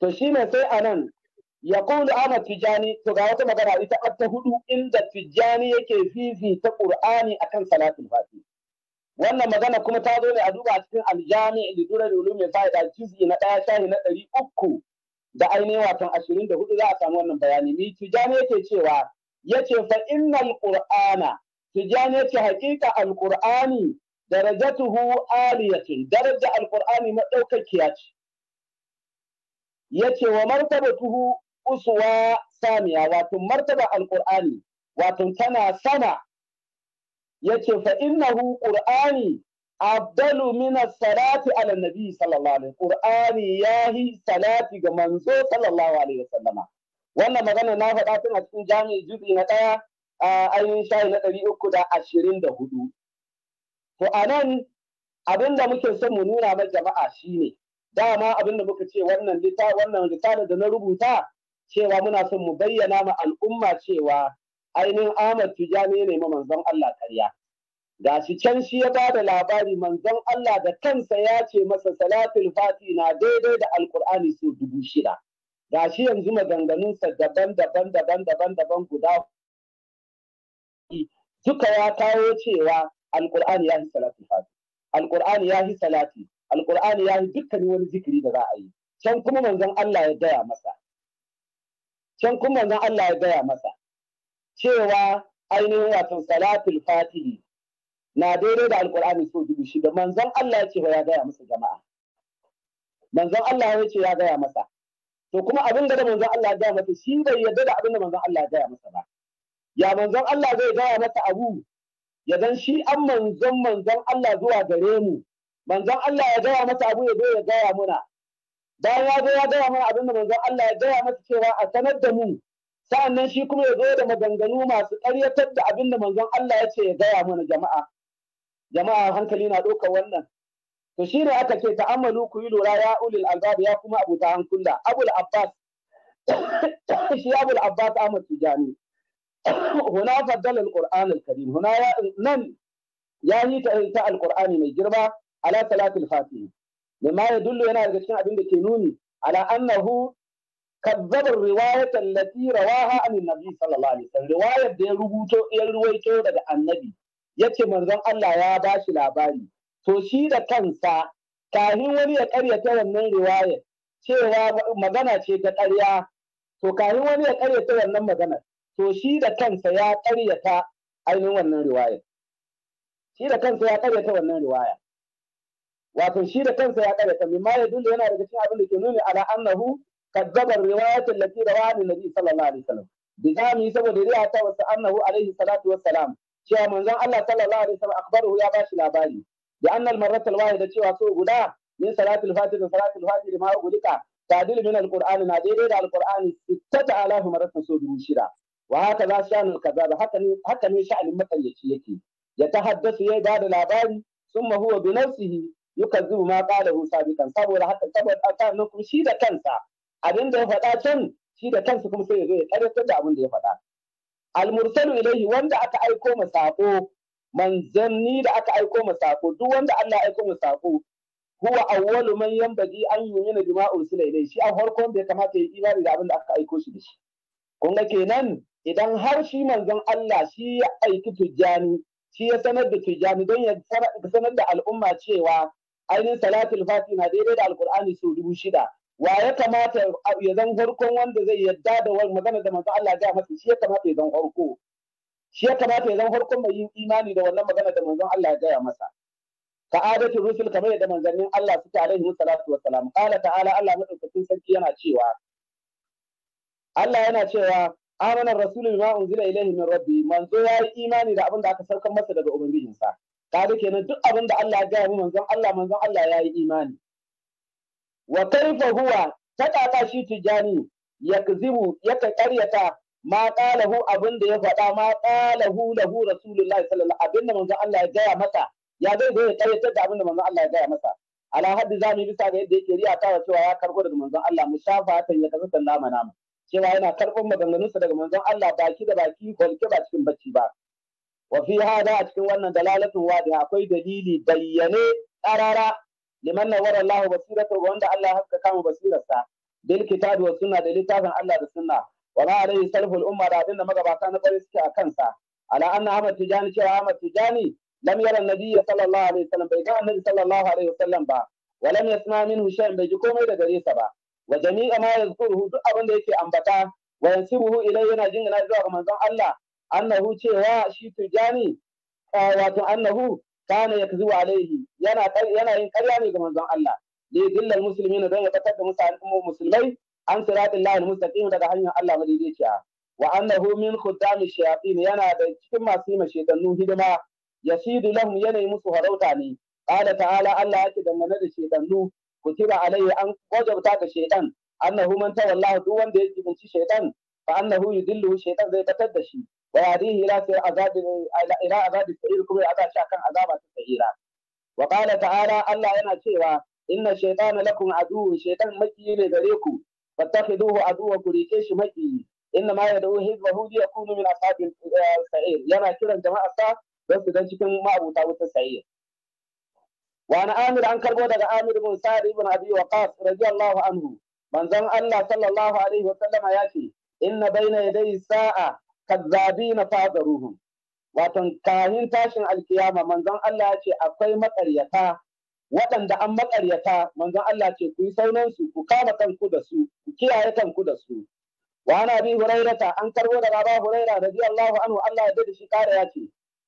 to shine sai anan ya kulu ana tijani to ga wata magana ita ta hudu inda tijani yake fifita qur'ani akan salatul fati wannan magana kuma ta zo ne a duba cikin aljami da durar ulumi fa'ida juz'i na daya shahi na ɗari uku da ainihin watan ashirin da hudu za a samu wannan bayani ni tijani yake cewa yace fa innal qur'ana tijani yace haƙiƙa alqur'ani darajatuhu aliyatun daraja alqur'ani madaukakiya ce Yace ce wa tuhu uswa saniya wato martaba alqur'ani wato tana sana, yace ce fa innahu qur'ani afdalu min salati ala nabi sallallahu alaihi qur'ani yahi salati ga manzo sallallahu alaihi wasallama wannan magana na faɗa tana cikin jami'i juzi na ɗaya a ainihin shayi na ɗari uku da ashirin da hudu to a nan abin da muke son mu nuna ma jama'a shine dama abin da muka ce wannan lita wannan risala da na rubuta cewa muna son mu bayyana ma al'umma cewa ainihin Ahmad Tijani ne ma manzon Allah ƙarya ga shi can shi ya ba da labari manzon Allah da kansa ya ce masa salatul fati na daidai da alqur'ani su dubu shida ga shi yanzu sa daban daban daban daban daban guda duka ya kawo cewa alkur'ani ya fi salatul fati alqur'ani ya fi salati alqur'ani ya yi dukkanin wani zikiri da za a yi can kuma manzon Allah ya gaya masa can kuma manzon Allah ya gaya masa cewa ainihin wato salatul fatihi na daidai da alqur'ani so dubu shida manzon Allah ya ce ya gaya masa jama'a manzon Allah ya ce ya gaya masa to kuma abin da manzon Allah ya gaya masa shi bai yarda da abin da manzon Allah ya gaya masa ba ya manzon Allah zai gaya masa abu ya dan shi an manzon manzon Allah zuwa gare mu manzon Allah ya gaya mata abu ya zo ya gaya muna bayan ya zo ya gaya mana abin da manzon Allah ya gaya mata cewa a sanar da mu sa'annan shi kuma ya zo da maganganu masu ƙaryatar da abin da manzon Allah ya ce ya gaya mana jama'a jama'a hankali na ɗaukar wannan to shi ne aka ce ta'ammalu ku yi lura ya ulil albab ya kuma abuta hankula abul abbas shi abul abbas ahmad tijani huna faddala alquran alkarim huna nan ya yi ta alqur'ani mai girma ala salatul fatihi lima yadullu yana daga cikin abin da ke nuni ala annahu kazzabar riwayat allati rawaha an nabi sallallahu alaihi wasallam riwayar da ya rubuto ya ruwaito daga annabi yace manzon Allah ya bashi labari to shi da kansa kafin wani ya karyata wannan riwayar cewa magana ce ta ƙarya to kafin wani ya karyata wannan magana to shi da kansa ya karyata ainihin wannan riwayar shi da kansa ya karyata wannan riwaya wato shi da kansa ya kare kalli ya dunda yana daga cikin abin da ke nuni ala annahu kaddaba riwayatul lati da annabi sallallahu alaihi wasallam bizami saboda riya ta wasu annahu alaihi salatu wassalam cewa manzon Allah sallallahu alaihi wasallam akhbaruhu ya bashi labari da annal marratul wahida cewa so guda min salatul fatih da salatul fatih da ma'ugulika tadil min alqur'ani na daidai da alqur'ani sittata alafu so dubu shida wa haka za shanu kaza haka ne haka ne sha'anin matsayyaci yake ya tahaddasu ya ba da labari summa huwa bi nafsihi yukan zubu ma da Musa bikan saboda haka saboda sannan kuma shi da kansa abin da ya faɗa can shi da kansa kuma sai ya zo ya ƙarfafa da abin da ya faɗa almursalu ilaihi wanda aka aiko ma sako manzanni da aka aiko ma sako duk wanda Allah ya aiko ma sako huwa awwalu man baki an yu'mina bima ursila ilayhi shi a farkon bai kamata ya yi imani da abin da aka aiko shi da shi kun ga kenan idan har shi manzon Allah shi ya aiki tijjani shi ya sanar da tijjani don ya sanar da al'umma cewa ainihin salatul fati na daidai da alkur'ani sau dubu shida wa ya kamata ya zan farkon wanda zai yadda da wani magana da manzo Allah ya masa shi ya kamata ya zan farko shi ya kamata ya zan farkon mai yin imani da wannan magana da manzon Allah ya gaya masa ka adatu rusul kamar yadda manzannin Allah suka alaihi salatu wassalam qala ta'ala Allah madaukakin sarki yana cewa Allah yana cewa amana rasulun bima unzila ilaihi min rabbi manzo ya yi imani da abin da aka saukar masa daga ubangijinsa kaga kenan duk abin da Allah ya gaya mu manzon Allah manzon Allah ya yi imani wa kaifa huwa taƙaƙa shi tijani ya zibu ya ƙaryata ma ƙalahu abin da ya faɗa ma ƙalahu lahu rasulullahi sallallahu abin da Allah ya gaya masa ya zai zo ya ƙaryatar da abin da manzon Allah ya gaya masa ala haddi za mu bisa ga yadda yake riya ta cewa ya karɓo daga manzon Allah mu shafa hakan ya kasance nama nama cewa yana karɓon maganganunsa daga manzon Allah baki da baki kwalke ba cikin bacci ba wa fi hada a cikin wannan dalalatu wadi akwai dalili bayyane qarara liman nawara Allah basiratu wanda Allah haska kama basirarsa bil kitabi wa sunna da littafin Allah da sunna wa ma alaihi umma da abinda magabata na bari suke a kansa ala anna Ahmad Tijani cewa Ahmad Tijani lam yara nabi sallallahu alaihi wasallam bai ga annabi sallallahu alaihi wasallam ba wa lam yasma minhu bai ji komai daga gare sa ba wa jami'a ma yazkuruhu duk abin da yake ambata wa yansiruhu ilai yana jingina zuwa ga manzon Allah annahu cewa shi tijani wato annahu kana yakzubu alaihi yana yana yin karya ne ga manzon Allah da dillal muslimin don ya fatar da musulmai an siratul lahi mustaqim daga hanyar Allah madaidaiciya wa annahu min khuddami shayatin yana da cikin masu yi ma shaytanu hidima yasidu lahum yana musu harauta ne qala ta'ala Allah yake dangane da shaytanu kutiba alaihi an wajabta ga shaytan annahu man tawallahu duk wanda ya jibinci shaytan fa annahu yudillu shaytan zai fatar da shi ويهديه الى عذاب الى عذاب السعير كما kan شاكا عذاب السعير وقال تعالى Allah yana cewa inna shaytana lakum aduwwun shaytan maki ne gare ku fattakhiduhu aduwwa ku rike shi maki inna ma yad'u hizbahu li yakunu min ashabil sa'ir yana kiran jama'a sa don su dan cikin ma'abuta wutar sa'ir wa na amir an karbo daga amir bin sa'id ibn abi waqas radiyallahu anhu manzon Allah sallallahu alaihi wa sallama yace inna bayna yaday sa'a kazzabina fadaruhum Watan kayan tashin alkiyama manzon Allah ce akwai maƙaryata waɗanda an maƙaryata manzon Allah ce ku yi saunansu ku kama kanku da su ku kiyaye kanku da su wa ana bi hurairata an karbo da baba huraira radiyallahu anhu Allah ya da shi kare ya ce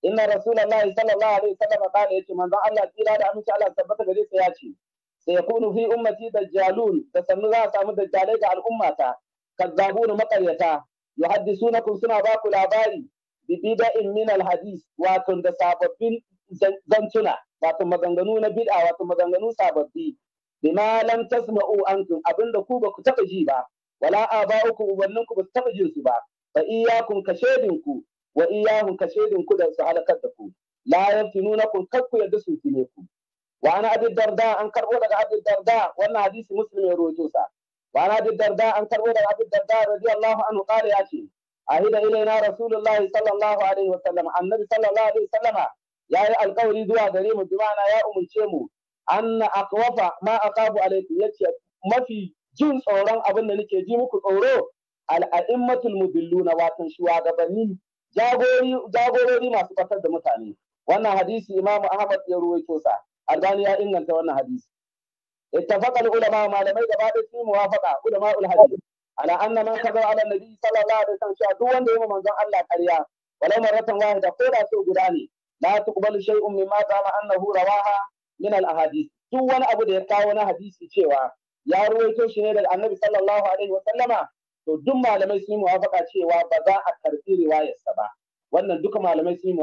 inna rasulullahi sallallahu alaihi wasallam kana yace manzon Allah kira da aminci Allah tabbata gare sa ya ce sai yakunu fi ummati dajjalun da sannu za a samu dajjalai ga al'ummata kazzabuna maƙaryata yuhaddisunakum suna ba ku labari bi bida'in min alhadis wato da sababbin zantuna wato maganganu na bid'a wato maganganu sababbi bima lam tasma'u antum abinda ku ba ku taba ji ba wala aba'ukum ubannin ba su taba jin su ba fa iyyakum kashedin ku wa iyyahum kashedin ku da su halakar da ku la yaftinunakum kakku yadda su fine ku wa ana abi darda an karbo daga abi darda wannan hadisi muslim ya rojo sa وعن أبي الدرداء عن كربون أبي الدرداء رضي الله عنه قال يا أخي أهد إلينا رسول الله صلى الله عليه وسلم النبي صلى الله عليه وسلم يا القول زوا غريم بمعنى يا أم الشيمو أن أقوف ما أقاب عليكم يتي ما في jin tsoron abin da nake ji muku tsoro al'a'immatul mudilluna watan shugabanni jagorori masu fatar da mutane wannan hadisi imamu ahmad ya ruwaito sa albani ya inganta wannan hadisi اتفق العلماء malamai gaba da su muwafaqa ulama ul hadith ala anna man kaza ala nabi sallallahu alaihi wasallam cewa duk wanda yayi manzan Allah ƙarya walau marratan wahida ko da so guda ne la tuqbalu shay'un mimma zama annahu rawaha min al ahadith duk wani abu da ya kawo na hadisi cewa ya ruwaito shi ne daga annabi sallallahu alaihi wasallama to duk malamai sun yi muwafaqa cewa ba za a karbi riwayarsa ba wannan duka malamai sun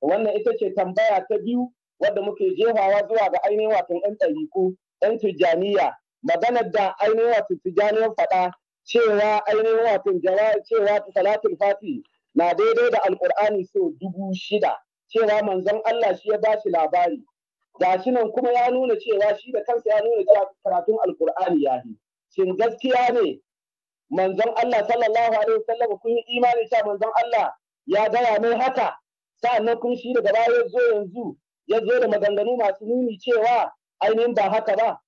wannan ita ce tambaya ta biyu wadda muke jefawa zuwa ga ainihin watan yan ɗariku yan tijjaniya maganar da ainihin wato tijjaniyar faɗa cewa ainihin wato jawar cewa talatin fati na daidai da alƙur'ani so dubu shida cewa manzon Allah shi ya bashi labari shi nan kuma ya nuna cewa shi da kansa ya nuna cewa karatun alƙur'ani ya yi shin gaskiya ne manzon Allah sallallahu alaihi wasallam kun yi imani cewa manzon Allah ya gaya mai haka sa'annan kun shi daga baya zo yanzu ya zo da maganganu masu nuni cewa ainihin ba haka ba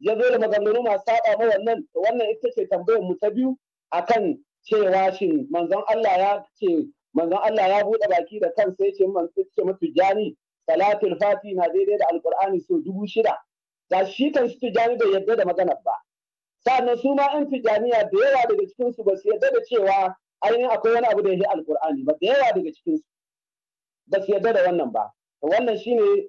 ya zo da maganganu masu saba ma wannan wannan ita ce tambayar mu ta biyu a kan cewa shin manzon Allah ya ce manzon Allah ya bude baki da kansa ya ce man ce mutu jani salatul fati na daidai da alqur'ani so dubu shida da shi kan su tijani bai yadda da maganar ba sannan su ma yan tijaniya da yawa daga cikin su ba su yadda da cewa ainihin akwai wani abu da ya yi alqur'ani ba da yawa daga cikin su ba su yadda da wannan ba wannan shine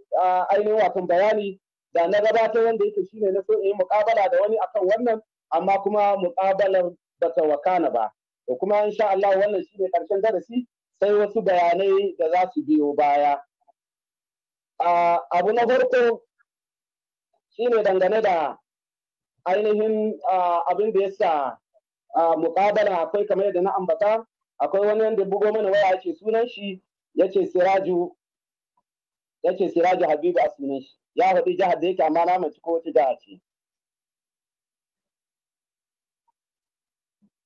ainihin watan bayani da na gabatar wanda yake shine na so in yi muƙabala da wani akan wannan amma kuma muƙabalar ba ta wakana ba to kuma insha Allah wannan shine karshen darasi sai wasu bayanai da za su biyo baya abu na farko shine dangane da ainihin abin da yasa muƙabala akwai kamar yadda na ambata akwai wani wanda bugo mana waya ce sunan shi yace siraju ya ce siraji habibu a sunan shi ya faɗi jihar da yake amma na mace ko wata jihar ce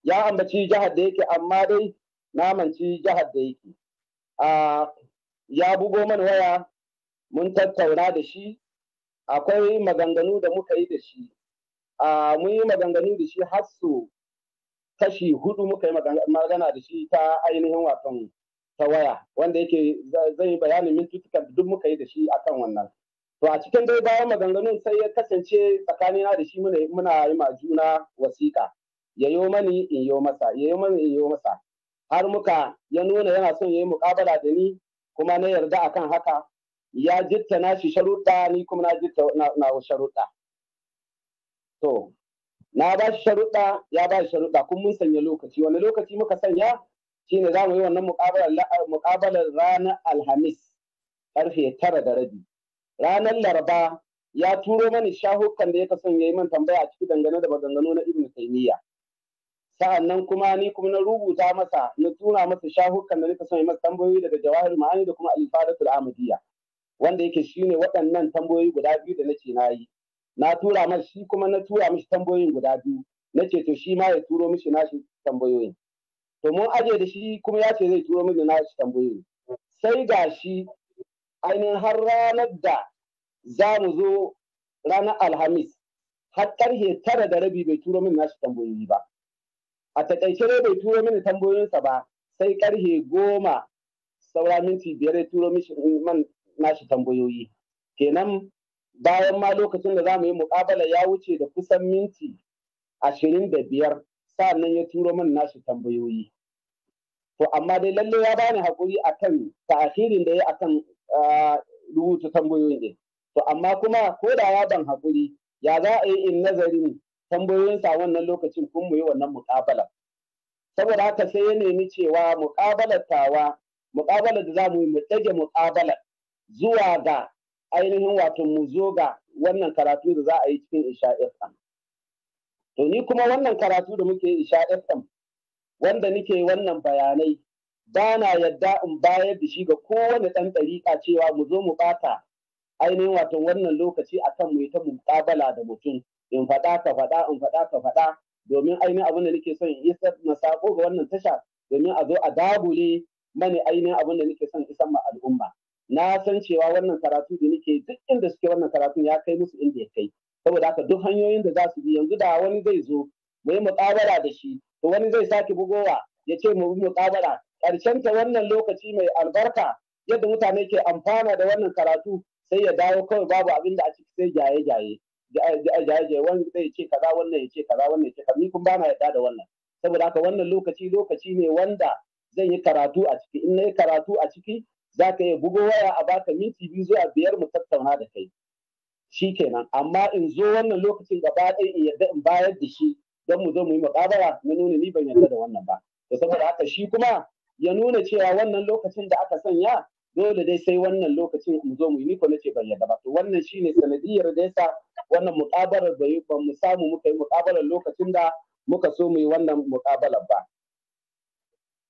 ya ambaci jihar da yake amma dai na ci jihar da yake ya bugo mana waya mun tattauna da shi akwai maganganu da muka yi da shi mun yi maganganu da shi har su kashi hudu muka yi magana da shi ta ainihin wasan ta waya wanda yake zai bayanin minti duk muka yi da shi akan wannan to a cikin dai bayan maganganun sai ya kasance tsakanina da shi muna yi ma juna wasiƙa ya mani in yo masa ya mani in yo masa har muka ya nuna yana son ya yi muƙabala da ni kuma na yarda akan haka ya jitta na shi sharuɗa ni kuma na jitta na sharuɗa to na ba shi sharuɗa ya ba shi sharuɗa kuma mun sanya lokaci wani lokaci muka sanya shine za mu yi wannan muƙabalar ranar alhamis karfe tara da rabi ranar laraba ya turo mani shahukan da ya kasan ya yi man tambaya a ciki dangane da maganganu na ibn taimiyya sa'an nan kuma ni kuma na rubuta masa na tura masa shahukan da nika son yi masa tambayoyi daga jawahir ma'ani da kuma alifadatul ahmadiyya wanda yake shine waɗannan tambayoyi guda biyu da nace na yi na tura masa shi kuma na tura mishi tambayoyin guda biyu nace to shi ma ya turo mishi nashi tambayoyin to mun aje da shi kuma ya ce zai turo mini na shi tambayoyi sai ga shi ainihin har ranar da za mu zo ranar alhamis har karhe tara da rabi bai turo mini na shi tambayoyi ba a taƙaice dai bai turo mini tambayoyinsa ba sai karhe goma saura minti biyar ya turo man nashi tambayoyi kenan bayan ma lokacin da za mu yi muƙabala ya wuce da kusan minti ashirin da biyar sa'annan ya turo min nasu tambayoyi to amma dai lalle ya bani hakuri akan ta'asirin da ya akan rubuta tambayoyin din to amma kuma ko da ya ban hakuri ya za a yi in nazarin tambayoyinsa wannan lokacin kun mu yi wannan muƙabala saboda haka sai ya nemi cewa muƙabalar tawa muƙabalar da za mu yi mu ɗage muƙabalar zuwa ga ainihin wato mu zo ga wannan karatu da za a yi cikin isha'ir To ni kuma wannan karatu da muke Isha FM wanda nike wannan bayanai ba na yadda in bayar da shi ga kowane ɗan ɗariƙa cewa mu zo mu ɓata ainihin wato wannan lokaci akan mu ta muƙabala da mutum in faɗa ka faɗa in faɗa ka faɗa domin ainihin abin da nike son in isar na saƙo ga wannan tasha domin a zo a dabule mani ainihin abin da nike son isar ma al'umma na san cewa wannan karatu da nike duk inda suke wannan karatun ya kai musu inda ya kai saboda haka duk hanyoyin da za su bi yanzu da wani zai zo mu yi muƙabara da shi to wani zai sake bugowa ya ce mu yi muƙabara ƙarshen ta wannan lokaci mai albarka yadda mutane ke amfana da wannan karatu sai ya dawo kawai babu abin da a ciki sai jaye-jaye jaye-jaye wani zai ce kaza wannan ya ce kaza wannan ya ce kaza ni kun bana yarda da wannan saboda haka wannan lokaci lokaci ne wanda zan yi karatu a ciki in na yi karatu a ciki za ka iya bugo waya a baka minti biyu zuwa biyar mu tattauna da kai shi kenan amma in zo wannan lokacin gaba ɗaya in yarda in bayar da shi don mu zo mu yi muƙabara na nuna ni ban yarda da wannan ba to saboda haka shi kuma ya nuna cewa wannan lokacin da aka sanya dole dai sai wannan lokacin mu zo mu yi niko nace ban yarda ba to wannan shine sanadiyar da yasa wannan muƙabarar bai ba mu samu muka yi muƙabarar lokacin da muka so mu yi wannan muƙabalar ba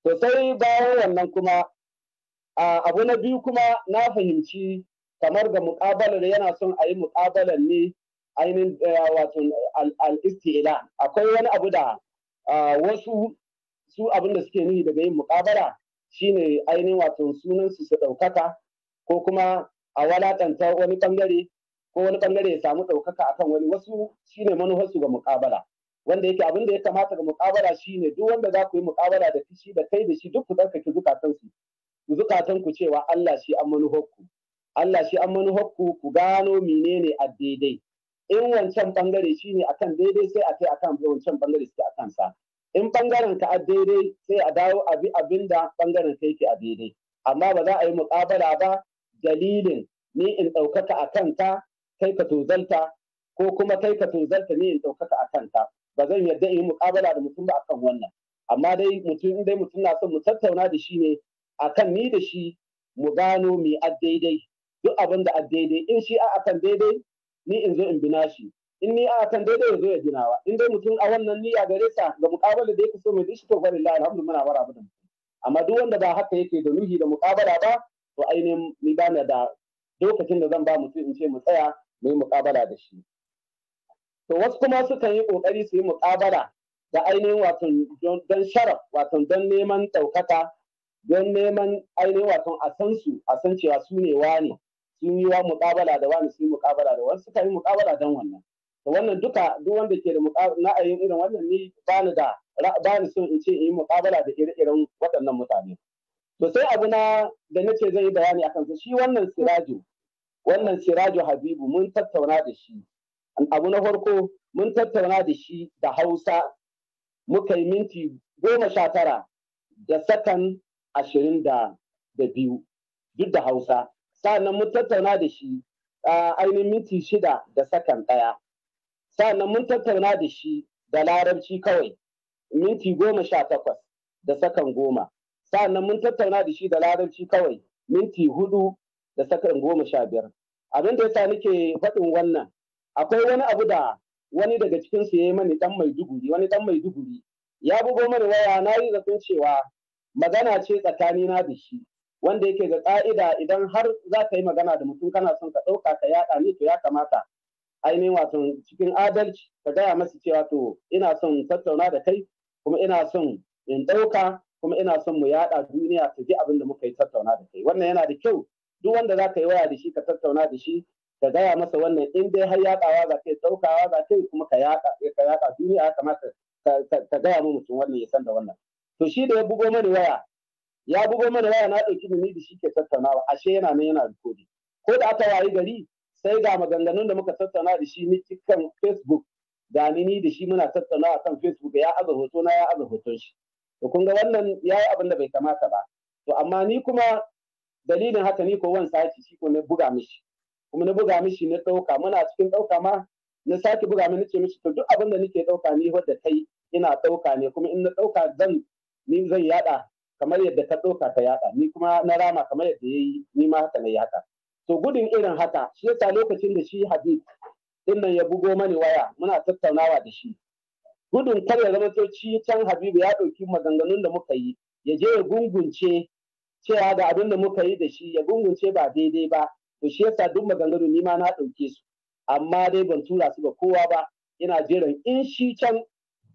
to sai bayan wannan kuma abu na biyu kuma na fahimci kamar ga muƙabalar yana son a yi muƙabalar ne ainihin eh, wato al akwai wani abu da wasu su abin da suke nuhi daga yin muƙabala shine ainihin wato sunan su su ɗaukaka ko kuma a walatanta wani bangare ko wani bangare ya samu ɗaukaka akan wani wasu shine manufarsu ga muƙabala wanda yake abin da ya kamata ga muƙabala shine duk wanda za ku yi muƙabala da shi da kai da shi duk ku tsarkake zukatansu zukatan ku cewa Allah shi an manufarku Allah shi an manuhakku ku gano menene a daidai in wancan bangare shine akan daidai sai a kai akan wancan bangare suke akan sa in bangaren ka a daidai sai a dawo abi abin da bangaren ka yake a daidai amma ba za a yi muƙabala ba dalilin ni in ɗaukaka a kanta kai ka tozalta ko kuma kai ka tozalta ni in ɗaukaka a kanta ba zan yarda in yi muƙabala da mutum ba akan wannan amma dai mutum in dai mutum na son mu tattauna da shi ne akan ni da shi mu gano mi a daidai duk abin da a daidai in shi a kan daidai ni in zo in bina shi in ni a kan daidai in zo ya wa in dai mutum a wannan niyya gare sa ga muƙabala da yake so mai dishi to fa lillahi alhamdu muna bara abin amma duk wanda ba haka yake da ruhi da muƙabala ba to ainihin ni ba da lokacin da zan ba mutum in ce mu tsaya mu yi muƙabala da shi to wasu kuma sukan yi ƙoƙari su yi muƙabala da ainihin watan don sharaf watan don neman ɗaukaka don neman ainihin watan a san su a san cewa su ne wane sun yi wa muƙabala da wani sun yi muƙabala da wani suka yi muƙabala don wannan to wannan duka duk wanda ke da na'ayin irin wannan ni ni da ni so in ce in yi mukabala da ire-iren waɗannan mutane to sai abu na da nace zan yi bayani akan su shi wannan siraju wannan siraju habibu mun tattauna da shi abu na farko mun tattauna da shi da hausa muka yi minti goma sha tara da sakan ashirin da biyu duk da hausa sa'annan mun tattauna da shi ainihin minti shida da sakan ɗaya sa'annan mun tattauna da shi da larabci kawai minti goma sha takwas da sakan goma sa'annan mun tattauna da shi da larabci kawai minti hudu da sakan goma sha biyar abin da yasa nake faɗin wannan akwai wani abu da wani daga cikin su yayi mani dan duguri wani dan duguri ya bugo mani waya na yi zaton cewa magana ce tsakanina da shi wanda yake ga ƙa'ida idan har za ka yi magana da mutum kana son ka ɗauka ka yaɗa Ni to ya kamata ainihin wato cikin adalci ka gaya masa cewa to ina son tattauna da kai kuma ina son in ɗauka kuma ina son mu yaɗa duniya ta ji abin da muka yi tattauna da kai wannan yana da kyau duk wanda za ka yi waya da shi ka tattauna da shi ka gaya masa wannan in dai har yaɗawa za ka yi ɗaukawa za ka yi kuma ka yaɗa duniya ya kamata ka gaya mu mutum wannan ya san da wannan to shi da ya bugo mani waya ya bugo mana waya na ɗauki ni da shi ke tattaunawa ashe yana nan yana recording ko da aka wayi gari sai ga maganganun da muka tattauna da shi ni kan Facebook ga ni da shi muna tattaunawa kan Facebook ya aza hoto na ya aza hoton shi to kun ga wannan yayi abin da bai kamata ba to amma ni kuma dalilin haka ni ko wan saci shi ko na buga mishi kuma na buga mishi na ɗauka muna cikin ɗauka ma na sake buga mini ce mishi to duk abin da nake ɗauka ni wadda kai ina ɗauka ne kuma in na ɗauka zan ni zan yada kamar yadda ka ɗauka ka yaɗa ni kuma na rama kamar yadda ya yi ni ma haka na yaɗa to gudun irin haka shi yasa lokacin da shi habib dinnan ya bugo mani waya muna tattaunawa da shi gudun kar ya zama to shi can habibu ya ɗauki maganganun da muka yi ya je ya gungunce cewa da abin da muka yi da shi ya gungunce ba daidai ba to shi yasa duk maganganu ni ma na ɗauke su amma dai ban tura su ba kowa ba ina jiran in shi can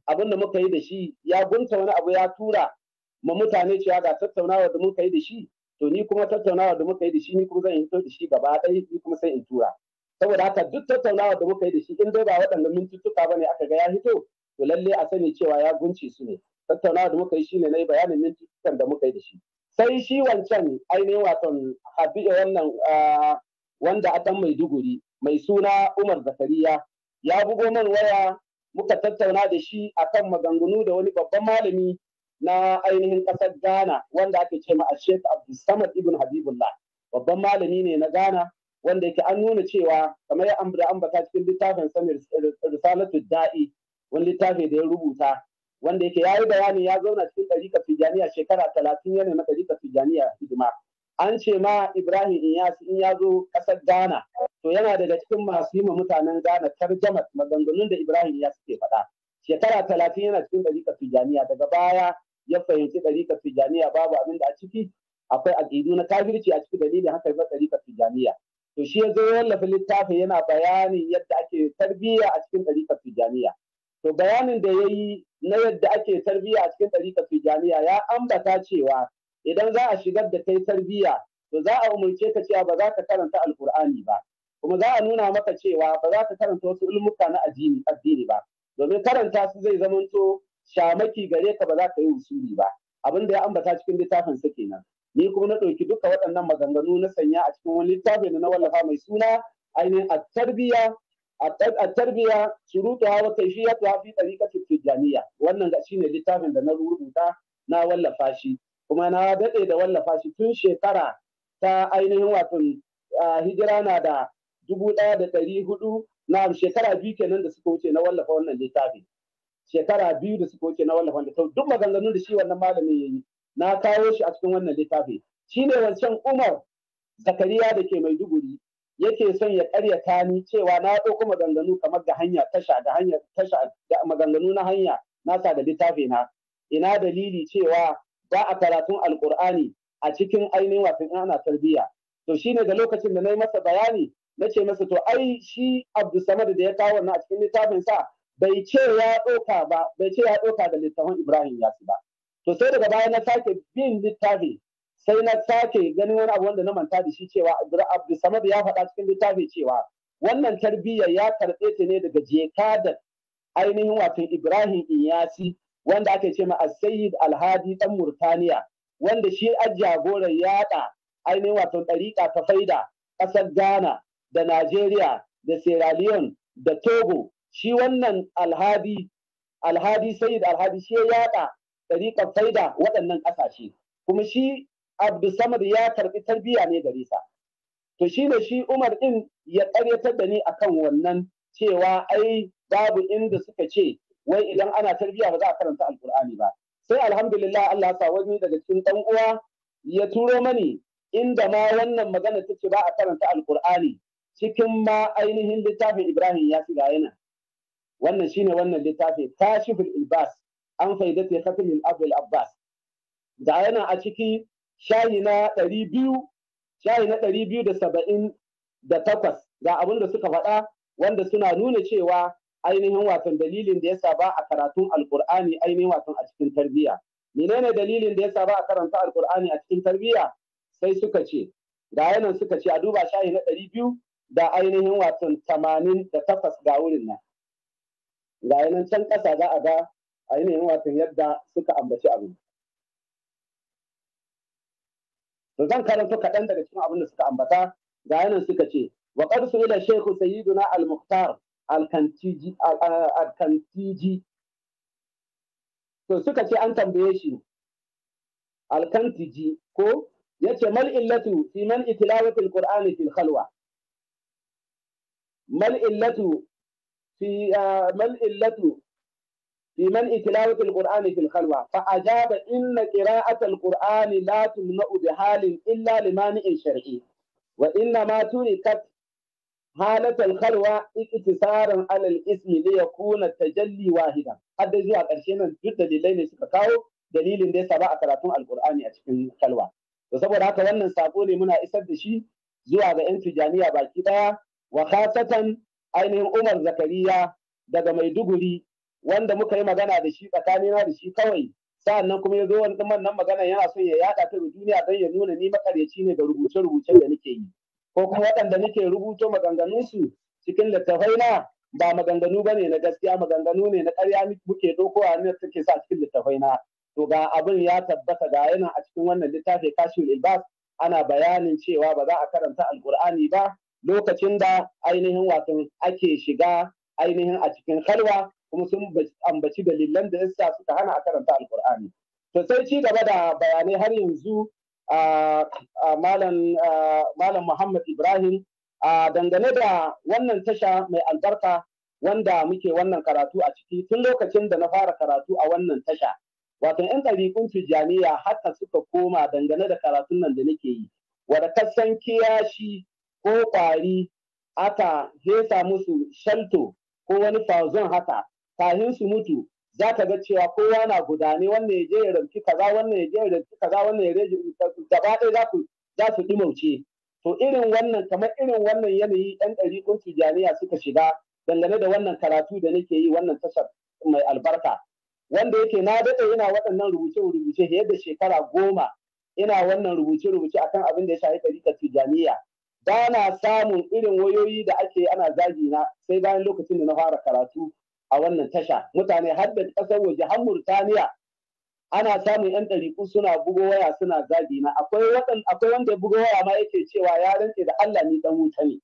abin da muka yi da shi ya gunta wani abu ya tura ma mutane cewa ga tattaunawa da muka yi da shi to ni kuma tattaunawa da muka yi da shi ni kuma zan hito da shi gaba ɗaya ni kuma sai in tura saboda haka duk tattaunawa da muka yi da shi in dai ba waɗannan mintuttuka ba ne aka ga ya hito to lalle a sani cewa ya gunce su ne tattaunawa da muka yi shine na bayanin mintuttukan da muka yi da shi sai shi wancan ainihin waton habiya wannan wanda a mai duguri. mai suna umar zakariya ya bugo man waya muka tattauna da shi akan maganganu da wani babban malami na ainihin ƙasar Ghana wanda ake ce ma a Sheikh samad Ibn Habibullah babban malami ne na Ghana wanda yake an nuna cewa kamar ya ambata cikin littafin sami risalatu da'i wani littafi da ya rubuta wanda yake ya yi bayani ya zauna cikin ɗarikar tijaniya shekara talatin yana na ɗarikar tijaniya hidima an ce ma ibrahim inyas in ya zo ƙasar ghana to yana daga cikin masu yi mutanen ghana tarjama maganganun da ibrahim ya ke faɗa shekara talatin yana cikin ɗarikar tijaniya daga baya ya fahimci ɗariƙar tijaniya babu abin da a ciki akwai aƙidu na kafirci a ciki dalilin haka ya ɗariƙar tijaniya to shi ya zo wallafa littafin yana bayanin yadda ake tarbiyya a cikin ɗariƙar tijaniya to bayanin da ya yi na yadda ake tarbiyya a cikin ɗariƙar tijaniya ya ambata cewa idan za a shigar da kai tarbiyya to za a umarce ka cewa ba za ka karanta alkur'ani ba kuma za a nuna maka cewa ba za ka karanta wasu ilmuka na addini ba domin karanta su zai zamanto shamaki gare ka ba za ka yi usuli ba abin da ya ambata cikin littafin sa kenan ni kuma na ɗauki duka waɗannan maganganu na sanya a cikin wani littafi da na wallafa mai suna ainihin at-tarbiya at-tarbiya shi wa kayfiyatuha fi tariqati tijaniyya wannan ga ne littafin da na rubuta na wallafa shi kuma na daɗe da wallafa shi tun shekara ta ainihin wato hijira na da dubu ɗaya da ɗari hudu na shekara biyu kenan da suka wuce na wallafa wannan littafin. shekara biyu da suka wuce na wallafa da sau duk maganganun da shi wannan malamin ya yi na kawo shi a cikin wannan littafi shi ne wancan umar zakariya da ke mai duguri yake son ya karyata ni cewa na ɗauko maganganu kamar da hanya tasha da hanya tasha da maganganu na hanya nasa da littafi na ina dalili cewa ba a karatun alkur'ani a cikin ainihin in ana tarbiyya to shine da lokacin da na yi masa bayani na ce masa to ai shi abdulsamad da ya kawo wannan a cikin littafin sa bai ce ya ɗauka ba bai ce ya ɗauka da littafin Ibrahim ya ba to sai daga baya na sake bin littafi sai na sake ganin wani abu wanda na manta da shi cewa Abdulsamad ya faɗa cikin littafi cewa wannan tarbiyyar ya karɓe ta ne daga da ainihin wato Ibrahim Inyasi wanda ake ce ma Sayyid Alhadi dan Murtaniya wanda shi a jagoran yaɗa ainihin wato ɗariƙa ta faida ƙasar Ghana da Najeriya da Sierra Leone da Togo shi wannan alhadi alhadi sayyid alhadi shi ya yaɗa ɗariƙar faida waɗannan ƙasashe kuma shi abdulsamad ya karɓi tarbiyya ne gare sa to shi ne shi umar ɗin ya ƙaryatar da ni akan wannan cewa ai babu inda suka ce wai idan ana tarbiyya ba za a karanta alkur'ani ba sai alhamdulillah Allah sa wani daga cikin ɗan uwa ya turo mani inda ma wannan magana take ba a karanta alkur'ani cikin ma ainihin littafin Ibrahim ya shiga yana wannan shine wannan littafi kashiful ilbas an faidati khatimil abul abbas da yana a ciki shayi na ɗari biyu shayi na ɗari biyu da saba'in da takwas ga abin da suka faɗa wanda suna nuna cewa ainihin watan dalilin da ya ba a karatun alkur'ani ainihin watan a cikin tarbiyya menene dalilin da ya ba a karanta alkur'ani a cikin tarbiyya sai suka ce ga yanan suka ce a duba shayi na ɗari biyu da ainihin watan tamanin da takwas ga wurin nan ga yanan can ƙasa za a ga a yanayin watan yadda suka ambaci abu. to zan karanta kaɗan daga cikin abin da suka ambata ga yanan suka ce wa qad su'ila shehu sayiduna al-muhtar al-kantiji to suka ce an tambaye shi al-kantiji ko yace mal illatu fi man itilawati qurani fil khalwa mal illatu في من إلته في منع تلاوة القرآن في الخلوة فأجاب إن قراءة القرآن لا تمنع بحال إلا لمانع شرعي وإنما تركت حالة الخلوة اقتصارا على الاسم ليكون التجلي واحدا قد زوا قرشينا duk dalilai ne suka kawo dalilin da ya saba a karatun alkur'ani a cikin kalwa to saboda haka wannan saƙo ne muna isar da shi zuwa ga yan baki daya wakasatan. ainihin Umar Zakariya daga Maiduguri wanda muka yi magana da shi tsakanina da shi kawai sa'annan kuma ya zo wani ɗin nan magana yana so ya yaɗa ta da duniya don ya nuna ni makaryaci ne ga rubuce-rubuce da nake yi ko kuma waɗanda nake rubuto maganganunsu cikin littafai na ba maganganu ba ne na gaskiya maganganu ne na ƙarya muke dokowa ne take sa cikin littafai na to ga abin ya tabbata ga yana a cikin wannan littafin kashi ilbas ana bayanin cewa ba za a karanta alkur'ani ba lokacin da ainihin wato ake shiga ainihin a cikin halwa kuma sun ambaci dalilan da yasa suka hana a karanta alkur'ani to sai ci gaba da bayanai har yanzu malam muhammad ibrahim a dangane da wannan tasha mai albarka wanda muke wannan karatu a ciki tun lokacin da na fara karatu a wannan tasha wato yan ɗariƙun jami'a haka suka koma dangane da karatun nan da nake yi wadda kasan kiyashi ko ƙwari aka hesa musu shalto ko wani fazon haka kafin su mutu za ka ga cewa kowa na gudane wannan ya je ya rauki kaza wannan ya je ya rauki kaza wannan ya rage gaba ɗaya za ku za su ɗimauce to irin wannan kamar irin wannan yanayi ɗan ɗariƙun tijaniya suka shiga dangane da wannan karatu da nake yi wannan tashar mai albarka wanda yake na daɗe ina waɗannan rubuce-rubuce fiye da shekara goma ina wannan rubuce-rubuce akan abin da ya shafi ɗariƙar tijaniya ba na samun irin wayoyi da ake ana zagi na sai bayan lokacin da na fara karatu a wannan tasha mutane har da ƙasar waje har Murtaniya ana samun yan ɗariƙu suna bugo waya suna zagi na akwai akwai wanda ya bugo waya ma yake cewa ya rantse da Allah ni dan wuta ne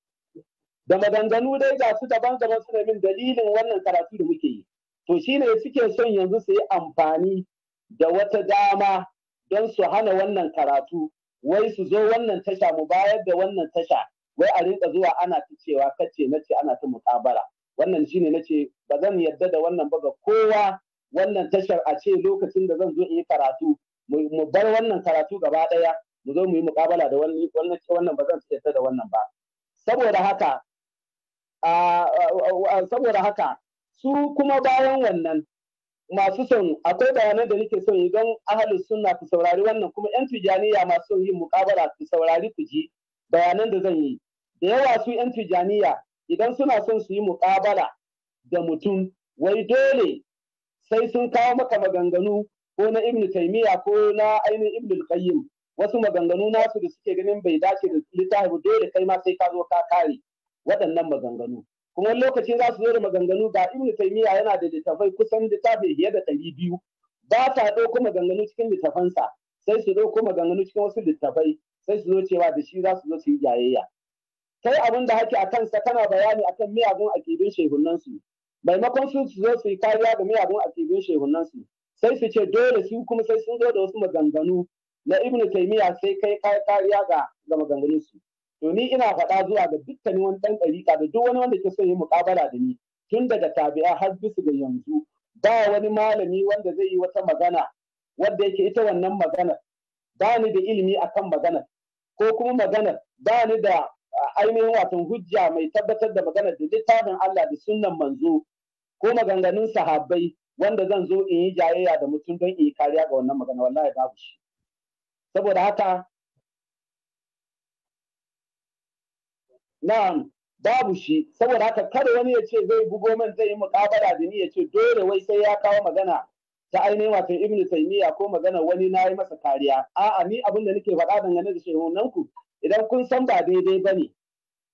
da maganganu dai ga su daban daban suna min dalilin wannan karatu da muke yi to shine suke son yanzu su yi amfani da wata dama don su hana wannan karatu wai su zo wannan tasha mu bayar da wannan tasha wai a rinka zuwa ana ta cewa kace na ce ana ta muƙabara wannan shine na ce ba zan yarda da wannan ba ga kowa wannan tashar a ce lokacin da zan zo in yi karatu mu bar wannan karatu gaba ɗaya mu zo mu yi muƙabala da wani wannan ba zan yarda da wannan ba saboda haka saboda haka su kuma bayan wannan masu son akwai bayanan da nake son idan ahalin sunna ku saurari wannan kuma yan tijaniya masu son yin mukabara ku saurari ku ji bayanan da zan yi da yawa su yan tijaniya idan suna son su yi mukabara da mutum wai dole sai sun kawo maka maganganu ko na ibnu taimiya ko na ainihin ibnu qayyim wasu maganganu nasu da suke ganin bai dace da littafi dole kai ma sai ka zo ka kare waɗannan maganganu kuma lokaci za su zo da maganganu ga ibn taymiya yana da littafai kusan littafi fiye da ɗari biyu ba ta ɗauko maganganu cikin littafansa sai su ɗauko maganganu cikin wasu littafai sai su zo cewa da shi za su zo su yi jayayya kai abin da hake a kansa kana bayani akan miyagun akidun shehunan su maimakon su su zo su yi kariya ga miyagun akidun shehunan su sai su ce dole su kuma sai sun zo da wasu maganganu na ibn taymiya sai kai kariya ga maganganunsu. to ni ina faɗa zuwa ga dukkanin wani ɗan ɗariƙa da duk wani wanda ke son yi muƙabala da ni tun daga tabi'a har bisu ga yanzu ba wani malami wanda zai yi wata magana wadda yake ita wannan maganar ba ni da ilimi akan maganar ko kuma maganar ba ni da ainihin watan hujja mai tabbatar da maganar da littafin Allah da sunnan manzo ko maganganun sahabbai wanda zan zo in yi jayayya da mutum don in yi kariya ga wannan magana wallahi babu shi saboda haka na'am babu shi saboda haka kada wani ya ce zai bugo man zai yi muƙabala da ni ya ce dole wai sai ya kawo magana ta ainihin wato ibnu taymiya ko magana wani na yi masa kariya a'a ni abin da nake faɗa dangane da shehunan ku idan kun san ba daidai bane ne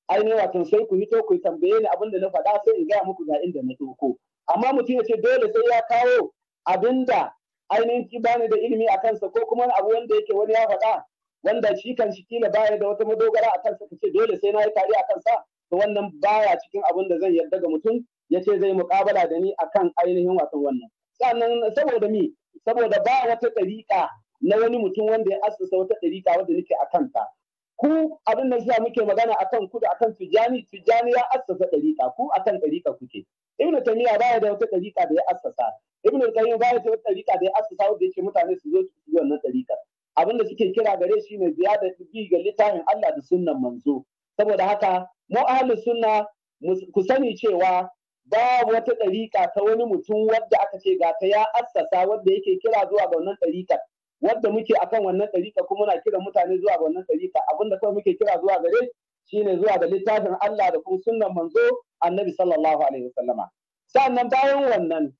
ainihin wato sai ku hito ku tambaye ni abin da na faɗa sai in gaya muku ga inda na ɗauko amma mutum ya ce dole sai ya kawo abinda ainihin ki bani da ilimi a kansa ko kuma abu wanda yake wani ya faɗa wanda shi kan shi kila baya da wata madogara a kansa kace dole sai na yi tare a kansa to wannan baya cikin abin da zan yarda ga mutum ya ce zai muƙabala da ni akan ainihin wasan wannan sannan saboda me saboda ba wata ɗariƙa na wani mutum wanda ya asasa wata ɗariƙa wanda nake a kanta ku abin da sa muke magana akan ku da akan tijani tijani ya asusa ɗariƙa ku akan ɗariƙa kuke ibnu tamiya baya da wata ɗariƙa da ya asusa ibnu qayyim baya da wata ɗariƙa da ya asusa wanda yake mutane su zo su wannan ɗariƙa Abin da suke kira gare shi ne da bi ga littafin Allah da sunnan manzo saboda haka mu ahli sunna ku sani cewa babu wata ɗariƙa ta wani mutum wadda aka ce ga ta ya assasa wadda yake kira zuwa ga wannan ɗariƙar wadda muke akan wannan ɗariƙa kuma na kira mutane zuwa ga wannan ɗariƙa abinda kawai muke kira zuwa gare shine zuwa ga littafin Allah da kuma sunnan manzo annabi sallallahu alaihi wasallama sannan bayan wannan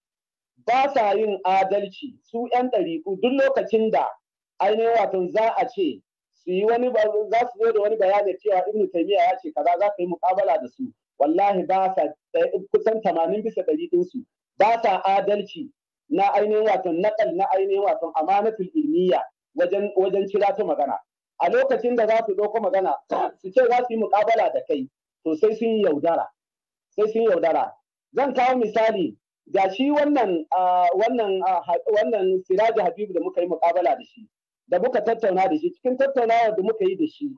ba sa yin adalci su 'yan ɗariƙu duk lokacin da ainihin wato za a ce su yi wani za su zo da wani bayani cewa ibnu taymiya ya ce kaza za ka yi muƙabala da su wallahi ba sa eh, kusan tamanin bisa ɗari ɗinsu ba sa adalci na ainihin wato naƙal na ainihin wato amanatul ilmiya wajen wajen kira ta magana a lokacin da za su ɗauko magana su ce za su yi muƙabala da kai to sai sun yi yaudara sai sun yaudara zan kawo misali ga shi wannan ah, wannan ah, wannan siraji habibu da muka yi muƙabala da shi da muka tattauna da shi cikin tattaunawar da muka yi da shi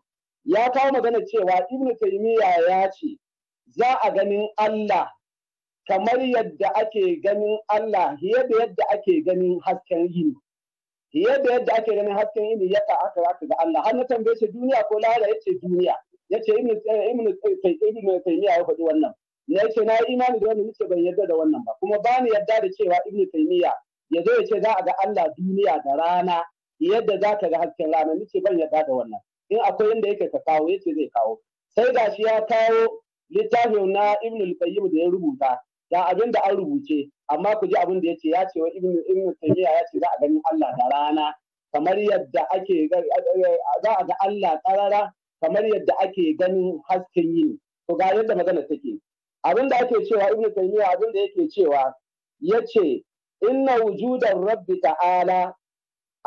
ya kawo magana cewa ibnu taymiya ya ce za a ganin Allah kamar yadda ake ganin Allah fiye da yadda ake ganin hasken yini fiye da yadda ake ganin hasken yini ya ka aka aka ga Allah har na tambaye shi duniya ko lahira yace duniya yace ibnu ibnu taymiya ya faɗi wannan ya ce na yi imani da wannan yace ban yarda da wannan ba kuma ba ni yarda da cewa ibnu taymiya ya zo ya ce za a ga Allah duniya da rana yadda za ka ga hasken rana ce ban yarda da wannan in akwai yanda yake ka kawo ya ce zai kawo sai gashi ya kawo littafin na ibn al-qayyim da ya rubuta Da abin da an rubuce amma ku ji abin da yace ya ce wa ibn ibn taymiya ya ce za a gani Allah da rana kamar yadda ake za a ga Allah karara kamar yadda ake ganin hasken yini to ga yadda magana take abin da ake cewa ibn taymiya abin da yake cewa yace inna wujudan rabbi ta'ala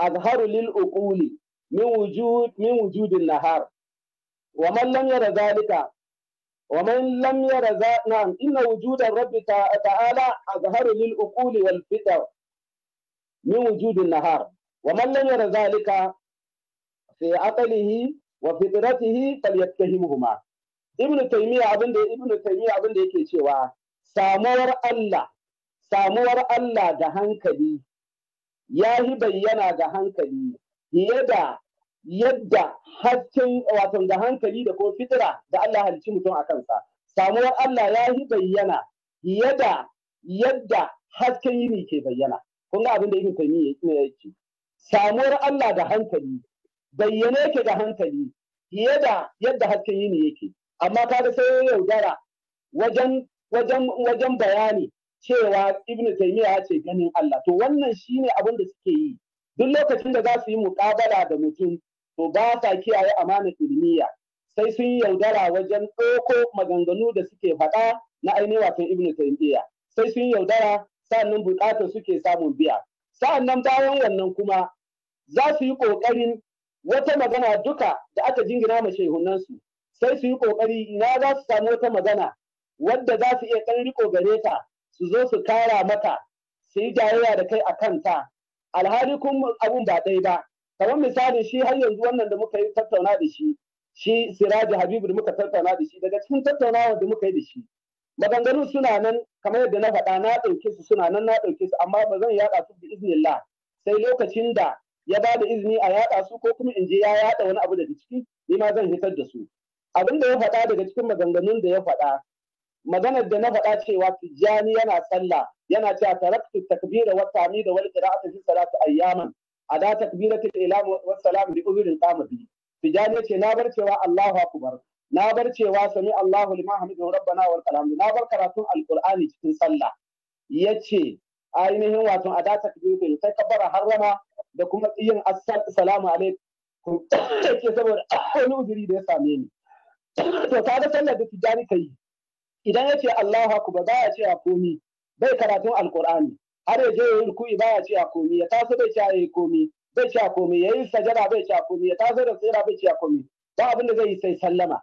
azharu lil uquli min wujud min wujudin wa man lam yara zalika wa man lam yara na'am inna wujudan rabbi ta'ala azharu lil uquli wal fitar min wujudin nahar wa man lam yara zalika fi aqlihi wa fitratihi falyattahimuhuma ibn taymiya abinda ibn taymiya abinda yake cewa samuwar Allah samuwar Allah da hankali ya yi bayyana ga hankali fiye da yadda hakkin wato ga hankali da ko fitira da Allah halicci mutum a kansa samuwar Allah ya yi bayyana fiye da yadda hasken yini ke bayyana kun ga abin da ibn taymiya yake samuwar Allah da hankali bayyane yake da hankali fiye da yadda hasken yini yake amma ta kaga sai yaudara wajen wajen bayani cewa ibn taymiya ce ganin Allah to wannan shine abin da suke yi duk lokacin da za su yi muƙabala da mutum to ba sa kiyaye amana ilmiya sai sun yaudara wajen ɗauko maganganu da suke faɗa na ainihin wato ibn taymiya sai sun yaudara sa'annan buƙatar suke samun biya sa'annan bayan wannan kuma za su yi ƙoƙarin wata magana duka da aka jingina ma shehunansu sai su yi ƙoƙari ina za su samu wata magana wadda za su iya ɗan riƙo gare ta su zo su kara mata su yi jayayya da kai a kanta alhali kun abun ba ɗaya ba kamar misali shi har yanzu wannan da muka yi tattauna da shi shi siraji habibu da muka tattauna da shi daga cikin tattaunawa da muka yi da shi maganganu suna nan kamar yadda na faɗa na ɗauke su suna nan na ɗauke su amma ba zan yaɗa su bi iznillah sai lokacin da ya ba da izini a yaɗa su ko kuma in je ya yaɗa wani abu daga ciki ni ma zan hitar da su abin da ya faɗa daga cikin maganganun da ya faɗa maganar da na faɗa cewa tijjani yana sallah yana cewa taraktu takbira wa tani da wal qira'atu fi salati ayyaman ada takbiratu ilam wa salam bi udhrin qama bi tijjani ce na bar cewa Allahu akbar na bar cewa sami Allahu liman hamidahu rabbana wal kalam na bar karatun alqur'ani cikin sallah yace ainihin wato ada takbiratu sai kabbara harrama da kuma yin assalamu alaikum ke saboda wani uzuri da ya same ni to kaga sallar da tijjani kai idan ya ce Allahu akbar baya ce a komi bai karatun alqur'ani har ya je yayi baya ce komi ya taso bai ce komi bai ce a komi yayi sajada bai ce komi ya taso da tsira bai ce komi ba abin da zai yi sai sallama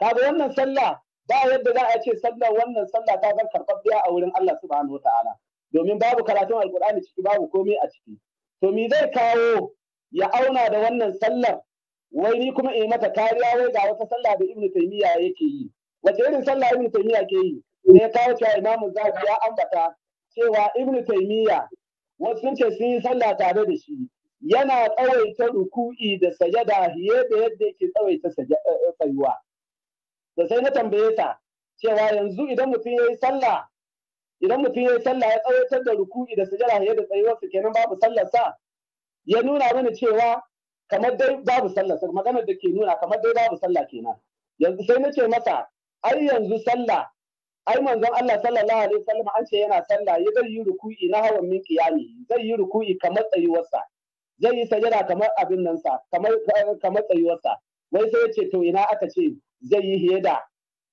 kaga wannan sallah ba yadda za a ce sallah wannan sallah ta zan biya a wurin Allah subhanahu ta'ala domin babu karatun alkur'ani ciki babu komai a ciki to me zai kawo ya auna da wannan sallar wai ni kuma in mata kariya wai ga wata sallah da ibnu taymiya yake yi wace irin sallah ibnu taymiya ke yi ne ya kawo cewa imamu zafi ya ambata cewa ibnu taymiya wasu sun ce sun yi sallah tare da shi yana tsawaita ruku'i da sajada fiye da yadda yake tsawaita eh, eh, tsayuwa da sai na tambaye ta cewa yanzu idan mutum ya yi sallah idan mutum ya yi sallah ya tsawaitar da ruku'i da sajada fiye da tsayuwa su kenan babu sallar sa ya nuna mana cewa kamar dai babu sallah maganar da ke nuna kamar dai babu sallah kenan yanzu sai na ce masa ai yanzu sallah ai manzon Allah sallallahu alaihi wasallam an ce yana sallah ya zai yi ruku'i na hawan min qiyami zai yi ruku'i kamar sa zai yi sajada kamar abin nan sa kamar kamar sa wai sai ya ce to ina aka ce zai yi hiyada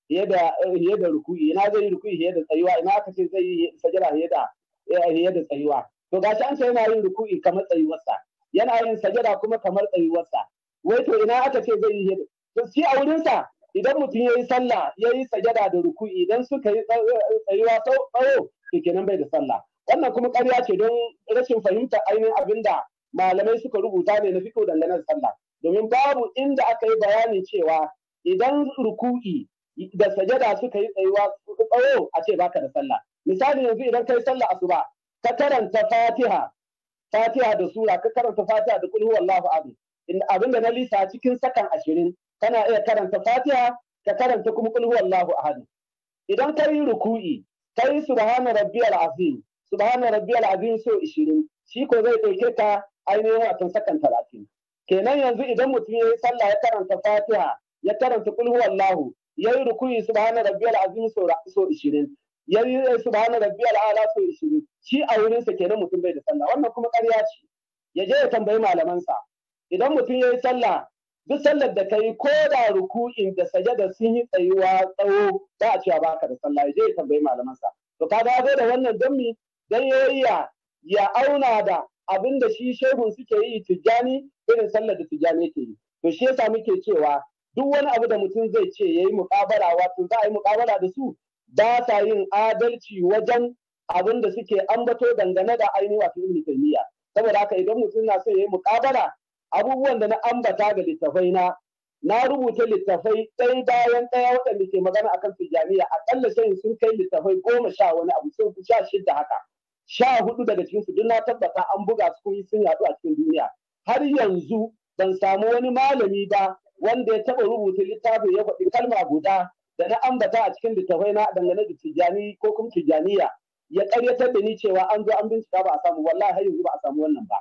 hiyada hiyada ruku'i ina zai yi ruku'i hiyada tsayuwa ina aka ce zai yi sajada hiyada eh, hiyada tsayuwa to gashi an ce yana yin ruku'i kamar sa yana yin sajada kuma kamar sa wai to ina aka ce zai yi hiyada da to shi a wurinsa idan mutum ya yi sallah ya yi sajada da ruku'i idan suka yi tsayuwa tsaro to kenan bai da sallah wannan kuma karya ce don rashin fahimtar ainihin abin da malamai suka rubuta ne na fito da lanar sallah domin babu inda aka yi bayani cewa idan ruku'i da sajada suka yi tsayuwa tsaro a ce baka da sallah misali yanzu idan ka kai sallah asuba ka karanta fatiha fatiha da sura ka karanta fatiha da kulhu wallahu abin da na lisa cikin sakan ashirin kana iya karanta fatiha ka karanta kuma kulhu Allahu ahad idan ka yi ruku'i ka yi subhana rabbiyal azim subhana rabbiyal azim so 20 shi ko zai dauke ka ainihin wato sakan 30 kenan yanzu idan mutum ya yi sallah ya karanta fatiha ya karanta kulhu Allahu ya yi ruku'i subhana rabbiyal azim so 20 ya yi subhana rabbiyal ala so 20 shi a wurinsa kenan mutum bai da sallah wannan kuma ƙarya ce ya je ya tambayi malamansa idan mutum ya yi sallah duk sallar da kai ko da ruku'in da da sun yi tsayuwa tsawo ba a cewa baka da sallah ya je ya tambayi malamansa to ka ga da wannan dammi dan yayya ya auna da abin da shi shehun suke yi tijjani irin sallar da tijjani yake yi to shi yasa muke cewa duk wani abu da mutum zai ce yayi muƙabara wato za a yi muƙabara da su ba sa yin adalci wajen abin da suke ambato dangane da ainihin wato ibn saboda haka idan mutum na so ya yi muƙabara abubuwan da na ambata ga littafai na na rubuta littafai ɗaya bayan ɗaya waɗanda ke magana akan tijjaniya aƙalla sai sun kai littafai goma sha wani abu sun fi sha shidda haka sha hudu daga cikin su duk na tabbata an buga su kuma sun yaɗu a cikin duniya har yanzu ban samu wani malami ba wanda ya taɓa rubuta littafi ya faɗi kalma guda da na ambata a cikin littafai na dangane da tijjani ko kuma tijjaniya ya ƙaryatar da ni cewa an zo an bincika ba a samu wallahi har yanzu ba a samu wannan ba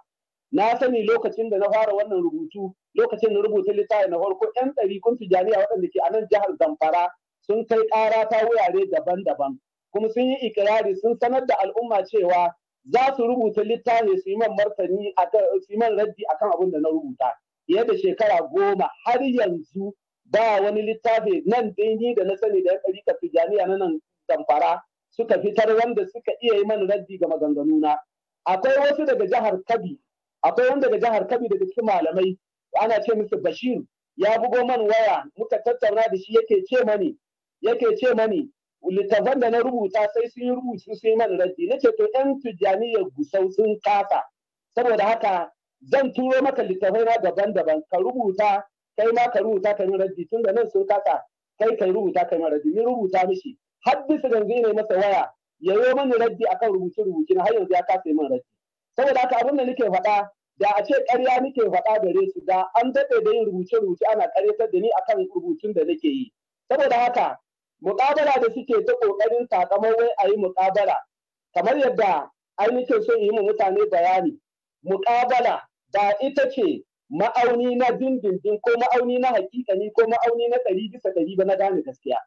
na sani lokacin da na fara wannan rubutu lokacin na rubuta littafi na farko yan ɗarikun tijaniya waɗanda ke a nan jihar zamfara sun kai ƙara ta wurare daban-daban kuma sun yi ikirari sun sanar da al'umma cewa za su rubuta littafi su yi man martani su yi man raddi akan abin da na rubuta fiye da shekara goma har yanzu ba wani littafi nan dai ni da na sani da yan ɗarikar tijaniya na nan zamfara suka fitar wanda suka iya yi man raddi ga maganganuna akwai wasu daga jihar kabi akwai wanda da jihar kabi daga cikin malamai ana ce musu bashir ya bugo man waya muka tattauna da shi yake ce mani yake ce mani littafan da na rubuta sai sun yi rubutu sun yi man raddi na ce to yan tijjaniyar gusau sun kasa saboda haka zan turo maka littafai na daban-daban ka rubuta kai ma ka rubuta ka yi raddi tun da nan sun kasa kai ka rubuta ka yi raddi ni rubuta mishi har bisa yanzu ne masa waya ya yi mani raddi akan rubuce-rubuce har yanzu ya kasa yi man raddi saboda haka abin da nake faɗa da a ce ƙarya nake faɗa gare su da an daɗe da yin rubuce-rubuce ana ƙaryatar da ni akan rubutun da nake yi saboda haka muƙabala da suke ta ƙoƙarin sakamakon wai a yi muƙabala kamar yadda ai nake so yi ma mutane bayani muƙabala ba ita ce ma'auni na dindindin ko ma'auni na haƙiƙani ko ma'auni na ɗari bisa ɗari ba na gane gaskiya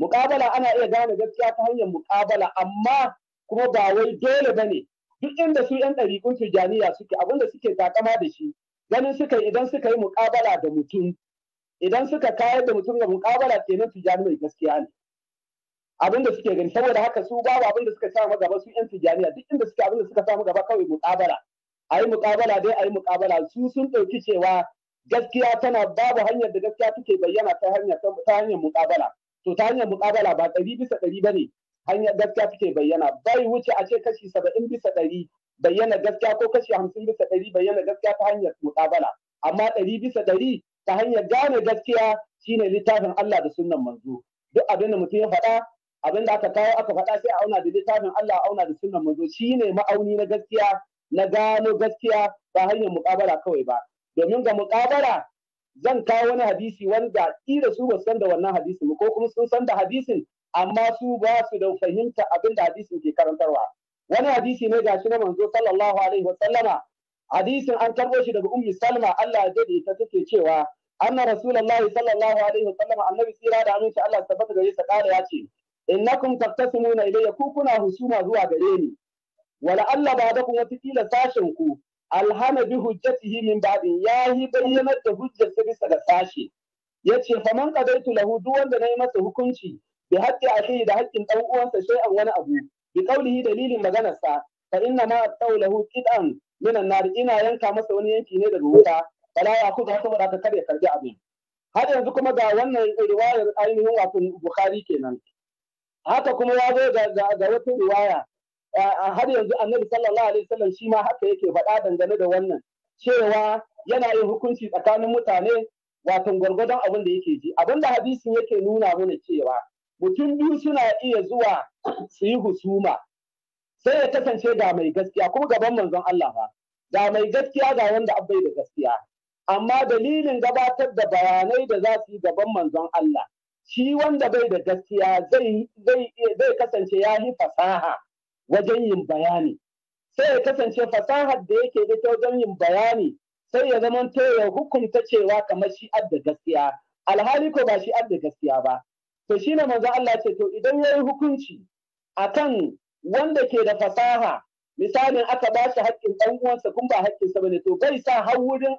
muƙabala ana iya gane gaskiya ta hanyar muƙabala amma kuma ba wai dole ba ne duk inda su yan ɗariƙun tijjaniya suke abinda suke takama da shi ganin suka idan suka yi muƙabala da mutum idan suka kayar da mutum ga muƙabala kenan tijjani mai gaskiya ne abinda suke gani saboda haka su babu abinda suka samu gaba su yan tijjaniya duk inda suke abinda suka samu gaba kawai muƙabala a yi muƙabala dai a yi muƙabala su sun ɗauki cewa gaskiya tana babu hanyar da gaskiya take bayyana ta hanyar ta hanyar muƙabala to ta hanyar muƙabala ba ɗari bisa ɗari ba ne hanyar gaskiya take bayyana bai wuce a ce kashi saba'in bisa ɗari bayyana gaskiya ko kashi hamsin bisa ɗari bayyana gaskiya ta hanyar muƙabala amma ɗari bisa ɗari ta hanyar gane gaskiya shine littafin Allah da sunnan manzo duk abin da mutum ya faɗa abin da aka kawo aka faɗa sai a auna da littafin Allah a auna da sunnan manzo shine ma'auni na gaskiya na gano gaskiya ba hanyar muƙabala kawai ba domin ga muƙabala zan kawo wani hadisi wanda ƙila su basu san da wannan hadisin ko kuma sun san da hadisin amma su ba su da fahimta abin da hadisin ke karantarwa wani hadisi ne ga shi na manzo sallallahu alaihi wa sallama hadisin an karbo shi daga ummi salma Allah ya dade ta take cewa anna rasulullahi sallallahu alaihi wa sallama annabi tsira da aminci Allah tabbata gare sa kare ya ce innakum taqtasimuna ilayya ku kuna husuma zuwa gare ni wala Allah ba da kuma sashin ku alhana bi hujjatihi min ba'din yahi bayyanar da hujjar bisa ga sashi yace faman qadaitu lahu duk wanda nayi masa hukunci bi haqqi akhihi da hakkin dan uwansa sai shay'an wani abu bi qawlihi dalilin maganarsa Ka inna ma qawluhu qit'an min an ina yanka masa wani yanki ne daga wuta fala ya'khudha saboda ka kare karbi abin har yanzu kuma ga wannan riwayar ainihin wato bukhari kenan haka kuma ya ga wata riwaya har yanzu annabi sallallahu alaihi wasallam shi ma haka yake faɗa dangane da wannan cewa yana yin hukunci tsakanin mutane wato gwargwadon abin da yake ji abin da hadisin yake nuna mana cewa mutum biyu suna iya zuwa su yi husuma sai ya kasance ga mai gaskiya kuma gaban manzon Allah ba ga mai gaskiya ga wanda abai da gaskiya amma dalilin gabatar da bayanai da za su yi gaban manzon Allah shi wanda bai da gaskiya zai kasance ya yi fasaha wajen yin bayani sai ya kasance fasahar da yake da ta wajen yin bayani sai ya zama ya hukunta cewa kamar shi da gaskiya alhali ko ba shi da gaskiya ba to shine manzo Allah ce to idan yi hukunci akan wanda ke da fasaha misalin aka ba shi haƙƙin ɗan uwansa kun ba haƙƙinsa ne to bai sa har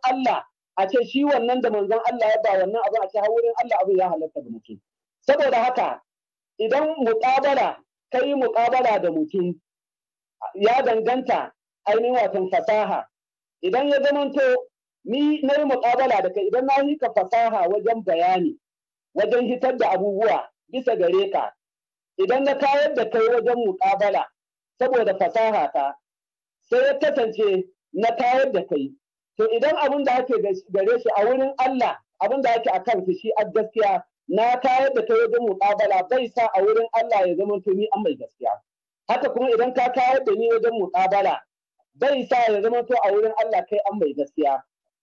Allah a ce shi wannan da manzon Allah ya ba wannan abu a ce har Allah abu ya halatta da mutum saboda haka idan muƙabala ka yi muƙabala da mutum ya danganta ainihin watan fasaha idan ya zamanto ni na yi muƙabala da kai idan na yi ka fasaha wajen bayani wajen hitar da abubuwa bisa gare ka idan na kayar da kai wajen muƙabala saboda fasaha ta sai ya kasance na kayar da kai to idan abin da ake gare shi a wurin Allah abin da ake a shi a gaskiya na kayar da kai wajen muƙabala bai sa a wurin Allah ya zama to an mai gaskiya haka kuma idan ka kayar da ni wajen muƙabala bai sa ya zama to a wurin Allah kai an mai gaskiya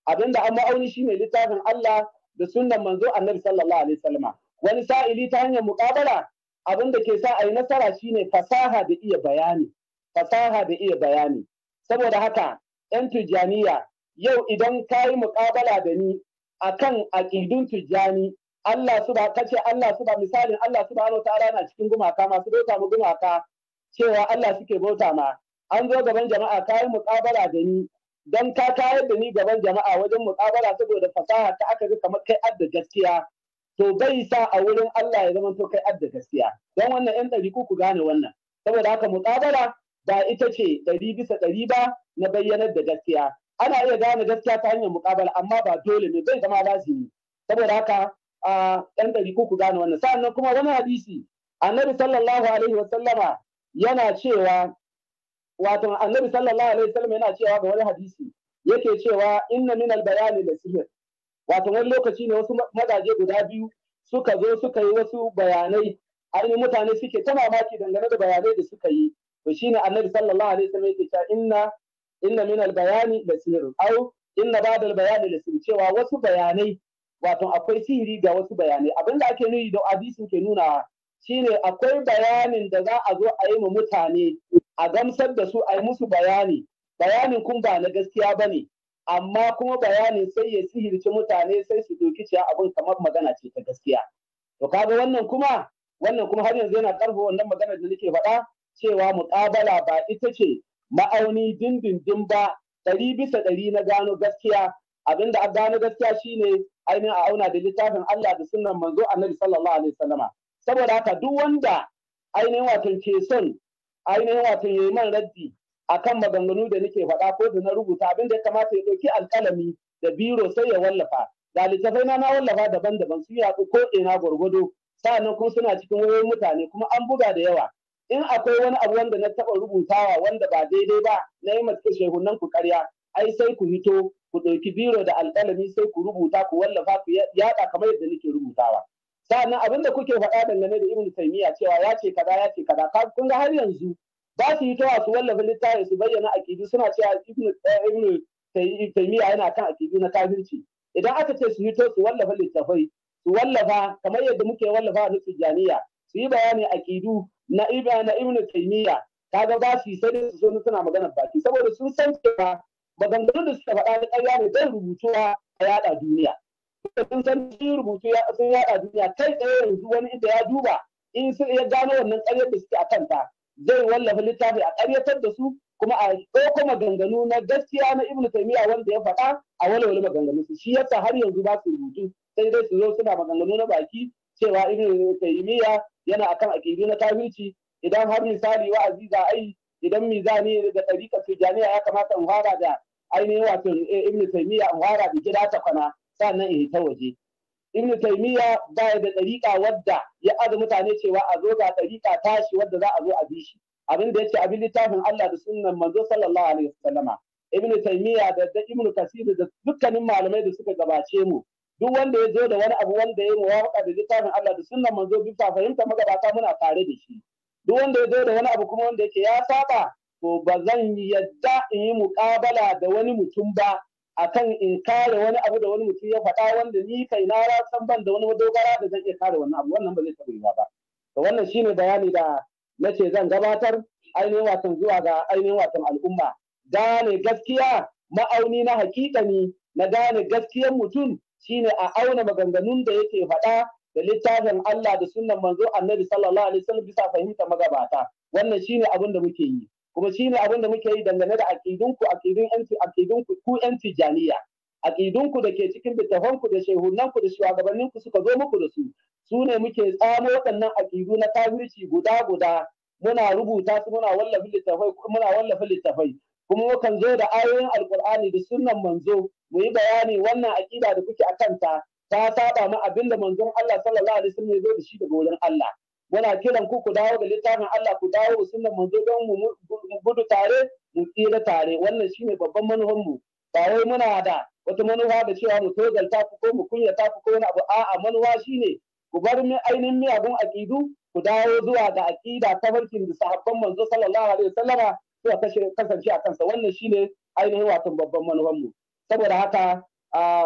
abinda an ma'auni shi ne littafin Allah da sunan manzo annabi sallallahu alaihi wasallam wani sa'ili ta hanyar muqabala abin da ke sa a nasara shine fasaha da iya bayani fasaha da iya bayani saboda haka yan tijaniya yau idan ka yi muqabala da ni akan aqidun tijjani Allah suba kace Allah suba misalin Allah subhanahu ta'ala na cikin gumaka masu bauta mu gumaka cewa Allah suke bauta ma an zo gaban jama'a ka yi muqabala da ni dan ka tayar da ni gaban jama'a wajen muƙabala saboda fasaha ta aka ga kamar kai adda gaskiya to bai sa a wurin Allah ya zama to kai adda gaskiya don wannan yan ɗari ku gane wannan saboda haka muƙabala ba ita ce ɗari bisa ɗari ba na bayyanar da gaskiya ana iya gane gaskiya ta hanyar muƙabala amma ba dole ne bai zama lazimi saboda haka a yan ɗari ku gane wannan sa'annan kuma wani hadisi annabi sallallahu alaihi wa sallama yana cewa wato annabi sallallahu alaihi wasallam yana cewa ga wani hadisi yake cewa inna min bayani da sihir wato wani lokaci ne wasu mazaje guda biyu suka zo suka yi wasu bayanai ainihin mutane suke ta mamaki dangane da bayanai da suka yi to shine annabi sallallahu alaihi wasallam yake cewa inna inna min al-bayani da sihir au inna ba'da bayani da sihir cewa wasu bayanai wato akwai sihiri ga wasu bayanai abinda ake nuni da hadisin ke nuna shine akwai bayanin da za a zo a yi ma mutane a gamsar da su a yi musu bayani bayanin kun ba na gaskiya ba ne amma kuma bayanin sai ya sihirci mutane sai su doki ciya abin kamar magana ce ta gaskiya to kaga wannan kuma wannan kuma har yanzu yana karfa wannan magana da nake faɗa cewa muƙabala ba ita ce ma'auni dindindin ba ɗari bisa ɗari na gano gaskiya abinda a gano gaskiya shine ainihin a auna da littafin Allah da sunnan manzo annabi sallallahu alaihi wasallama saboda haka duk wanda ainihin watan ke son ainihin watan ya yi man raddi akan maganganu da nake faɗa ko da na rubuta abin da ya kamata ya ɗauki alƙalami da biro sai ya wallafa da littafai na na wallafa daban-daban su yaɗu ko ina gwargwado sa'annan kuma suna cikin wayoyin mutane kuma an buga da yawa in akwai wani abu wanda na taɓa rubutawa wanda ba daidai ba na yi masu shehunan ku karya ai sai ku hito ku ɗauki biro da alƙalami sai ku rubuta ku wallafa ku yaɗa kamar yadda nake rubutawa Sannan, abin da kuke faɗa dangane da Ibn taymiya cewa ya ce kaza ya ce kaza kun ga har yanzu za su yi ta wasu wallafa littafin su bayyana akidu suna cewa Ibn eh, yana kan akidu na kafirci idan aka ce su yi ta su wallafa littafai su wallafa kamar yadda muke wallafa a nufin jami'a su yi bayani akidu na ibnu ibnu taymiya kaga za su yi sai su zo suna magana baki saboda sun san cewa maganganun da suka faɗa na ƙarya ne don rubutuwa a yaɗa duniya sun san sun rubutu ya sun yada duniya kai tsaye yanzu wani inda ya duba in sun ya gano wannan ƙaryar da suke a kanta zai wallafa littafi a karyatar da su kuma a ɗauko maganganu na gaskiya na ibnu taymiya wanda ya faɗa a walwale maganganu su shi yasa har yanzu ba su rubutu sai dai su zo suna maganganu na baki cewa ibnu taymiya yana akan aƙidu na kafirci idan har misali wa'azi aziza ai idan mizani da ɗariƙar tijaniya ya kamata in fara da ainihin wato eh, ibnu taymiya in fara da gida ta kwana sannan in ta waje ibn taymiya baya da ɗariƙa wadda ya azu mutane cewa a zo ga dariƙa tashi wadda za a zo a bi shi abin da ce abin littafin Allah da sunnan manzo sallallahu alaihi wasallama ibn taymiya da da ibn kasir da dukkanin malamai da suka gabace mu duk wanda ya zo da wani abu wanda ya muwafaqa da littafin Allah da sunnan manzo ta fahimta magabata muna tare da shi duk wanda ya zo da wani abu kuma wanda yake ya saba to ba zan yadda in yi muƙabala da wani mutum ba akan in kare wani abu da wani mutum ya faɗa wanda ni kai na rasan ban da wani madogara da zan iya kare wannan abu wannan ba zai tabbai ba to wannan shine bayani da nace zan gabatar ainihin watan zuwa ga ainihin watan al'umma gane gaskiya ma'auni na hakika ne na gane gaskiyan mutum shine a auna maganganun da yake faɗa da littafin Allah da sunnan manzo Annabi sallallahu alaihi wasallam bisa fahimta magabata wannan shine abin da muke yi kuma shi ne abin da muke yi dangane da aƙidunku aƙidun yanci aƙidunku ku yan tijaniya aƙidunku da ke cikin littafanku da shehunanku da shugabanninku suka zo muku da su su ne muke tsamo waɗannan aƙidu na kafirci guda guda muna rubuta su muna wallafa littafai muna wallafa littafai kuma mukan zo da ayoyin alkur'ani da sunnan manzo mu yi bayani wannan aƙida da kuke a kanta ta saba ma abin da manzon Allah sallallahu alaihi wasallam ya zo da shi daga wurin Allah muna kiran ku ku dawo da littafin Allah ku dawo sunan manzo don mu gudu tare mu tsira tare wannan shine babban manufar mu ba wai muna da wata manufa da cewa mu tozalta ku ko mu kunya ta ku ko wani abu a'a manufa shine ku bar mi ainihin miyagun aqidu ku dawo zuwa ga aqida ta farkin da sahabban manzo sallallahu alaihi wasallama suka kasance a kansa wannan shine ainihin wato babban manufar mu saboda haka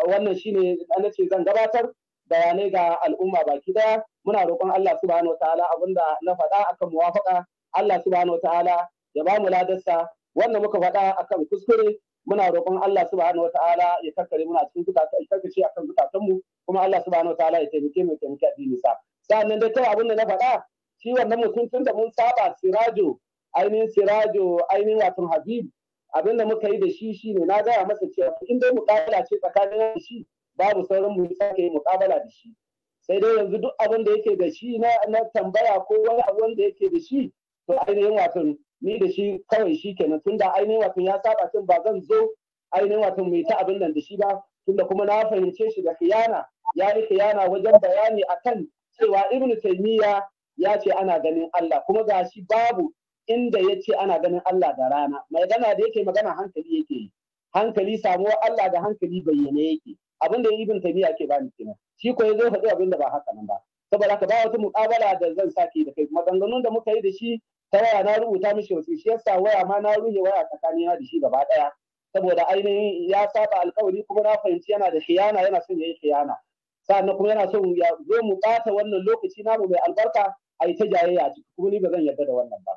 wannan shine na ce zan gabatar bayanai ga al'umma baki daya muna roƙon Allah subhanahu wataala abinda na faɗa akan muwafaka Allah subhanahu wataala ya ba mu ladarsa wanda muka faɗa akan kuskure muna roƙon Allah subhanahu wataala ya karkare muna cikin zukata ya karkace akan zukatan mu kuma Allah subhanahu wataala ya taimake mu taimake addini sa sannan dai kai abin da na faɗa shi wannan mutum tun da mun saba sirajo ainihin sirajo ainihin wato habib abin da muka yi da shi shine na gaya masa cewa in dai mu ce tsakanin shi babu sauran mu sake muƙabala da shi sai dai yanzu duk abin da yake da shi na tambaya ko wani abu wanda yake da shi to ainihin wato ni da shi kawai shi kenan tunda ainihin wato ya saba tun ba zan zo ainihin wato mai ta abin nan da shi ba tunda kuma na fahimce shi da kiyana ya yi kiyana wajen bayani akan cewa ibnu taymiya ya ce ana ganin Allah kuma ga shi babu inda ya ce ana ganin Allah da rana magana da yake magana hankali yake hankali samuwar Allah da hankali bayyane yake abin da ibn taymiya ke bani kenan shi ko ya zo faɗi abin da ba haka nan ba saboda haka ba wata muƙabala da zan sake da kai maganganun da muka yi da shi ta waya na rubuta mishi wasu shi yasa waya ma na ruhe waya tsakanina da shi gaba ɗaya saboda ainihin ya saba alkawari kuma na fahimci yana da khiyana yana son ya yi khiyana sannan kuma yana son ya zo mu ɓata wannan lokaci namu mai albarka a yi ta jayayya ciki kuma ni ba zan yarda da wannan ba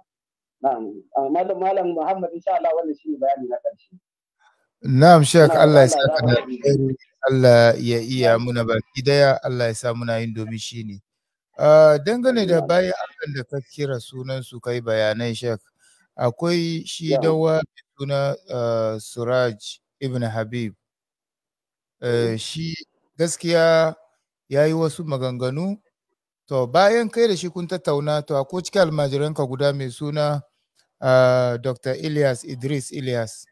ah, malam malam muhammad insha Allah wannan shine bayani na ƙarshe na'am shek Allah ya saka da Allah ya iya muna baki daya Allah ya sa muna yin domin shi ne. Ah, dangane da baya Allah da ka kira sunansu kai bayanai shek, akwai shi dawa suna ah, Suraj Ibn Habib. Eh, shi gaskiya ya yi wasu maganganu, to bayan kai da shi kun tattauna to ko cikin almajiranka guda mai suna ah, Dr. Ilyas Idris Ilyas.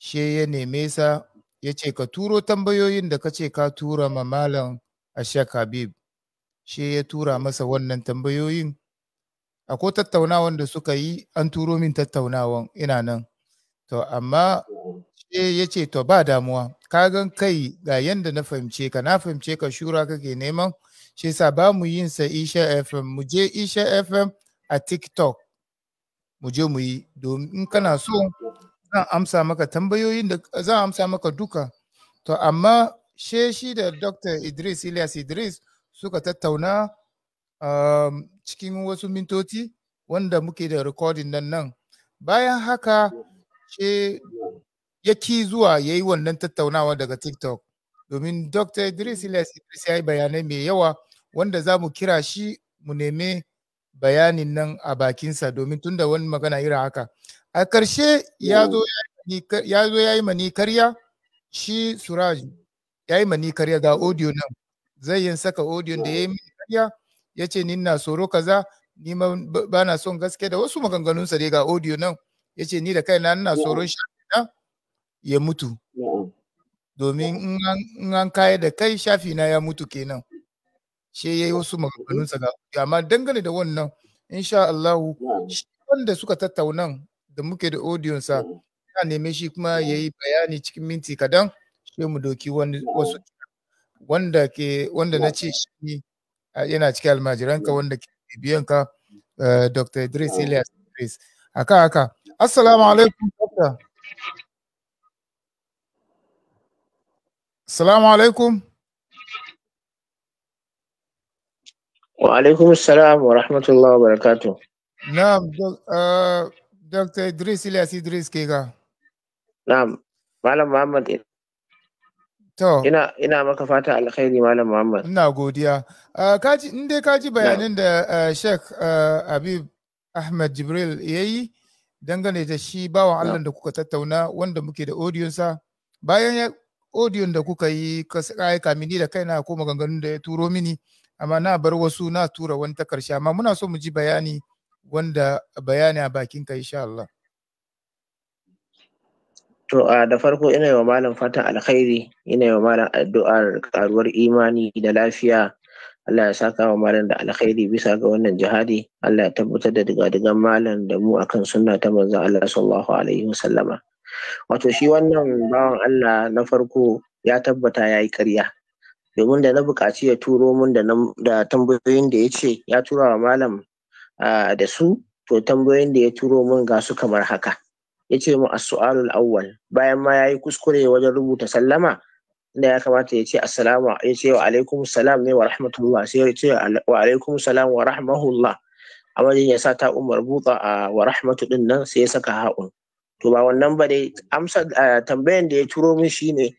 She ya neme sa ya ce ka turo tambayoyin da ka ce ka tura ma malam ashek habib shi ya tura masa wannan tambayoyin akwai tattaunawan da suka yi an turo min tattaunawan ina nan to amma shi ya ce to ba damuwa ka gan kai ga yanda na fahimce ka na fahimce ka shura kake neman shi sa ba mu yin sa isha fm mu je isha fm a tiktok mu je mu yi domin kana so zan amsa maka tambayoyin da zan amsa maka duka to amma she shi da dr idris ilyas idris suka tattauna um, cikin wasu mintoti wanda muke da recording nan nan bayan haka ce ya ki zuwa ya yi wannan tattaunawa daga tiktok domin dr idris ilyas idris ya yi bayanai mai yawa wanda za mu kira shi mu neme bayanin nan a bakinsa domin tunda wani magana irin haka a ƙarshe ya zo ya yi mani karya shi suraj ya yi mani karya ga audio nan zai yin saka audio da ya yi mani karya ya ce ni na tsoro kaza ni ma ba na son gaske da wasu maganganunsa dai ga audio nan ya ce ni da kaina ina tsoron shi ya mutu domin in an kaya da kai shafi na ya mutu kenan she yi wasu maganganunsa ga amma dangane da wannan insha Allah wanda suka tattaunan da muke da audion oh. ya neme shi kuma ya yi bayani cikin minti kadan shi mu doki oh. wasu wanda ke wanda na ce shi yana cikin almajiranka oh. wanda ke biyan ka eh, Dr. Idris Elias Idris haka haka assalamu alaikum doctor assalamu alaikum wa alaikum assalam wa rahmatullahi wa barakatuh na'am eh, Dr. Idris Ilyas Idris ke ga. Na'am, Malam Muhammad. To. Ina ina maka fata alkhairi Malam Muhammad. Ina godiya. Uh, kaji in dai kaji bayanin da uh, Sheikh uh, Habib Ahmed Jibril yayi dangane da shi bawan Allah da kuka tattauna wanda muke da audio sa bayan audio da kuka yi ka ka mini da kaina ko maganganun da ya turo mini amma na bar wasu na tura wani karshe amma muna so mu ji bayani wanda bayani a bakinka insha Allah. To a da farko ina wa malam fatan alkhairi ina wa malam addu'ar karuwar imani da lafiya Allah ya saka wa malam da alkhairi bisa ga wannan jihadi Allah ya tabbatar da diga malam da mu akan sunna ta manzon Allah sallallahu alaihi wasallama wato shi wannan bawan Allah na farko ya tabbata ya yi ƙarya domin da na buƙaci ya turo min da tambayoyin da ya ce ya tura wa malam da su to tambayoyin da ya turo min ga su kamar haka ya ce mu as-su'alul awwal bayan ma yayi kuskure wajen rubuta sallama inda ya kamata ya ce assalamu ya ce wa alaikum salam ne wa rahmatullah sai ya ce wa alaikum salam wa rahmatullah a wajen ya sa ta umar buta a wa rahmatu din nan sai ya saka ha'un to ba wannan ba dai tambayan da ya turo min shine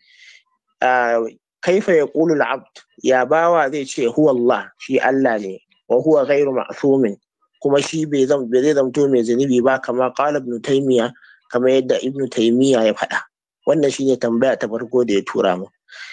kaifa ya Kulul abd ya bawa zai ce huwa Allah shi Allah ne wa huwa ghairu ma'thumin kuma shi bai zai zamto mai zunubi ba kama qala ibn taymiya kamar yadda ibn taymiya ya faɗa wannan shi shine tambaya ta farko da ya tura mu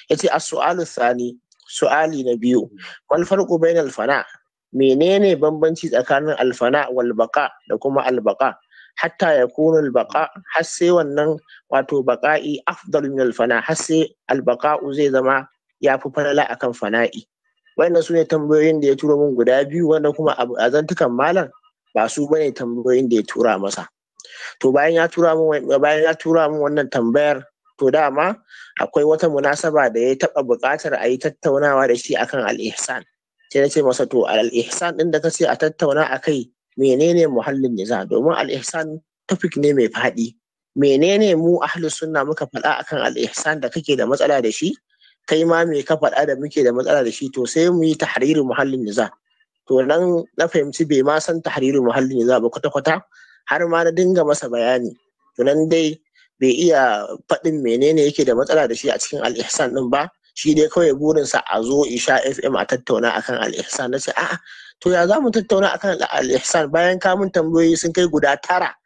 yace as-su'alu thani su'ali na biyu wal farqu al fana menene bambanci tsakanin alfana wal baqa da kuma albaka hatta ya kuna al-baqa har sai wannan wato baka'i afdal min alfana har sai albaka'u zai zama ya fi falala akan fana'i wannan sune tambayoyin da ya tura mun guda biyu wanda kuma a zantukan malam ba su bane tambayoyin da ya tura masa to bayan ya tura min bayan ya tura min wannan tambayar to dama akwai wata munasaba da ya taɓa buƙatar a yi tattaunawa da shi akan al-ihsan sai na ce masa to al ɗin da ka ce a tattauna a kai menene muhallin niza domin al-ihsan topic ne mai faɗi menene mu ahlus sunna muka faɗa akan al-ihsan da kake da matsala da shi kai ma me ka faɗa da muke da matsala da shi to sai mu yi tahririn muhallin niza to nan na fahimci bai ma san tahririn muhallin niza ba kwata kwata har ma na dinga masa bayani to nan dai bai iya faɗin menene yake da matsala da shi a cikin al-ihsan din ba shi dai kawai burinsa a zo isha fm a tattauna akan al-ihsan ce a'a to ya za mu tattauna akan al-ihsan bayan kamun tambayoyi sun kai guda tara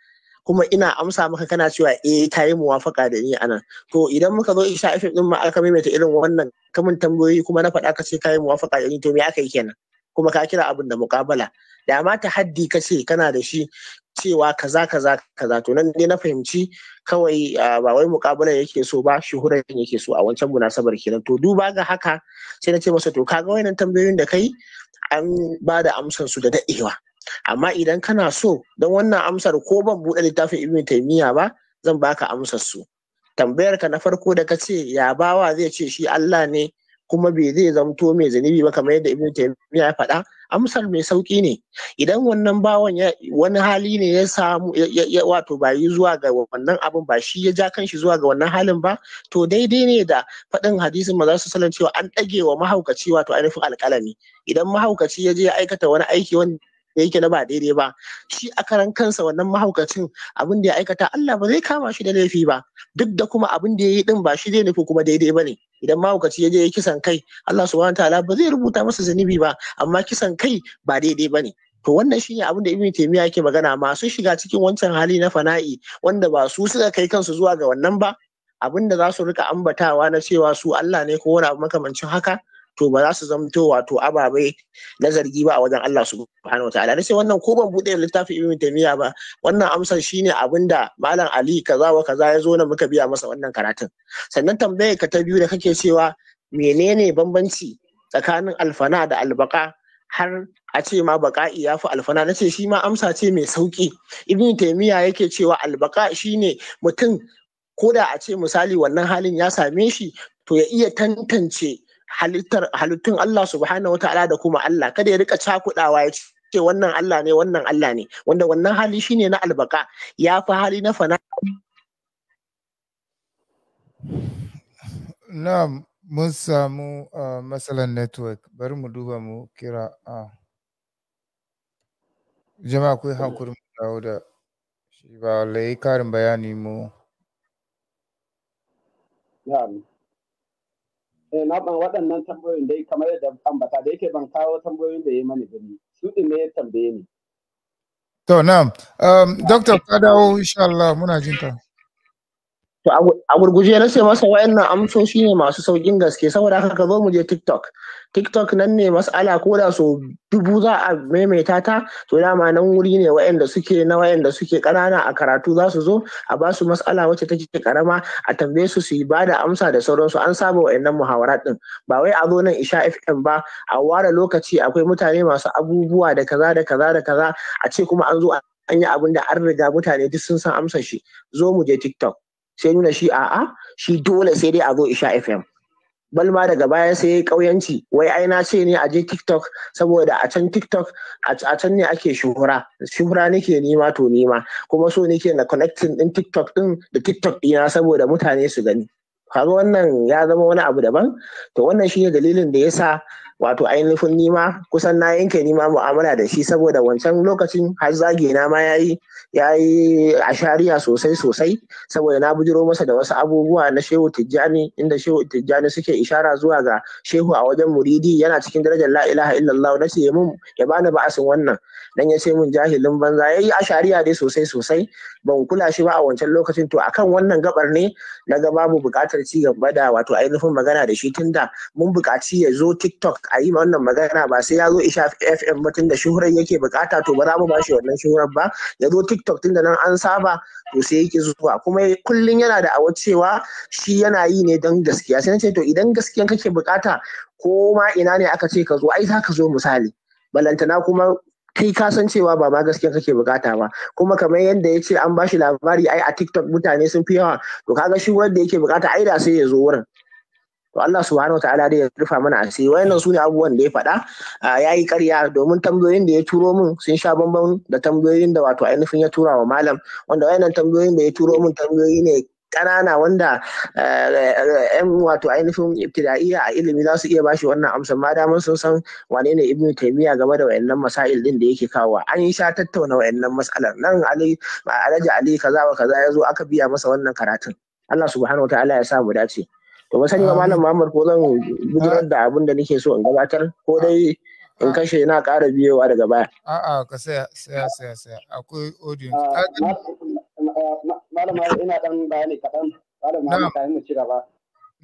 kuma ina amsa maka kana cewa eh ta yi muwafaka da ni anan to idan muka zo isha ifin din ma aka maimaita irin wannan kamun tambayoyi kuma na faɗa ka ce ka yi muwafaka da ni to me aka yi kenan kuma ka kira abin da muƙabala da ma ta haddi ka ce kana da shi cewa kaza kaza kaza to nan ne na fahimci kawai ba wai mukabala yake so ba shuhuran yake so a wancan munasabar kenan to duba ga haka sai na ce masa to kaga wayannan tambayoyin da kai an ba da amsar su da daɗewa amma idan kana so don wannan amsar ko ban buɗe littafin ibn taymiya ba zan baka amsar su tambayar ka na farko da kace ya bawa zai ce shi Allah ne kuma bai zai zamto mai zunubi ba kamar yadda ibn taymiya ya faɗa amsar mai sauki ne idan wannan bawan wani hali ne ya samu ya wato ba yi zuwa ga wannan abin ba shi ya ja kan shi zuwa ga wannan halin ba to daidai ne da faɗin hadisin maza su sallan cewa an ɗage wa mahaukaci wato ainihin alƙalami idan mahaukaci ya je ya aikata wani aiki wanda da yake na ba daidai ba shi a karan kansa wannan mahaukacin abin da ya aikata Allah ba zai kama shi da laifi ba duk da kuma abin da ya yi din ba shi zai nufi kuma daidai ba ne idan mahaukaci ya je ya kisan kai Allah subhanahu ta'ala ba zai rubuta masa zunubi ba amma kisan kai ba daidai ba ne to wannan shine abin da ibn taymiya yake magana masu shiga cikin wancan hali na fana'i wanda ba su suka kai kansu zuwa ga wannan ba abin da za su rika ambatawa na cewa su Allah ne ko wani abu makamancin haka to ba za su zamto wato ababai na zargi ba a wajen Allah subhanahu wa ta'ala sai wannan ko ban bude littafin ibn taymiya ba wannan amsar shine abinda malam ali kaza wa kaza ya zo na muka biya masa wannan karatun sannan tambayar ka ta biyu da kake cewa menene bambanci tsakanin alfana da albaka har a ce ma baka'i ya fi alfana nace ce shi ma amsa ce mai sauki ibn taymiya yake cewa albaka shine mutum ko da a ce misali wannan halin ya same shi to ya iya tantance halittar halittun Allah subhanahu wata'ala da kuma Allah kada ya rika cakudawa ya ce wannan Allah ne wannan Allah ne wanda wannan hali shine na albaka ya fi hali na fana Na mun samu matsalar network bari mu duba mu kira jama'a hakuri mu dawo da shi ba lai karin bayani mu Eh, na ban waɗannan tambayoyin dai kamar yadda ambata da yake ban kawo tambayoyin da ya mani gani su ne ya tambaye ni to na um, dr kadawo insha Allah muna jinta. a gurguje na ce masa wayannan amsoshi ne masu saukin gaske saboda haka ka zo mu je TikTok. TikTok nan ne mas'ala ko da so dubu za a maimaita ta to dama nan wuri ne wayanda suke na wayanda suke ƙanana a karatu za su zo a ba su mas'ala wacce take karama a tambaye su su yi ba da amsa da sauransu an saba wayannan muhawara din ba wai a zo nan Isha FM ba a ware lokaci akwai mutane masu abubuwa da kaza da kaza da kaza a ce kuma an zo an yi abin da an riga mutane duk sun san amsa shi zo mu je TikTok. sai nuna shi a'a shi dole sai dai a zo isha fm balma daga baya sai ya kauyanci wai ai na ce ne a je tiktok saboda a can tiktok a can ne ake shuhura shuhura nake nema to nima kuma so nake na connecting din tiktok din da tiktok dina saboda mutane su gani kaga wannan ya zama wani abu daban to wannan shine dalilin da ya sa. wato ainihin nima kusan na yanke nima mu'amala da shi saboda wancan lokacin har zage na ma yayi yayi shari'a sosai sosai saboda na bujiro masa da wasu abubuwa na shehu tijjani inda shehu tijjani suke ishara zuwa ga shehu a wajen muridi yana cikin darajar la'ilaha illallah na ce mun ya bani ba'asin wannan dan ya ce mun jahilin banza ya yayi shari'a dai sosai sosai ban kula shi ba a wancan lokacin to akan wannan gabar ne na ga babu buƙatar ci gaba da wato ainihin magana da shi tunda mun buƙaci ya zo TikTok a yi wannan magana ba sai ya zo Isha FM ba tunda shuhurar yake buƙata to ba za mu ba shi wannan shuhurar ba ya zo TikTok tunda nan an saba to sai yake zuwa kuma kullum yana da awa cewa shi yana yi ne don gaskiya sai na ce to idan gaskiyan kake buƙata ko ma ina ne aka ce ka zo ai za ka zo misali balantana kuma kai ka san cewa ba ma gaskiya kake bukata ba kuma kamar yadda ya ce an bashi labari ai a tiktok mutane sun fi yawa to kaga shi wanda yake bukata ai da sai ya zo wurin to Allah subhanahu wa ta'ala dai ya rufa mana asiri wayannan sune abubuwan da ya faɗa ah, ya yi ƙarya domin tambayoyin da ya turo min sun sha bambam da tambayoyin da wato ainihin ya tura wa malam wanda wayannan tambayoyin da ya turo min tambayoyi ne ƙanana wanda yan eh, eh, wato ainihin ibtida'iyya a ilimi za su iya bashi wannan amsa ma damar sun san wane ne ibnu taymiya game da wayannan masail din da yake kawo an yi sha tattauna wayannan mas'alar nan ali alhaji ali kaza wa kaza ya zo aka biya masa wannan karatun Allah subhanahu ta'ala ya sa mu dace to ba sani ba malam Muhammad ko zan gudanar da abin da nake so in gabatar ko dai in kashe na ƙara biyowa daga baya a'a ka saya saya saya akwai audio malama ina dan bayani kaɗan malam na kayan mu ci gaba.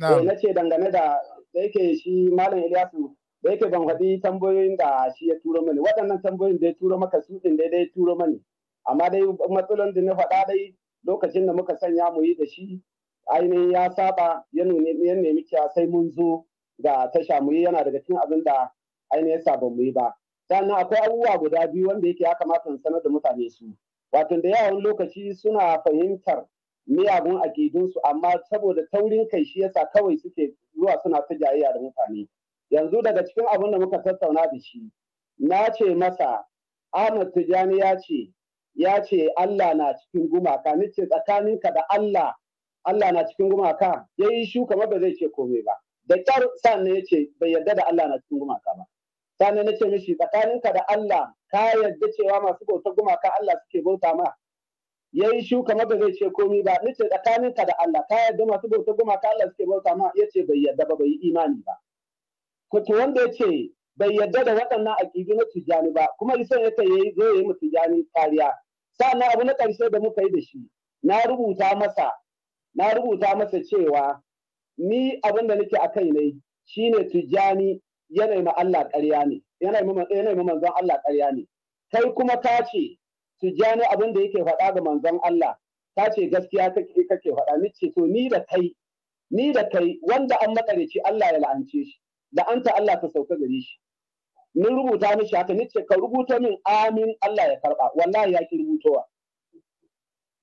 Eh, na ce dangane da da yake shi malam Ilyasu da yake ban faɗi tambayoyin da shi ya turo mani waɗannan tambayoyin da ya turo maka su ɗin da ya turo mani amma dai matsalolin da na faɗa dai lokacin da muka sanya mu yi da shi ainihin ya saba ya nemi cewa sai mun zo ga tasha mu yi yana daga cikin abin da ainihin saba mu yi ba sannan akwai abubuwa guda biyu wanda yake ya kamata in sanar da mutane su wato da yawan lokaci suna fahimtar miyagun aƙidunsu amma saboda taurin kai shi yasa kawai suke zuwa suna ta jayayya da mutane yanzu daga cikin abin da muka tattauna da shi na ce masa Ahmad Tijani ya ce ya ce Allah na cikin gumaka ni ce tsakaninka da Allah Allah na cikin gumaka ya yi shuka, ba zai ce komai ba da kyar sannan ya ce bai yarda da Allah na cikin gumaka ba sani na ce mishi tsakaninka da Allah ka yarda cewa masu bauta gumaka Allah suke bauta ma ya yi shu kamar da ce komi ba ni tsakaninka da Allah ka yarda masu bauta gumaka Allah suke bauta ma ya ce bai yarda ba bai imani ba Ko to wanda ya ce bai yarda da waɗannan aqidu na Tijani ba kuma isa ya ta zo ya yi Tijani kariya sannan abu na karshe da muka yi da shi na rubuta masa na rubuta masa cewa ni abin da nake a kai ne shine Tijani. Yanayi ma Allah ƙarya ne yanayi ma manzon Allah ƙarya ne kai kuma ta ce jani abin da yake faɗa ga manzon Allah ta ce gaskiya kake kake faɗa ni ce to ni da kai ni da kai wanda an makareci Allah ya la'ance shi da anta Allah ta sauka gare shi ni rubuta shi haka ni ce ka rubuta min amin Allah ya karba wallahi ya ki rubutowa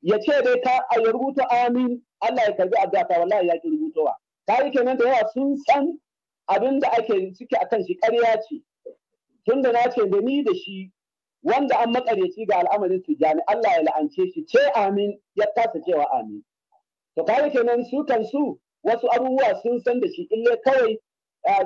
ya ce dai ka a ya rubuta amin Allah ya karbi addu'a wallahi ya ki rubutowa ta yi kenan da yawa sun san abin da ake ciki kan shi ƙarya ce tunda na ce da ni da shi wanda an makareci ga al'amarin tijjani Allah ya la'ance shi ce amin ya kasa cewa amin to kare kenan su kan su wasu abubuwa sun san da shi ille kawai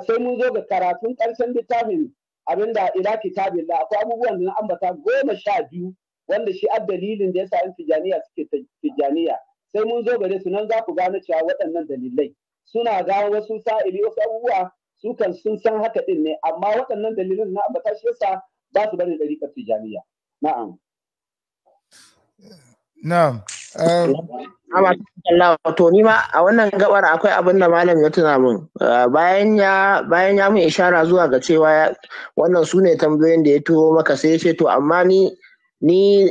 sai mun zo ga karatun ƙarshen littafin abinda ila kitabin la akwai abubuwan da na ambata goma sha biyu wanda shi a dalilin da ya yan Tijaniya suke Tijaniya. sai mun zo gare su nan za ku gano cewa waɗannan dalilai suna gawo wasu sa'ili wasu abubuwa su kan sun san haka din ne amma waɗannan dalilin na ambata shi yasa ba su bari ɗari ƙarfi jami'a na'am na'am um, to ni ma a wannan gabar akwai abin da malam ya tuna min uh, bayan ya bayan ya mun ishara zuwa ga cewa wannan su ne tambayoyin da ya turo maka sai ya ce to amma ni ni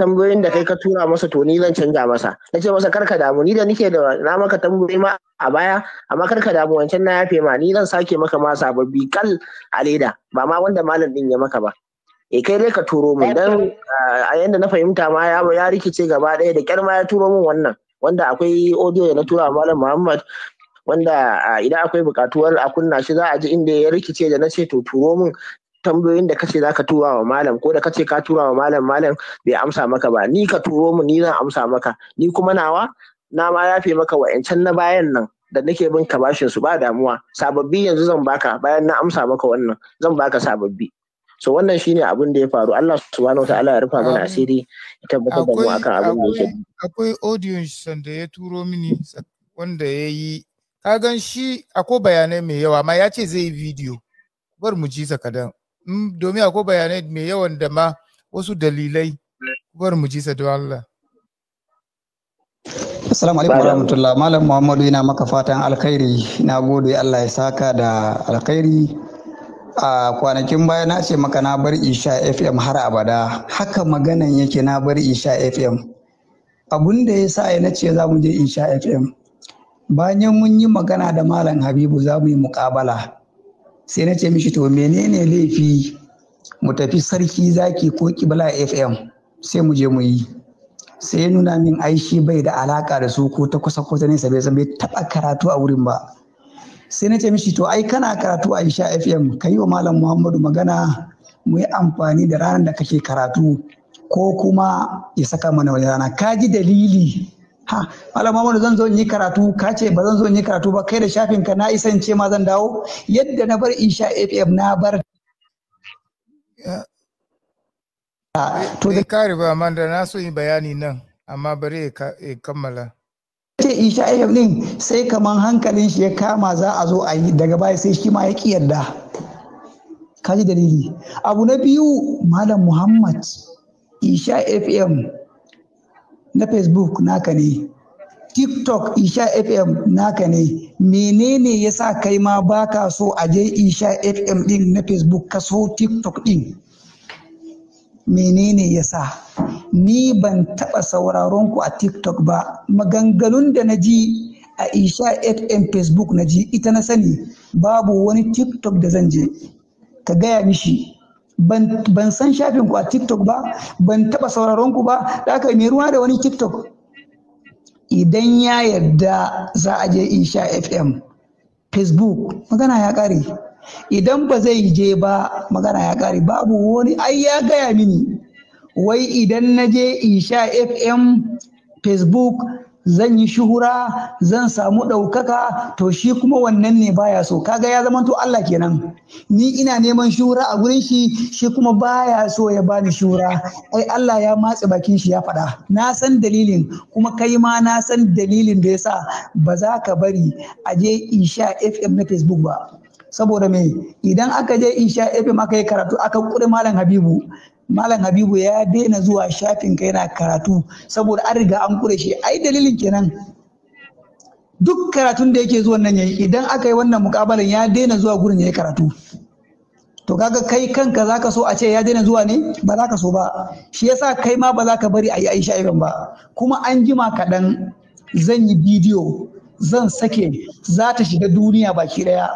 tambayoyin da kai ka tura masa to ni zan canja masa na ce masa karka damu ni da nike da na maka tambayoyi ma a baya amma karka damu wancan na yafe ma ni zan sake maka ma sababbi kal a leda ba ma wanda malam din ya maka ba e kai dai ka turo min dan ah, a yanda na fahimta ma ya ya rikice gaba ɗaya da kyar ma ya turo min wannan wanda akwai audio da na tura malam Muhammad wanda ah, idan akwai bukatuwar a kunna shi za a ji inda ya rikice da na ce to turo min tambayoyin da kace zaka tura wa malam ko da kace ka tura wa malam malam bai amsa maka ba ni ka turo mu ni zan amsa maka ni kuma nawa na ma yafe maka wa'ancan na bayan nan da nake bin ka bashin su ba damuwa sababbi yanzu zan baka bayan na amsa maka wannan zan baka sababbi so wannan shine abin da ya faru Allah subhanahu wataala ya rufa mana asiri ya tabbatar da mu akan abin da yake akwai audio san da ya turo mini wanda ya yi ka gan shi akwai bayanai mai yawa amma ya ce zai yi bidiyo bar mu ji sakadan Mm, domin akwai bayanai mai yawan da ma wasu dalilai bar mu ji sa Allah Assalamu alaikum Malam Muhammadu yana maka fatan alkhairi na gode Allah ya saka da alkhairi a kwanakin baya na ce maka na bar Isha FM har abada haka maganan yake na bar Isha FM abun da ya sa na ce za mu je Isha FM bayan mun yi magana da Malam Habibu za mu yi muƙabala sai na ce mishi to menene laifi mu tafi sarki zaki ko kibla fm sai mu je mu yi sai nuna min ai shi bai da alaka da su ko ta kusa ko ta nesa bai taɓa bai taba karatu a wurin ba sai na ce mishi to ai kana karatu a isha fm ka yi wa malam muhammadu magana mu yi amfani da ranar da kake karatu ko kuma ya saka mana wani rana ka ji dalili ha malama wani zan zo in yi karatu ka ce ba zan zo in yi karatu ba kai da shafin ka na isance ma zan dawo yadda na bar insha fm na bar to da kare ba man da na so yi bayani nan amma bari ya kammala ce insha fm din sai kaman hankalin shi ya kama za a zo a yi daga baya sai shi ma ya ki yarda kaji dalili abu na biyu malam muhammad insha fm na facebook naka ne tiktok isha fm naka ne menene ya sa kai ma baka so a je isha fm din na facebook ka so tiktok din menene ya sa ni ban taba sauraron ku a tiktok ba maganganun da na ji a isha fm facebook na ji ita na sani babu wani tiktok da zan je ka gaya mishi ban san shafin ku a tiktok ba ban taba sauraron ku ba da aka mai ruwa da wani tiktok idan ya yarda za a je sha fm facebook magana ya kare idan ba zai je ba magana ya kare babu wani ai ya gaya mini wai idan na je sha fm facebook zan yi shuhura zan samu ɗaukaka to shi kuma wannan ne baya so kaga ya zama to Allah kenan ni ina neman shuhura a gurin shi shi kuma baya so ya bani shuhura ai Allah ya matse bakin shi ya faɗa na san dalilin kuma kai ma na san dalilin da yasa ba za ka bari a je isha FM na Facebook ba saboda me idan aka je isha FM aka yi karatu aka kure malam Habibu malam habibu ya daina zuwa shafin ka yana karatu saboda an riga an kure shi ai dalilin kenan duk karatun da yake zuwa nan yayi idan aka yi wannan mukabalan ya daina zuwa gurin yayi karatu to kaga kai kanka zaka so a ce ya daina zuwa ne ba zaka so ba shi yasa kai ma ba zaka bari a yi aisha irin ba kuma an jima kaɗan zan yi bidiyo zan sake za ta shiga duniya baki daya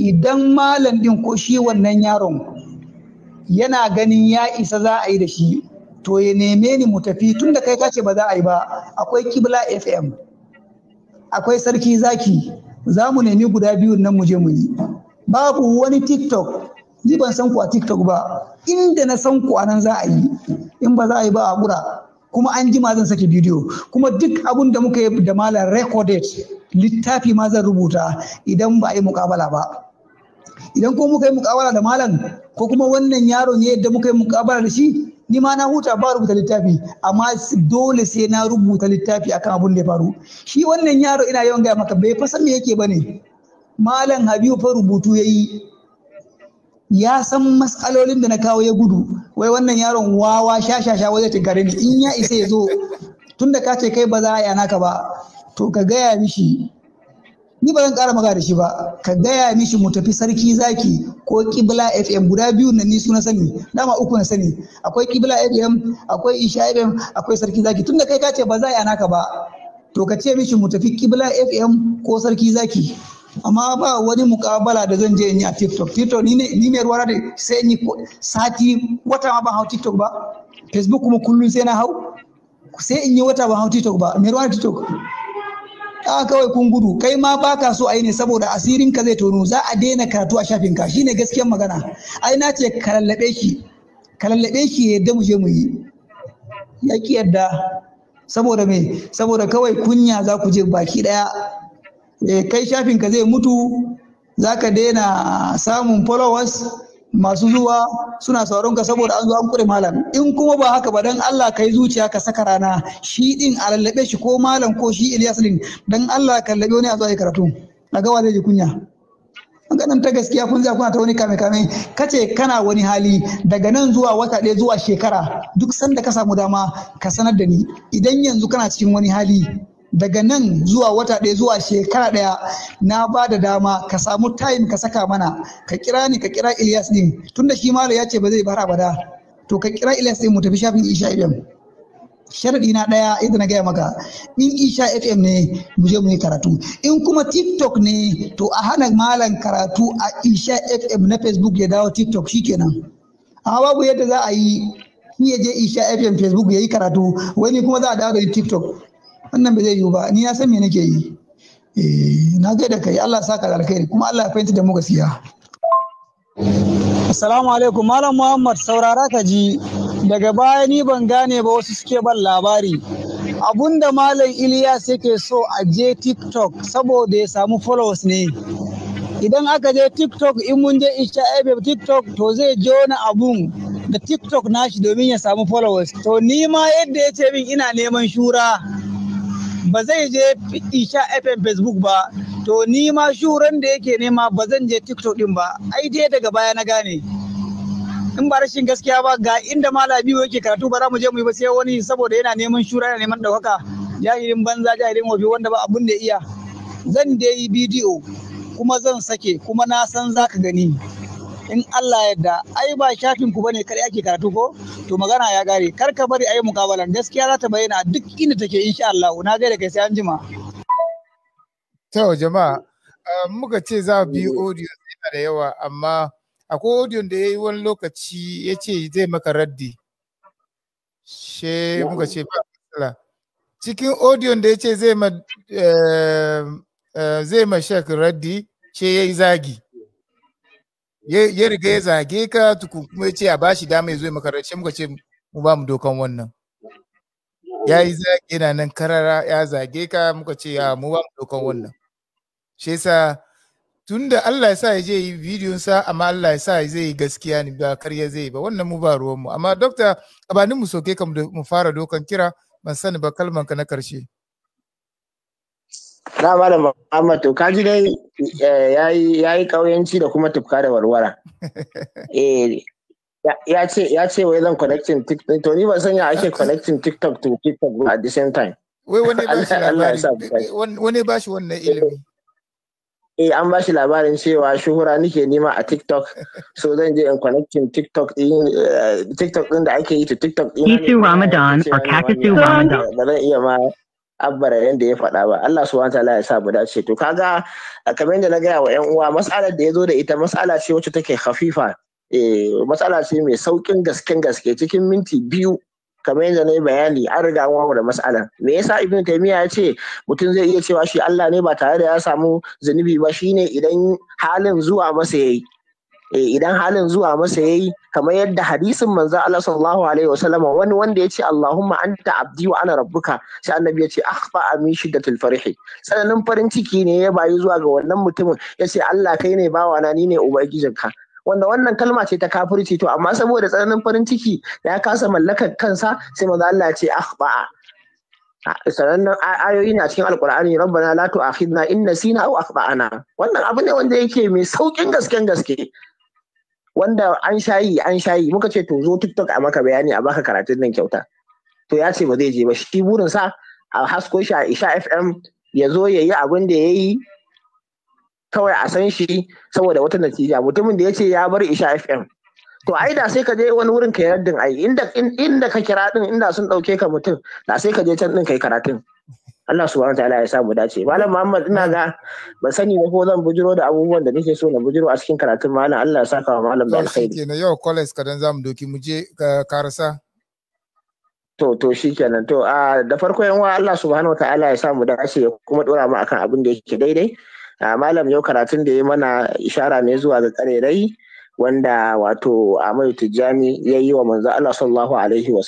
idan malam din ko shi wannan yaron yana ganin ya isa za a yi da shi to ya neme ni mu tafi tun da kai ka ce ba za a yi ba akwai kibla fm akwai sarki zaki za mu nemi guda biyu nan mu je mu yi babu wani tiktok ni ban san ku a tiktok ba inda na san ku a nan za a yi in ba za a yi ba a gura kuma an ma zan saki bidiyo kuma duk abun da muka yi da malam recorded littafi ma zan rubuta idan ba a yi mukabala ba idan ko muka yi mukawara da malam ko kuma wannan yaro ne yadda muka yi mukabara da shi ni ma na huta ba rubuta littafi amma dole sai na rubuta littafi akan abun da ya faru shi wannan yaro ina yawan gaya maka bai fasan me yake bane malam habibu fa rubutu yayi ya san matsalolin da na kawo ya gudu wai wannan yaron wawa shashasha wajen gare ni in ya isa ya zo Tunda ka ce kai ba za a yana ka ba to ka gaya mishi ni ba zan ƙara maka da shi ba ka gaya mishi mu tafi sarki zaki ko kibla fm guda biyu na ni su na sani dama uku na sani akwai kibla fm akwai isha fm akwai sarki zaki tunda kai ka ce ba za a naka ba to ka ce mishi mu tafi kibla fm ko sarki zaki amma ba wani mukabala da zan je in yi a tiktok tiktok ni ne ni ne ruwa da sai ni sati wata ma ban hau tiktok ba facebook kuma kullum sai na hau sai in yi wata ban hau tiktok ba me ruwa da tiktok a kawai kun gudu kai ma baka so yi ne saboda asirin ka zai tono za a daina karatu a shafin ka shine gaskiyar magana ai na ce ka lallabe shi ka lallabe shi ya yadda mu je mu yi ya ki yadda saboda me saboda kawai kunya za ku je baki daya eh, kai shafin ka zai mutu za ka daina samun followers masu zuwa suna sauron ka saboda an zo an kure malam in kuma ba haka ba dan Allah kai zuciya ka saka rana shi din a lallabe shi ko malam ko shi Ilyas din dan Allah ka lallabe wani a zo ai karatu a gawa zai ji kunya nan ta gaskiya kun za kuna ta wani kame kame kace kana wani hali daga nan zuwa wata ɗaya zuwa shekara duk sanda ka samu dama ka sanar da ni idan yanzu kana cikin wani hali daga nan zuwa wata ɗaya zuwa shekara ɗaya na ba da dama ka samu time ka saka mana ka kira ni ka kira Ilyas tun tunda shi ya ce ba zai bara bada to ka kira Ilyas din mu tafi shafin Isha FM sharaɗi na ɗaya idan na gaya maka in Isha FM ne mu je mu yi karatu in kuma TikTok ne to a hana malam karatu a Isha FM na Facebook ya dawo TikTok kenan. a babu yadda za a yi ya je Isha FM Facebook ya yi karatu wani kuma za a dawo da TikTok wannan ba zai yiwu ba ni na san me nake yi eh, na gaida kai Allah saka alkhairi kuma Allah ya fahimta da mu gaskiya Assalamu alaikum Malam Muhammad saurara ka ji daga baya ni ban gane ba wasu suke ban labari abunda Malam Ilyas yake so a je TikTok saboda ya samu followers ne idan aka je TikTok in mun je Isha eh, TikTok to zai je wani abun da TikTok nashi domin ya samu followers to ni ma yadda ya ce min ina neman shura ba zai je isha fm facebook ba to ni ma shuran da yake nema ba zan je tiktok din ba ai dai daga baya na gane in ba rashin gaskiya ba ga inda malami yake karatu ba za mu je mu yi ba sai wani saboda yana neman shura yana neman ɗaukaka jahilin banza jahilin wabi wanda ba abun da iya zan dai bidiyo kuma zan sake kuma na san za ka gani in Allah yadda ai ba shafin ku bane kar yake karatu ko to magana ya gare kar ka bari ai mukabalan gaskiya za ta bayyana duk inda take insha Allah na gaida kai sai an jima to jama'a eh, muka ce za bi audio yana da yawa amma akwai audio da yayi wani lokaci yace zai maka raddi she muka ce ba matsala cikin audio da yace zai ma eh, eh, zai ma shek raddi ce yayi zagi ya riga ya zage ka tukun kuma ya ce a bashi dama ya zo makarance muka ce mu ba mu dokan wannan ya yi zage na nan karara ya zage ka muka ce ya mu ba mu dokan wannan shi yasa tun da Allah ya sa ya je yi bidiyon sa amma Allah ya sa ya zai yi gaskiya ne ba karya zai yi ba wannan mu ba ruwan mu amma dokta abanin mu soke ka mu fara dokan kira ban sani ba kalman ka na karshe na malam Muhammad to kaji dai eh, yayi yayi kauyanci da kuma tufka da warwara eh ya ce ya ce wai zan connecting TikTok to ni ban san ya ake connecting TikTok to TikTok at the same time wai wani ba shi labari eh, wani ba shi wannan eh, ilimi eh an ba shi labarin cewa shuhura nike nima a TikTok so zan je in connecting TikTok din TikTok din da ake yi to TikTok din Ramadan or Kakasu Ramadan ba zan iya ma abbara yadda ya faɗa ba Allah subhanahu wataala ya sa mu dace to kaga kamar yadda na gaya wa 'yan uwa mas'alar da ya zo da ita mas'ala ce wacce take hafifa eh mas'ala ce mai saukin gasken gaske cikin minti biyu kamar yadda na yi bayani an riga an da mas'alan me yasa ibnu taymiya ya ce mutum zai iya cewa shi Allah ne ba tare da ya samu zunubi ba shine idan halin zuwa masa yayi Eh, idan halin zuwa masa yayi kamar yadda hadisin manzo Allah sallallahu alaihi wasallam wani wanda yace Allahumma anta abdi wa ana rabbuka sai annabi yace akhfa min shiddatil farih sananin farin ciki ne ya bayi zuwa ga wannan mutumin yace Allah kai ne bawana ni ne ubangijinka wanda wannan kalma ce ta kafirci to amma saboda tsananin farin ciki ya kasa mallakar kansa sai manzo Allah ce akhfa sanannan ayoyi na cikin alkur'ani rabbana la tu'akhidna in nasina aw akhtana wannan abu ne wanda yake mai saukin gasken gaske wanda an shayi an shayi muka ce to zo tiktok a maka bayani a baka karatun nan kyauta to ya ce ba zai je ba shi burin sa a hasko shi a isha fm ya zo ya yi abin da ya yi kawai a san shi saboda wata natija mutumin da ya ce ya bar isha fm to ai da sai ka je wani wurin ka yardin ai inda ka kira din inda sun dauke ka mutum da sai ka je can din kai karatun Allah subhanahu ta'ala ya samu dace malam Muhammad ina ga ban sani ba ko zan bujiro da abubuwan da nake so na bujiro a cikin karatun malam Allah ya saka wa malam da alkhairi kenan yau college kadan zamu doki mu je karasa to to shikenan to a da farko yan wa Allah subhanahu ta'ala ya samu dace ya kuma dora mu akan abin da yake daidai a malam yau karatun da ya mana ishara ne zuwa ga karerai wanda wato Amadu Tijjani yayi wa manzo Allah sallallahu alaihi wa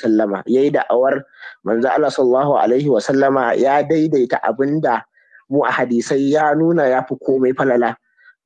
yayi da'awar awar manzo Allah sallallahu alaihi wa sallama ya daidaita abinda mu a hadisai ya nuna ya fi komai falala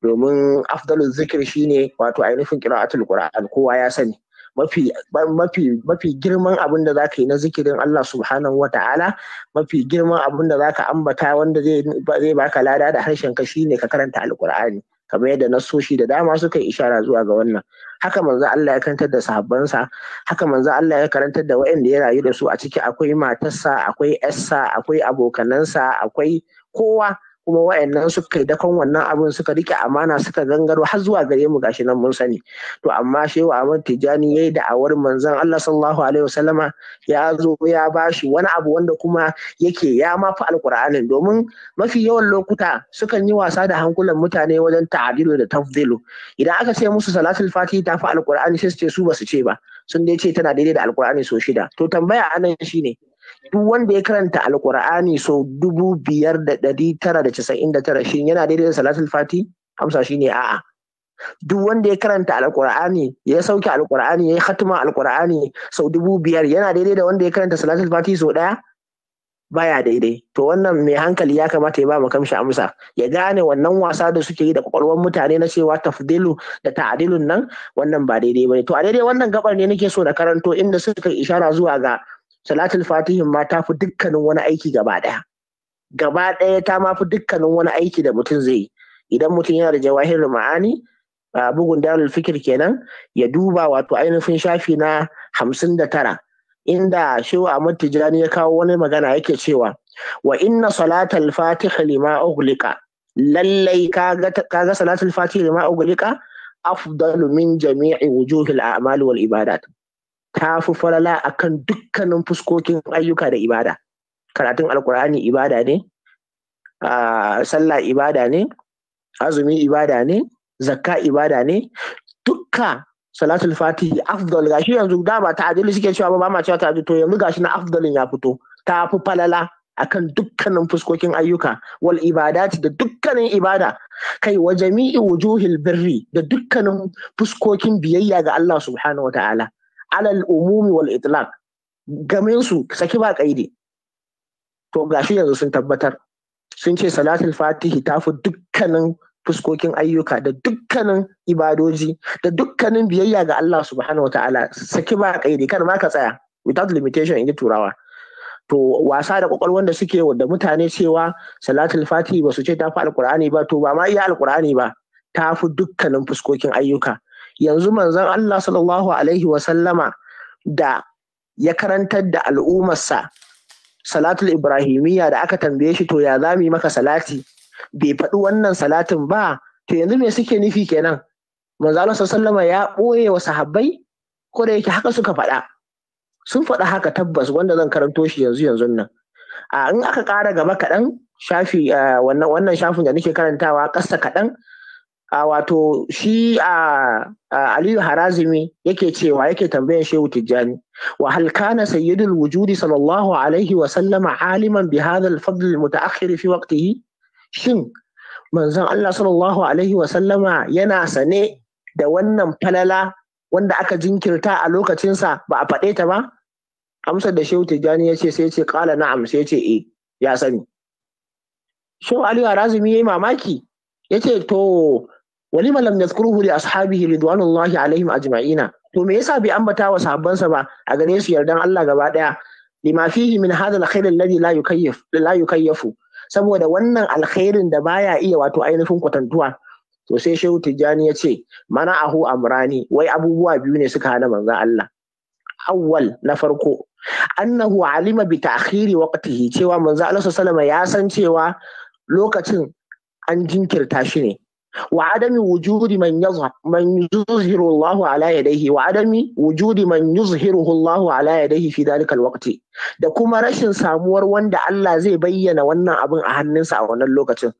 domin afdalul zikir shine wato ainihin qira'atul qur'an kowa ya sani mafi mafi mafi girman abin da zaka yi na zikirin Allah subhanahu wata'ala mafi girman abin da zaka ambata wanda zai zai baka lada da harshen ka shine ka karanta alqur'ani kamar yadda nasoshi da dama suka yi ishara zuwa ga wannan haka manzo Allah ya karantar da sahabbansa haka manzo Allah ya karantar da waɗanda ya rayu da su a ciki akwai matarsa akwai yarsa akwai abokanansa akwai kowa kuma wa'annan suka yi dakon wannan abin suka rike amana suka gangaro har zuwa gare mu gashi nan mun sani to amma shehu Ahmad Tijani yayi da'awar manzon Allah sallallahu alaihi wasallama ya zo ya bashi wani abu wanda kuma yake ya ma fi Alqur'ani. domin mafi yawan lokuta sukan yi wasa da hankulan mutane wajen ta'adilu da tafdilu idan aka ce musu salatul fatihi ta fi alqur'ani sai su ce su basu ce ba sun dai ce tana daidai da alqur'ani so shida to tambaya anan shine duk wanda ya karanta alkur'ani so dubu biyar da ɗari tara da casa'in da tara shi yana daidai da salatul fati hamsa shi ne a'a duk wanda ya karanta alkur'ani ya sauke alkur'ani ya yi hatima alkur'ani sau dubu biyar yana daidai da wanda ya karanta salatul fati sau ɗaya baya daidai to wannan mai hankali ya kamata ya ba mu kamshi amsa ya gane wannan wasa da suke yi da kwakwalwar mutane na cewa tafdilu da ta'adilun nan wannan ba daidai bane to a daidai wannan gabar ne nake so na karanto inda suka ishara zuwa ga salatul fatihin ma ta fi dukkanin wani aiki gaba ɗaya gaba ɗaya ta ma fi dukkanin wani aiki da mutum zai yi idan mutum yana da jawahirul ma'ani a bugun darul fikir kenan ya duba wato ainihin shafi na hamsin da tara inda shehu Ahmad Tijani ya kawo wani magana yake cewa wa inna salatal fatiha lima ughliqa lallai kaga kaga salatul fatiha lima ughliqa afdalu min jami'i wujuhil a'mal wal ibadat ta fi falala akan dukkanin fuskokin ayyuka da ibada karatun alkur'ani ibada ne sallah ibada ne azumi ibada ne zakka ibada ne dukka salatul fatihi afdal gashi yanzu da ba ta'adili suke cewa ba ma cewa ta to yanzu gashi na afdalin ya fito ta fi falala akan dukkanin fuskokin ayyuka wal ibadati da dukkanin ibada kai wa jami'i wujuhil birri da dukkanin fuskokin biyayya ga Allah subhanahu ta'ala. alal umumi wal itlaq gamin su saki ba kaidi to shi yanzu sun tabbatar sun ce salatul fatihi ta fi dukkanin fuskokin ayyuka da dukkanin ibadoji da dukkanin biyayya ga Allah subhanahu wataala saki ba kaidi kan ma ka tsaya without limitation in turawa to wasa da kwakwalwan da suke da mutane cewa salatul fatihi ba su ce ta fi alkur'ani ba to ba ma iya alkur'ani ba ta fi dukkanin fuskokin ayyuka yanzu manzon Allah sallallahu alaihi wasallama da ya karantar da al'ummarsa salatul ibrahimiyya da aka tambaye shi to ya za mu maka salati bai faɗi wannan salatin ba to yanzu me suke nufi kenan manzo Allah sallama ya ɓoye wa sahabbai ko da yake haka suka faɗa sun faɗa haka tabbas wanda zan karanto shi yanzu yanzu nan a in aka ƙara gaba kaɗan shafi wannan wannan shafin da nake karantawa ƙasa kaɗan a wato shi a Aliyu Harazimi yake cewa yake tambayan Shehu Tijjani wa hal kana sayyidul wujudi sallallahu alaihi wa sallama aliman bi hadha fadl al fi waqtihi shin manzon Allah sallallahu alaihi wa sallama yana sane da wannan falala wanda aka jinkirta a lokacinsa ba a faɗe ta ba amsar da Shehu Tijjani ya ce sai ce kala na'am sai ce eh ya sani Shehu Aliyu Harazimi yayi mamaki yace to walima lam yazkuruhu li ashabihi ridwanullahi alaihim ajma'ina to me yasa bai ambata wa sa ba a gare su yardan Allah gaba daya lima fihi min hadha alkhair alladhi la yukayyaf la yukayyafu saboda wannan alkhairin da baya iya wato ainihin kwatantuwa to sai shehu tijjani ya ce mana ahu amrani wai abubuwa biyu ne suka hana manzon Allah awwal na farko annahu alima bi ta'khiri waqtihi cewa manzo Allah ya san cewa lokacin an jinkirta shi ne Wa'adami adami wujudi man yazhar man Allah ala yadayhi wa adami wujudi man yuzhiruhu Allah ala yadayhi fi dalikal waqti da kuma rashin samuwar wanda Allah zai bayyana wannan abin a hannunsa a wannan lokacin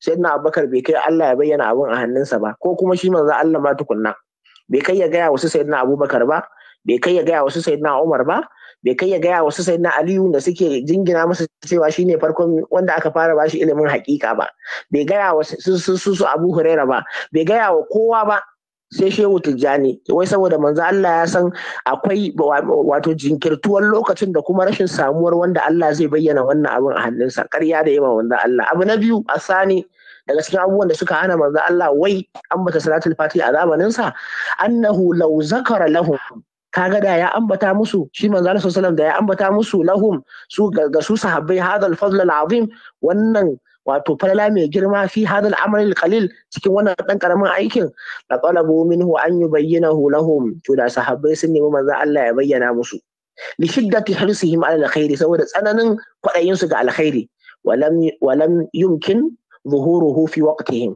sayyidina Abubakar bai kai Allah ya bayyana abin a hannunsa ba ko kuma shi manzo Allah ma tukunna bai kai ya gaya wasu sayyidina Abubakar ba bai kai ya gaya wasu sayyidina Umar ba bai kai ya gaya wasu sai na aliyu da suke jingina masa cewa shi ne farkon wanda aka fara bashi ilimin hakika ba bai gaya wa su su abu huraira ba bai gaya wa kowa ba sai shehu tijjani wai saboda manzo Allah ya san akwai wato jinkirtuwar lokacin da kuma rashin samuwar wanda Allah zai bayyana wannan abin a hannunsa ƙarya da yawa wanda Allah abu na biyu a sani daga cikin abubuwan da suka hana manzo Allah wai ambata bata salatul fati a zamaninsa annahu law zakara lahum kaga da ya ambata musu shi manzo Allah sallallahu da ya ambata musu lahum su ga su sahabbai hadal fadl azim wannan wato falala mai girma fi hadal amal qalil cikin wannan dan karamin aikin la talabu minhu an yubayyinahu lahum to da sahabbai sun nemi manzo Allah ya bayyana musu li shiddati hirsihim ala alkhairi saboda tsananin kwadayin su ga alkhairi walam walam yumkin zuhuruhu fi waqtihim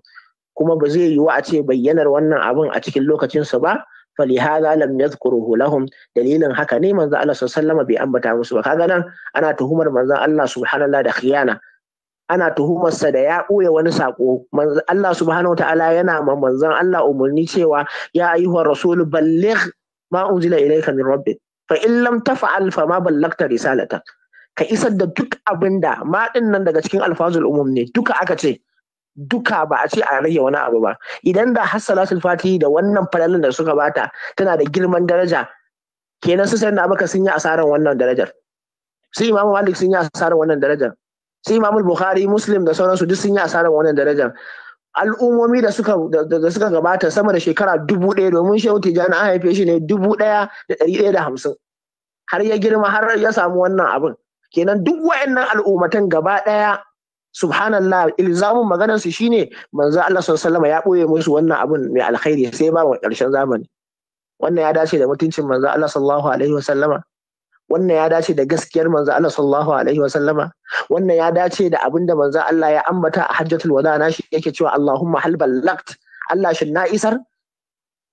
kuma ba zai yiwu a ce bayyanar wannan abin a cikin lokacinsu ba falihaza lam yadhkuruhu lahum dalilin haka ne manzon Allah sallallahu bai ambata musu ba kaga nan ana tuhumar manzon Allah subhanallahi da khiyana ana tuhumarsa da ya ɓoye wani saƙo Allah subhanahu ta'ala yana ma manzon Allah umarni cewa ya wa rasul balligh ma unzila ilayka min rabbik fa in lam taf'al fa ma ballagta risalata ka isar da duk abinda ma nan daga cikin alfazul umum ne duka aka ce duka ba a ce a rage wani abu ba idan da hassalatul fatihi da wannan falalin da suka bata tana da girman daraja kenan su da abubakar sun yi asaran wannan darajar su imamu malik sun yi asaran wannan darajar su imamu bukhari muslim da sauransu duk sun yi asaran wannan darajar al'ummomi da suka gabata sama da shekara dubu ɗaya domin shehu tijjani an haife shi ne dubu ɗaya da ɗari ɗaya da hamsin har ya girma har ya samu wannan abin kenan duk wa'annan al'ummatan gaba ɗaya subhanallah ilzamin maganar su shine manzo Allah sallallahu ya boye musu wannan abun mai alkhairi sai ba mu karshen zamani wannan ya dace da mutuncin manzo Allah sallallahu alaihi wasallama wannan ya dace da gaskiyar manzo Allah sallallahu alaihi wasallama wannan ya dace da abinda manzo Allah ya ambata a hajjatul wada na shi yake cewa Allahumma hal ballagt Allah shin na isar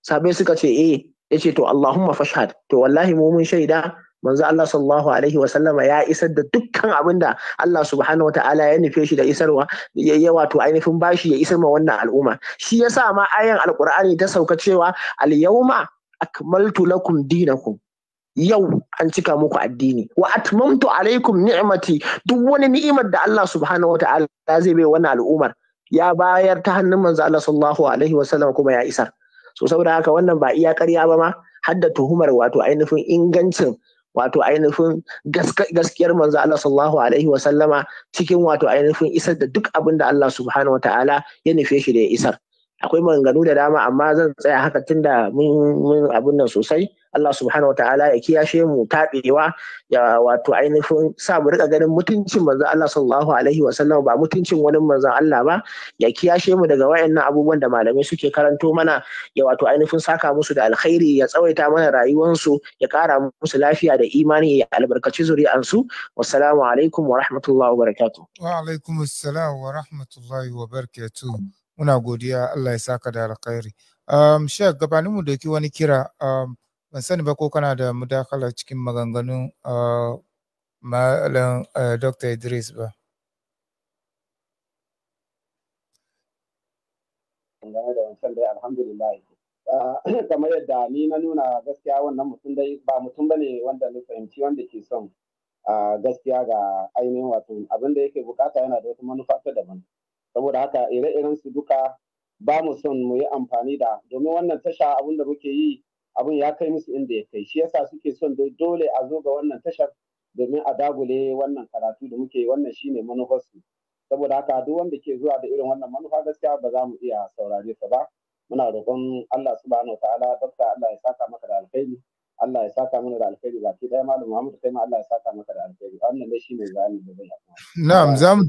sabai suka ce eh yace to Allahumma fashhad to wallahi mu mun shaida manzo Allah sallallahu alaihi wa sallama ya isar da dukkan abin da Allah subhanahu wa ta'ala ya nufe shi da isarwa ya wato ainihin bashi ya isar ma wannan al'umma shi yasa ma ayan alqur'ani ta sauka cewa al yawma akmaltu lakum dinakum yau an cika muku addini wa atmamtu alaikum ni'mati duk wani ni'imar da Allah subhanahu wataala zai bai wannan al'ummar. ya bayar ta hannun manzo Allah sallallahu alaihi sallama kuma ya isar so saboda haka wannan ba iya ƙarya ba ma har da tuhumar wato ainihin ingancin wato ainihin gaskiyar manzo Allah sallallahu alaihi wa sallama cikin wato ainihin isar da duk abin da Allah subhanahu wa ta'ala ya nufe shi da ya isar akwai maganganu da dama amma zan tsaya haka tunda mun abin nan sosai Allah subhanahu wataala ya kiyashe mu taɓewa ya wato ainihin sa mu rika ganin mutuncin manzon Allah sallallahu alaihi wa sallam ba mutuncin wani manzon Allah ba ya kiyashe mu daga wayannan abubuwan da malamai suke karanto mana ya wato ainihin saka musu da alkhairi ya tsawaita mana rayuwansu ya ƙara musu lafiya da imani ya albarkaci zuri'ansu wassalamu alaikum wa rahmatullahi wa barakatuh wa alaikum assalam wa rahmatullahi wa barakatuh muna godiya Allah ya saka da alkhairi um shek gabaninmu da ke wani kira um, Ban sani ba ko kana da mudakala cikin maganganun ah, Malam eh, Dr. Idris ba. game ah, kamar yadda ni na nuna gaskiya wannan mutum dai ba mutum ba ne wanda na fahimci wanda ke son ah, gaskiya ga ainihin wato abin da yake bukata yana da wata manufa ta daban saboda haka ire-iren su duka ba mu son mu yi amfani da domin wannan tasha abin da muke yi abin ya kai musu inda ya kai shi yasa suke son dai dole a zo ga wannan tashar domin a dagule wannan karatu da muke wannan shine manufarsu saboda haka duk wanda ke zuwa da irin wannan manufa gaskiya ba za mu iya saurare sa ba muna roƙon Allah subhanahu wa ta'ala dokta Allah ya saka maka da alkhairi Allah ya saka mana da alkhairi baki daya malam Muhammad kai ma Allah ya saka maka da alkhairi wannan ne shine zalim da zai yi na'am zamu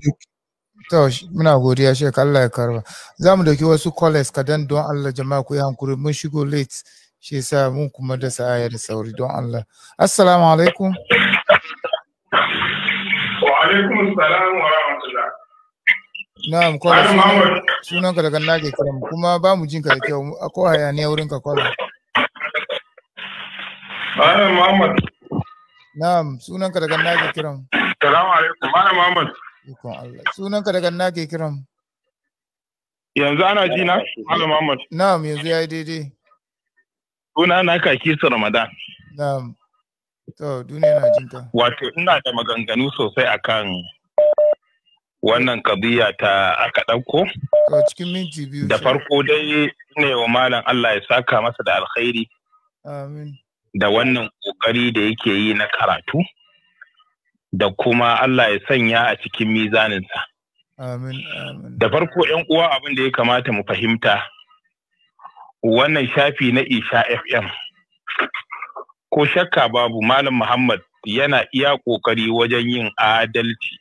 To, muna godiya shek Allah ya karba. Za mu dauki wasu callers kadan don Allah jama'a ku yi hankuri mun shigo late. shi yasa mun kuma da sa'ayar sauri don Allah assalamu alaikum wa alaikum assalam wa rahmatullah na'am kwala sunan ka daga nake kiran kuma ba mu jin ka da kyau akwai hayaniya wurin ka kwala Malam Muhammad. Na'am, sunan ka daga nake kiran. Assalamu alaikum, Malam Muhammad. Ikon Allah. Sunan ka daga nake kiran. Yanzu ana ji na? Malam Muhammad. Na'am, yanzu yayi daidai. Suna na kaki su Ramadan. Na, To, duniya na jinta. Wato, ina da maganganu sosai akan wannan kabiya ta aka ɗauko. To, cikin minti biyu. Da farko dai ne wa malam Allah ya saka masa da alkhairi. Amin. Da wannan ƙoƙari da yake yi na karatu. Da kuma Allah ya sanya a cikin mizaninsa. Amin. Da farko ‘yan uwa abin da ya kamata mu fahimta wannan shafi na Isha FM. Ko shakka babu Malam Muhammad yana iya ƙoƙari wajen yin adalci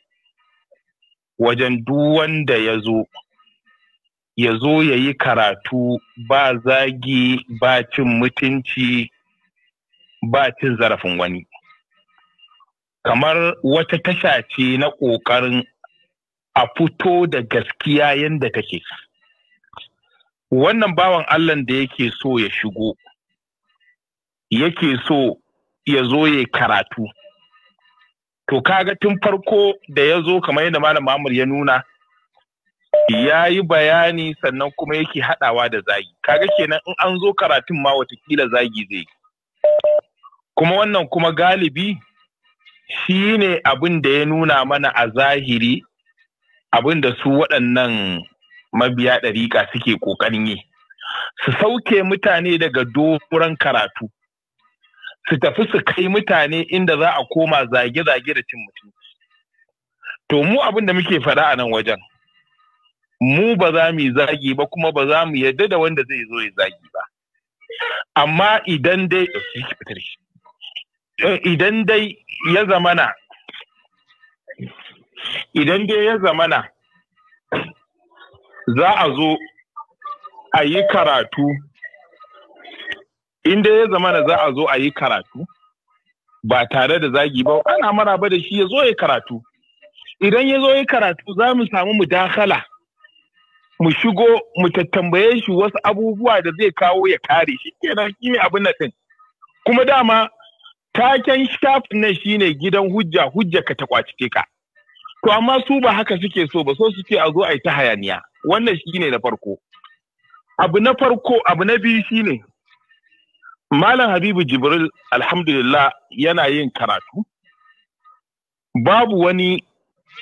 wajen duk wanda ya zo ya zo ya yi karatu ba zagi ba cin mutunci ba cin zarafin wani. Kamar wata tasha ce na ƙoƙarin a fito da gaskiya yadda take. wannan bawan allah da yake so ya shigo yake so ya zo ya karatu to kaga tun farko da ya zo kamar yadda malam Muhammad ya nuna ya yi bayani sannan kuma yake haɗawa da zagi kaga kenan in an zo karatun ma watakila zagi zai kuma wannan kuma galibi shi ne abin da ya nuna mana a zahiri abin da su waɗannan mabiya ɗariƙa suke ƙoƙarin yi su sauke mutane daga doron karatu su tafi su kai mutane inda za a koma zage-zage da cin mutum. to mu abin da muke faɗa a nan wajen mu ba za mu yi zagi ba kuma ba za mu yarda da wanda zai zo ya zagi ba amma idan dai idan dai ya zamana idan dai ya zamana za a zo a yi karatu inda ya zama da za a zo a yi karatu ba tare da zagi ba ana ba da shi ya zo ya karatu idan ya zo ya karatu za mu samu mu mudakala mu shigo mu tattambaye shi wasu abubuwa da zai kawo ya kare shi kenan shi ne abin na ɗin kuma dama taken shafin nan shine gidan hujja hujja ka ta kwace ka To amma su ba haka suke so ba so ce a zo a yi ta hayaniya wannan shi ne na farko. Abu na farko abu na biyu shi ne Malam Habibu Jibril alhamdulillah yana yin karatu babu wani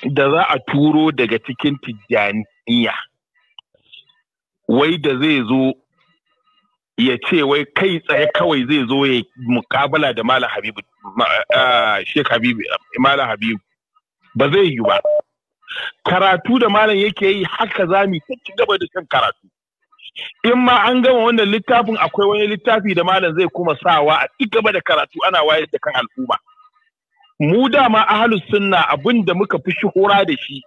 da za a turo daga cikin tijjaniya wai da zai zo ya ce wai kai tsaye kawai zai zo ya mukabala da Malam Habibu eh, Sheikh Habibu Malam Habibu ba zai yi ba karatu da malam yake yi haka za mu ci gaba da kan karatu in ma an gama wannan littafin akwai wani littafi da malam zai kuma sawa a ci gaba da karatu ana wayar da kan al'umma mu dama a sunna abin da muka fi shuhura da shi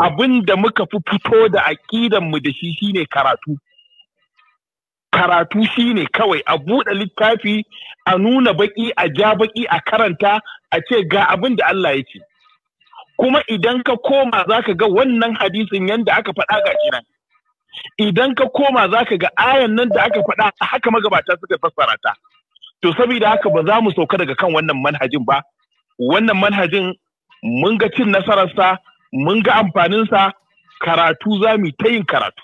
abin da muka fi fito da aƙidan mu da shi shine karatu karatu shine kawai a buɗe littafi a nuna baƙi, a ja baƙi, a karanta a ce ga abin da Allah ya ce kuma idan ka koma za ka ga wannan hadisin yadda aka faɗa ga kina idan ka koma za ka ga ayan nan da aka faɗa haka magabata suka fassara ta to saboda haka ba za mu sauka daga kan wannan manhajin ba wannan manhajin mun ga cin nasararsa mun ga amfaninsa karatu za mu ta yin karatu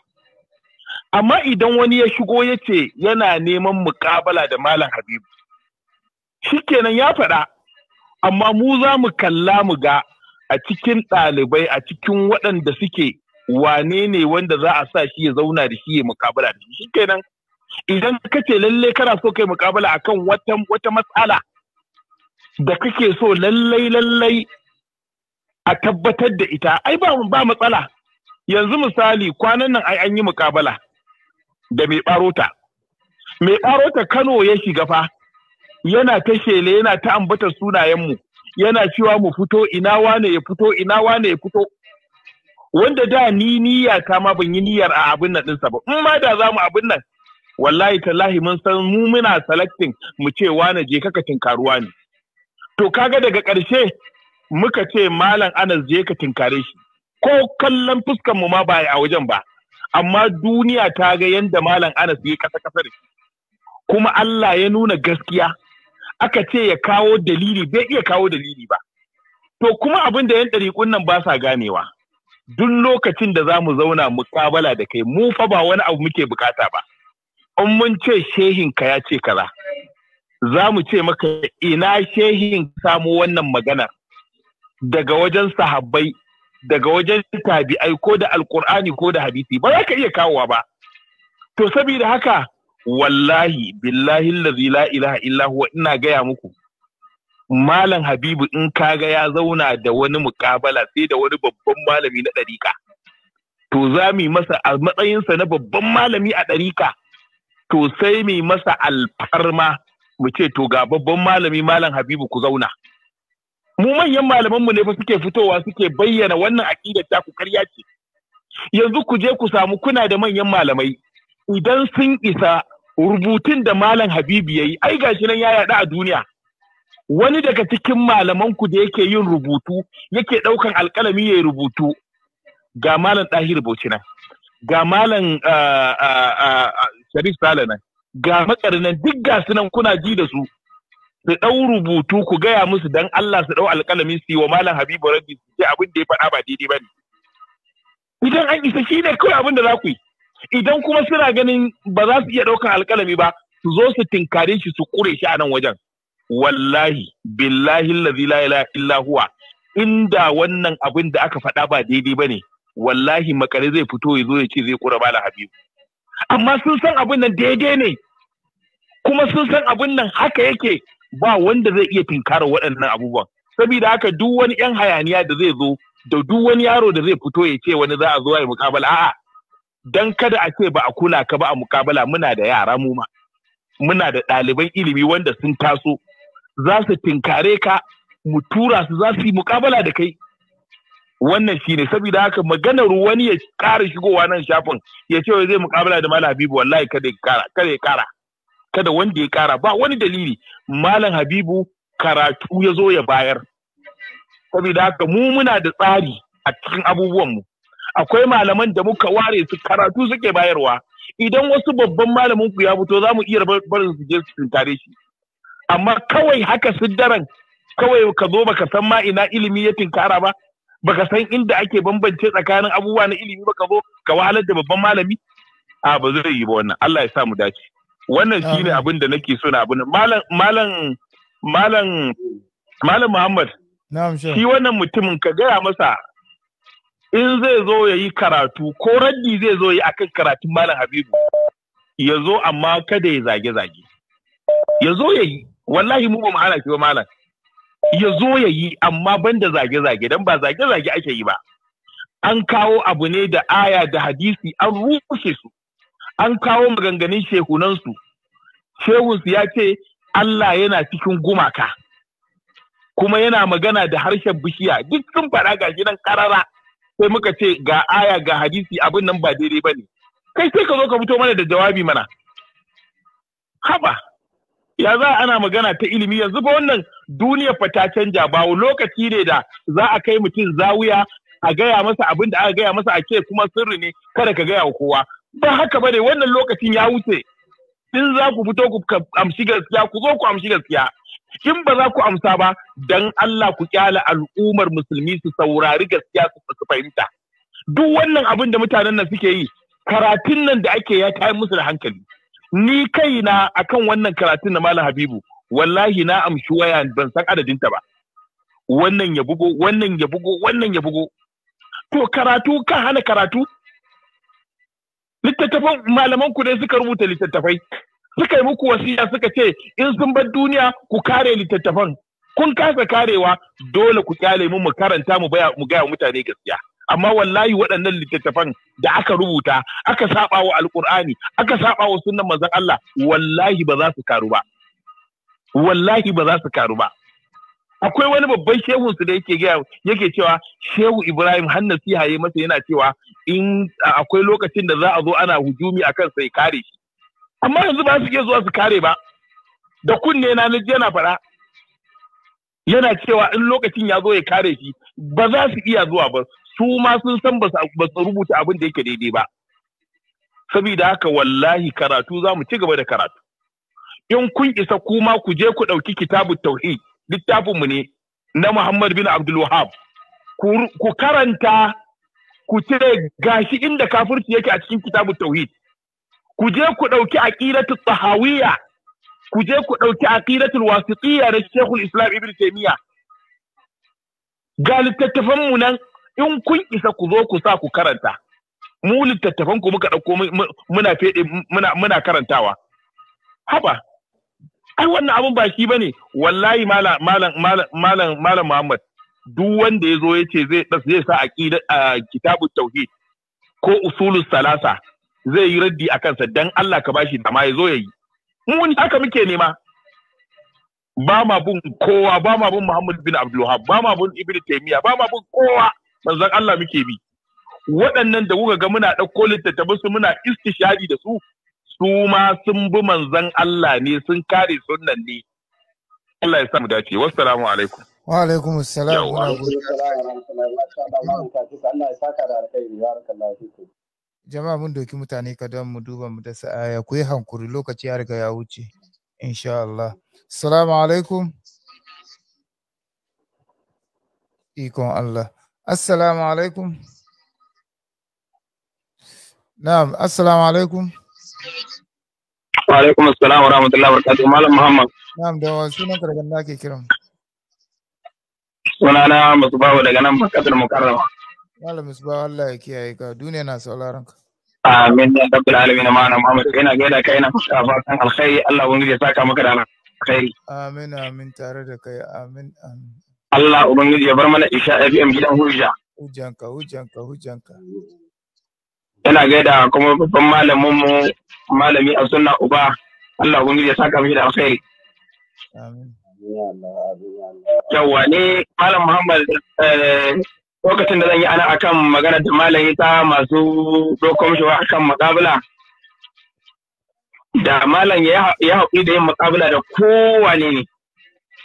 amma idan wani ya shigo ya ce yana neman muƙabala da malam habibu shi kenan ya faɗa amma mu za mu kalla mu ga a cikin ɗalibai a cikin waɗanda suke wane ne wanda za a sa shi ya zauna da shi ya mukabala da shi kenan idan ka ce lalle kana so kai mukabala akan wata wata matsala da kake so lallai lallai a tabbatar da ita ai ba ba matsala yanzu misali kwanan nan ai an yi mukabala da mai barota mai barota Kano ya shiga fa yana ta shele yana ta ambata sunayen mu yana cewa mu fito ina wane ya fito ina wane ya fito wanda da ni niyya ta ma ban yi niyyar a abin nan ba in ma da za abin nan wallahi tallahi mun san mu muna selecting mu ce wane je kaka tinkaruwa ne to kaga daga ƙarshe muka ce malam anas je ka tinkare shi ko kallon fuskan mu ma ba a wajen ba amma duniya ta ga yanda malam anas ya kasa kasa da shi kuma Allah ya nuna gaskiya aka ce ya kawo dalili bai iya kawo dalili ba to kuma abin da yan ɗariƙun nan ba sa ganewa duk lokacin da za mu zauna muƙabala da kai mu fa ba wani abu muke bukata ba in mun ce shehin ka ya ce kaza za mu ce maka ina shehin samu wannan magana daga wajen sahabbai daga wajen tabi'ai ko da Alƙur'ani ko da hadisi ba za ka iya kawowa ba to saboda haka wallahi billahi allazi la ilaha illa huwa ina gaya muku malam habibu in kaga ya zauna da wani mukabala sai da wani babban malami na ɗariƙa to za mu masa a matsayinsa na babban malami a ɗarika, to sai mu masa alfarma mu ce to ga babban malami malam habibu ku zauna mu manyan mu ne fa suke fitowa suke bayyana wannan aqidar ta ku karya ce yanzu ku je ku samu kuna da manyan malamai idan sun isa rubutun da malam habibu ya yi ai gashi nan ya yaɗa a duniya wani daga cikin malamanku da yake yin rubutu yake ɗaukan alƙalami ya yi rubutu ga malam ɗahir bauchi nan ga malam sharif Sala nan ga nan, duk ga su nan kuna ji da su su ɗau rubutu ku gaya musu dan Allah su ɗau alƙalami su yi wa malam habibu rabbi su ce abin da ya faɗa ba daidai ba ne idan an isa shi ne kawai abin da za ku yi idan kuma suna ganin ba za su iya ɗaukan alƙalami ba su zo su tinkare shi su ƙure shi a nan wajen wallahi billahi allazi la ilaha illa huwa inda wannan abin da aka faɗa ba daidai ba ne, wallahi makare zai fito ya zo ya ce zai ƙura bala habibu amma sun san abin nan daidai ne kuma sun san abin nan haka yake ba wanda zai iya tinkara waɗannan abubuwan saboda haka duk wani yan hayaniya da zai zo da duk wani yaro da zai fito ya ce wani za a zo a yi mukabala a'a don kada a ce ba a kula ka ba a mukabala muna da yara mu ma muna da ɗaliban ilimi wanda sun taso za su tinkare ka mu tura su za su yi mukabala da kai wannan shi ne saboda haka maganar wani ya ƙara shigowa nan shafin ya ce zai mukabala da malam habibu wallahi kada ya kara kada ya ƙara kada wanda ya ƙara ba wani dalili malam habibu karatu ya zo ya bayar saboda haka mu muna da tsari a cikin abubuwanmu akwai malaman da muka ware su karatu suke bayarwa idan wasu babban malamin ku ya fito za mu iya barin su je su tunkare shi amma kawai haka su daren kawai ka zo baka san ma ina ilimi ya tinkara ba baka san inda ake bambance tsakanin abubuwa na ilimi ba ka zo ka wahalar da babban malami a ba zai yi ba wannan Allah ya sa mu dace wannan shine abin da nake so na abin malam malam malam malam Muhammad na'am shi wannan mutumin ka gaya masa in zai zo ya yi karatu ko raddi zai zo yi akan karatun malam habibu ya zo amma kada ya zage-zage ya zo ya yi wallahi mu ba ma'ana ba malam ya zo ya yi amma banda zage-zage don ba zage-zage ake yi ba an kawo abu ne da aya da hadisi an rufe su an kawo maganganun shehunansu shehunsu ya ce Allah yana cikin gumaka kuma yana magana da harshen bishiya duk sun faɗa gashi nan ƙarara sai muka ce ga aya ga hadisi abin nan ba daidai ba ne kai sai ka zo ka fito mana da jawabi mana haba ya za ana magana ta ilimi yanzu ba wannan duniyar fa canja ba lokaci ne da za a kai mutum zawuya a gaya masa abin da aka gaya masa a ke kuma sirri ne kada ka gaya wa kowa ba haka ba ne wannan lokacin ya wuce in za ku fito ku amshi gaskiya ku zo ku amshi gaskiya in ba za ku amsa ba dan Allah ku kyala al'ummar musulmi su saurari gaskiya su fahimta duk wannan abin da mutanen nan suke yi karatun nan da ake ya tayi musu da hankali ni kaina akan wannan karatun na malam habibu wallahi na amshi waya ban san adadinta ba wannan ya bugo wannan ya bugo wannan ya bugo to karatu ka hana karatu littattafan malaman ku ne suka rubuta littattafai suka yi muku wasiya suka ce in sun bar duniya ku kare littattafan kun kasa karewa dole ku kyale mu mu karanta mu baya mu gaya mutane gaskiya amma wallahi waɗannan littattafan da aka rubuta aka saba wa alqur'ani aka saba wa sunnan manzon Allah wallahi ba za su karu ba wallahi ba za su karu ba akwai wani babban shehun su da yake gaya yake cewa shehu Ibrahim har nasiha masa yana cewa in akwai lokacin da za a zo ana hujumi akan sai kare shi amma yanzu ba su iya zuwa su kare ba da kunne na yana fara yana cewa in lokacin ya zo ya kare shi ba za su iya zuwa ba su ma sun san ba su rubuta abin da yake daidai ba saboda haka wallahi karatu za mu ci gaba da karatu in kun isa kuma ku je ku ɗauki kitabu tauhid littafinmu ne na Muhammad bin Abdul Wahab ku karanta ku cire gashi inda kafirci yake a cikin kitabu tauhid ku je ku ɗauki aqidatu tsahawiyya ku je ku ɗauki aqidatul wasiqiyya da Sheikhul Islam Ibn Taymiyyah ga littattafan mu nan in kun isa ku zo ku sa ku karanta mu littattafan ku muka ɗauko muna fede muna muna karantawa haba ai wannan abun ba shi bane wallahi malam malam malam malam Muhammad duk wanda ya zo ya ce zai zai sa aqida ah, kitabut tauhid ko usulus salasa zai yi raddi a kansa don Allah ka bashi dama ya zo ya yi mu aka muke nema ba ma bin kowa ba ma bin Muhammad bin Abdul ba ma bin Ibn Taymiya ba ma bin kowa manzon Allah muke bi waɗannan da kuka ga muna ɗauko littattafai su muna istishari da su su ma sun bi manzon Allah ne sun kare sunan ne Allah ya sa dace wassalamu alaikum wa alaikum assalam wa Allah ya saka da alkhairi barakallahu jama'a mun doki mutane kadan mu duba mu da sa'aya ku yi hankuri lokaci ya riga ya wuce insha Allah assalamu alaikum ikon Allah assalamu alaikum na'am assalamu alaikum wa alaikum assalam wa rahmatullahi wa barakatuh malam muhammad na'am da wa sunan kargan da ke kiran sunana babu daga nan bakatul mukarrama Malam Misba Allah ya kiyaye ka duniya na sauraron ka. Amin ya rabbul alamin ma'ana Muhammad ina gaida kai na fatan alkhairi Allah ubangiji ya saka maka da alkhairi. Amin amin tare da kai amin amin. Allah ubangiji ya bar mana Isha FM gidan hujja. Hujjanka hujjanka hujjanka. Ina gaida kuma babban malamin mu malami a sunna uba Allah ubangiji ya saka maka da alkhairi. Amin. Yawwa ne Malam Muhammad eh, lokacin da zan yi ana akan magana da malam ta masu dokon shi akan makabila, da malam ya haƙuri da yin makabila da kowane ne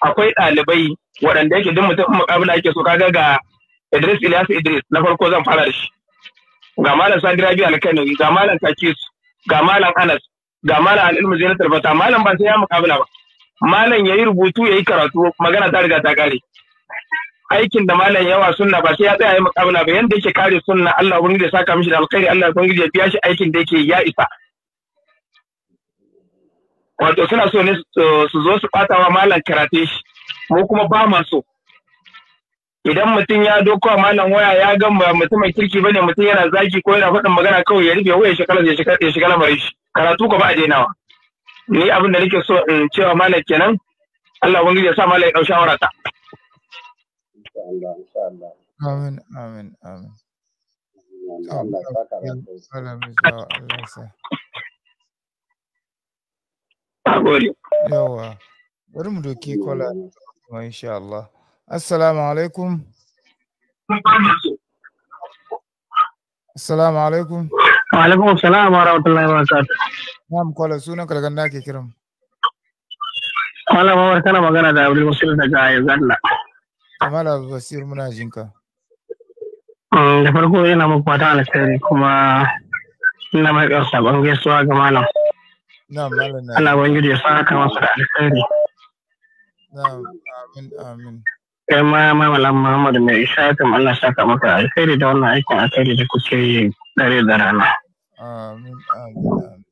akwai ɗalibai waɗanda yake duk mutum makabila yake so kaga ga Idris Ilyasu Idris na farko zan fara da shi ga malam Sadira Biyu Alkanawi ga malam Kakis ga malam Anas ga malam Al-Ilmu Zainat Albata malam ban sai ya makabila ba malam yayi rubutu yayi karatu magana ta riga ta kare aikin da malam yawa sunna ba sai ya tsaya ya mukabala ba yanda yake kare sunna Allah ubangiji ya saka mishi da alkhairi Allah ubangiji ya biya shi aikin da yake ya isa wato suna so ne su zo su bata wa malam karate shi mu kuma ba ma so idan mutum ya doko wa malam waya ya ga mutum mai kirki bane mutum yana zaki ko yana faɗin magana kawai ya rufe waya shekara ya shekara mare shi karatu ko ba a dainawa ni abin da nake so in cewa malam kenan Allah ubangiji ya sa malam ya dau shawara ta Allah insha Allah amin amin amin Allah ya yawa bari mu kwala insha Allah assalamu alaikum assalamu alaikum wa alaikum assalam wa rahmatullahi wa barakatuh mu kwala sunan da ke kiran Malam Umar kana magana da Abdul Musul daga Yazalla. Kamala Basir muna jinka. Mm, da farko yana muku fata alkhairi kuma ina mai karsa ban gaisuwa ga malam. Ana malam na. Allah ubangiji ya saka da alkhairi. Na'am amin amin. Kai ma malam Muhammadu, mai isa kama Allah kama ka alkhairi da wannan aikin alkhairi da kuke yi dare da rana. Amin amin.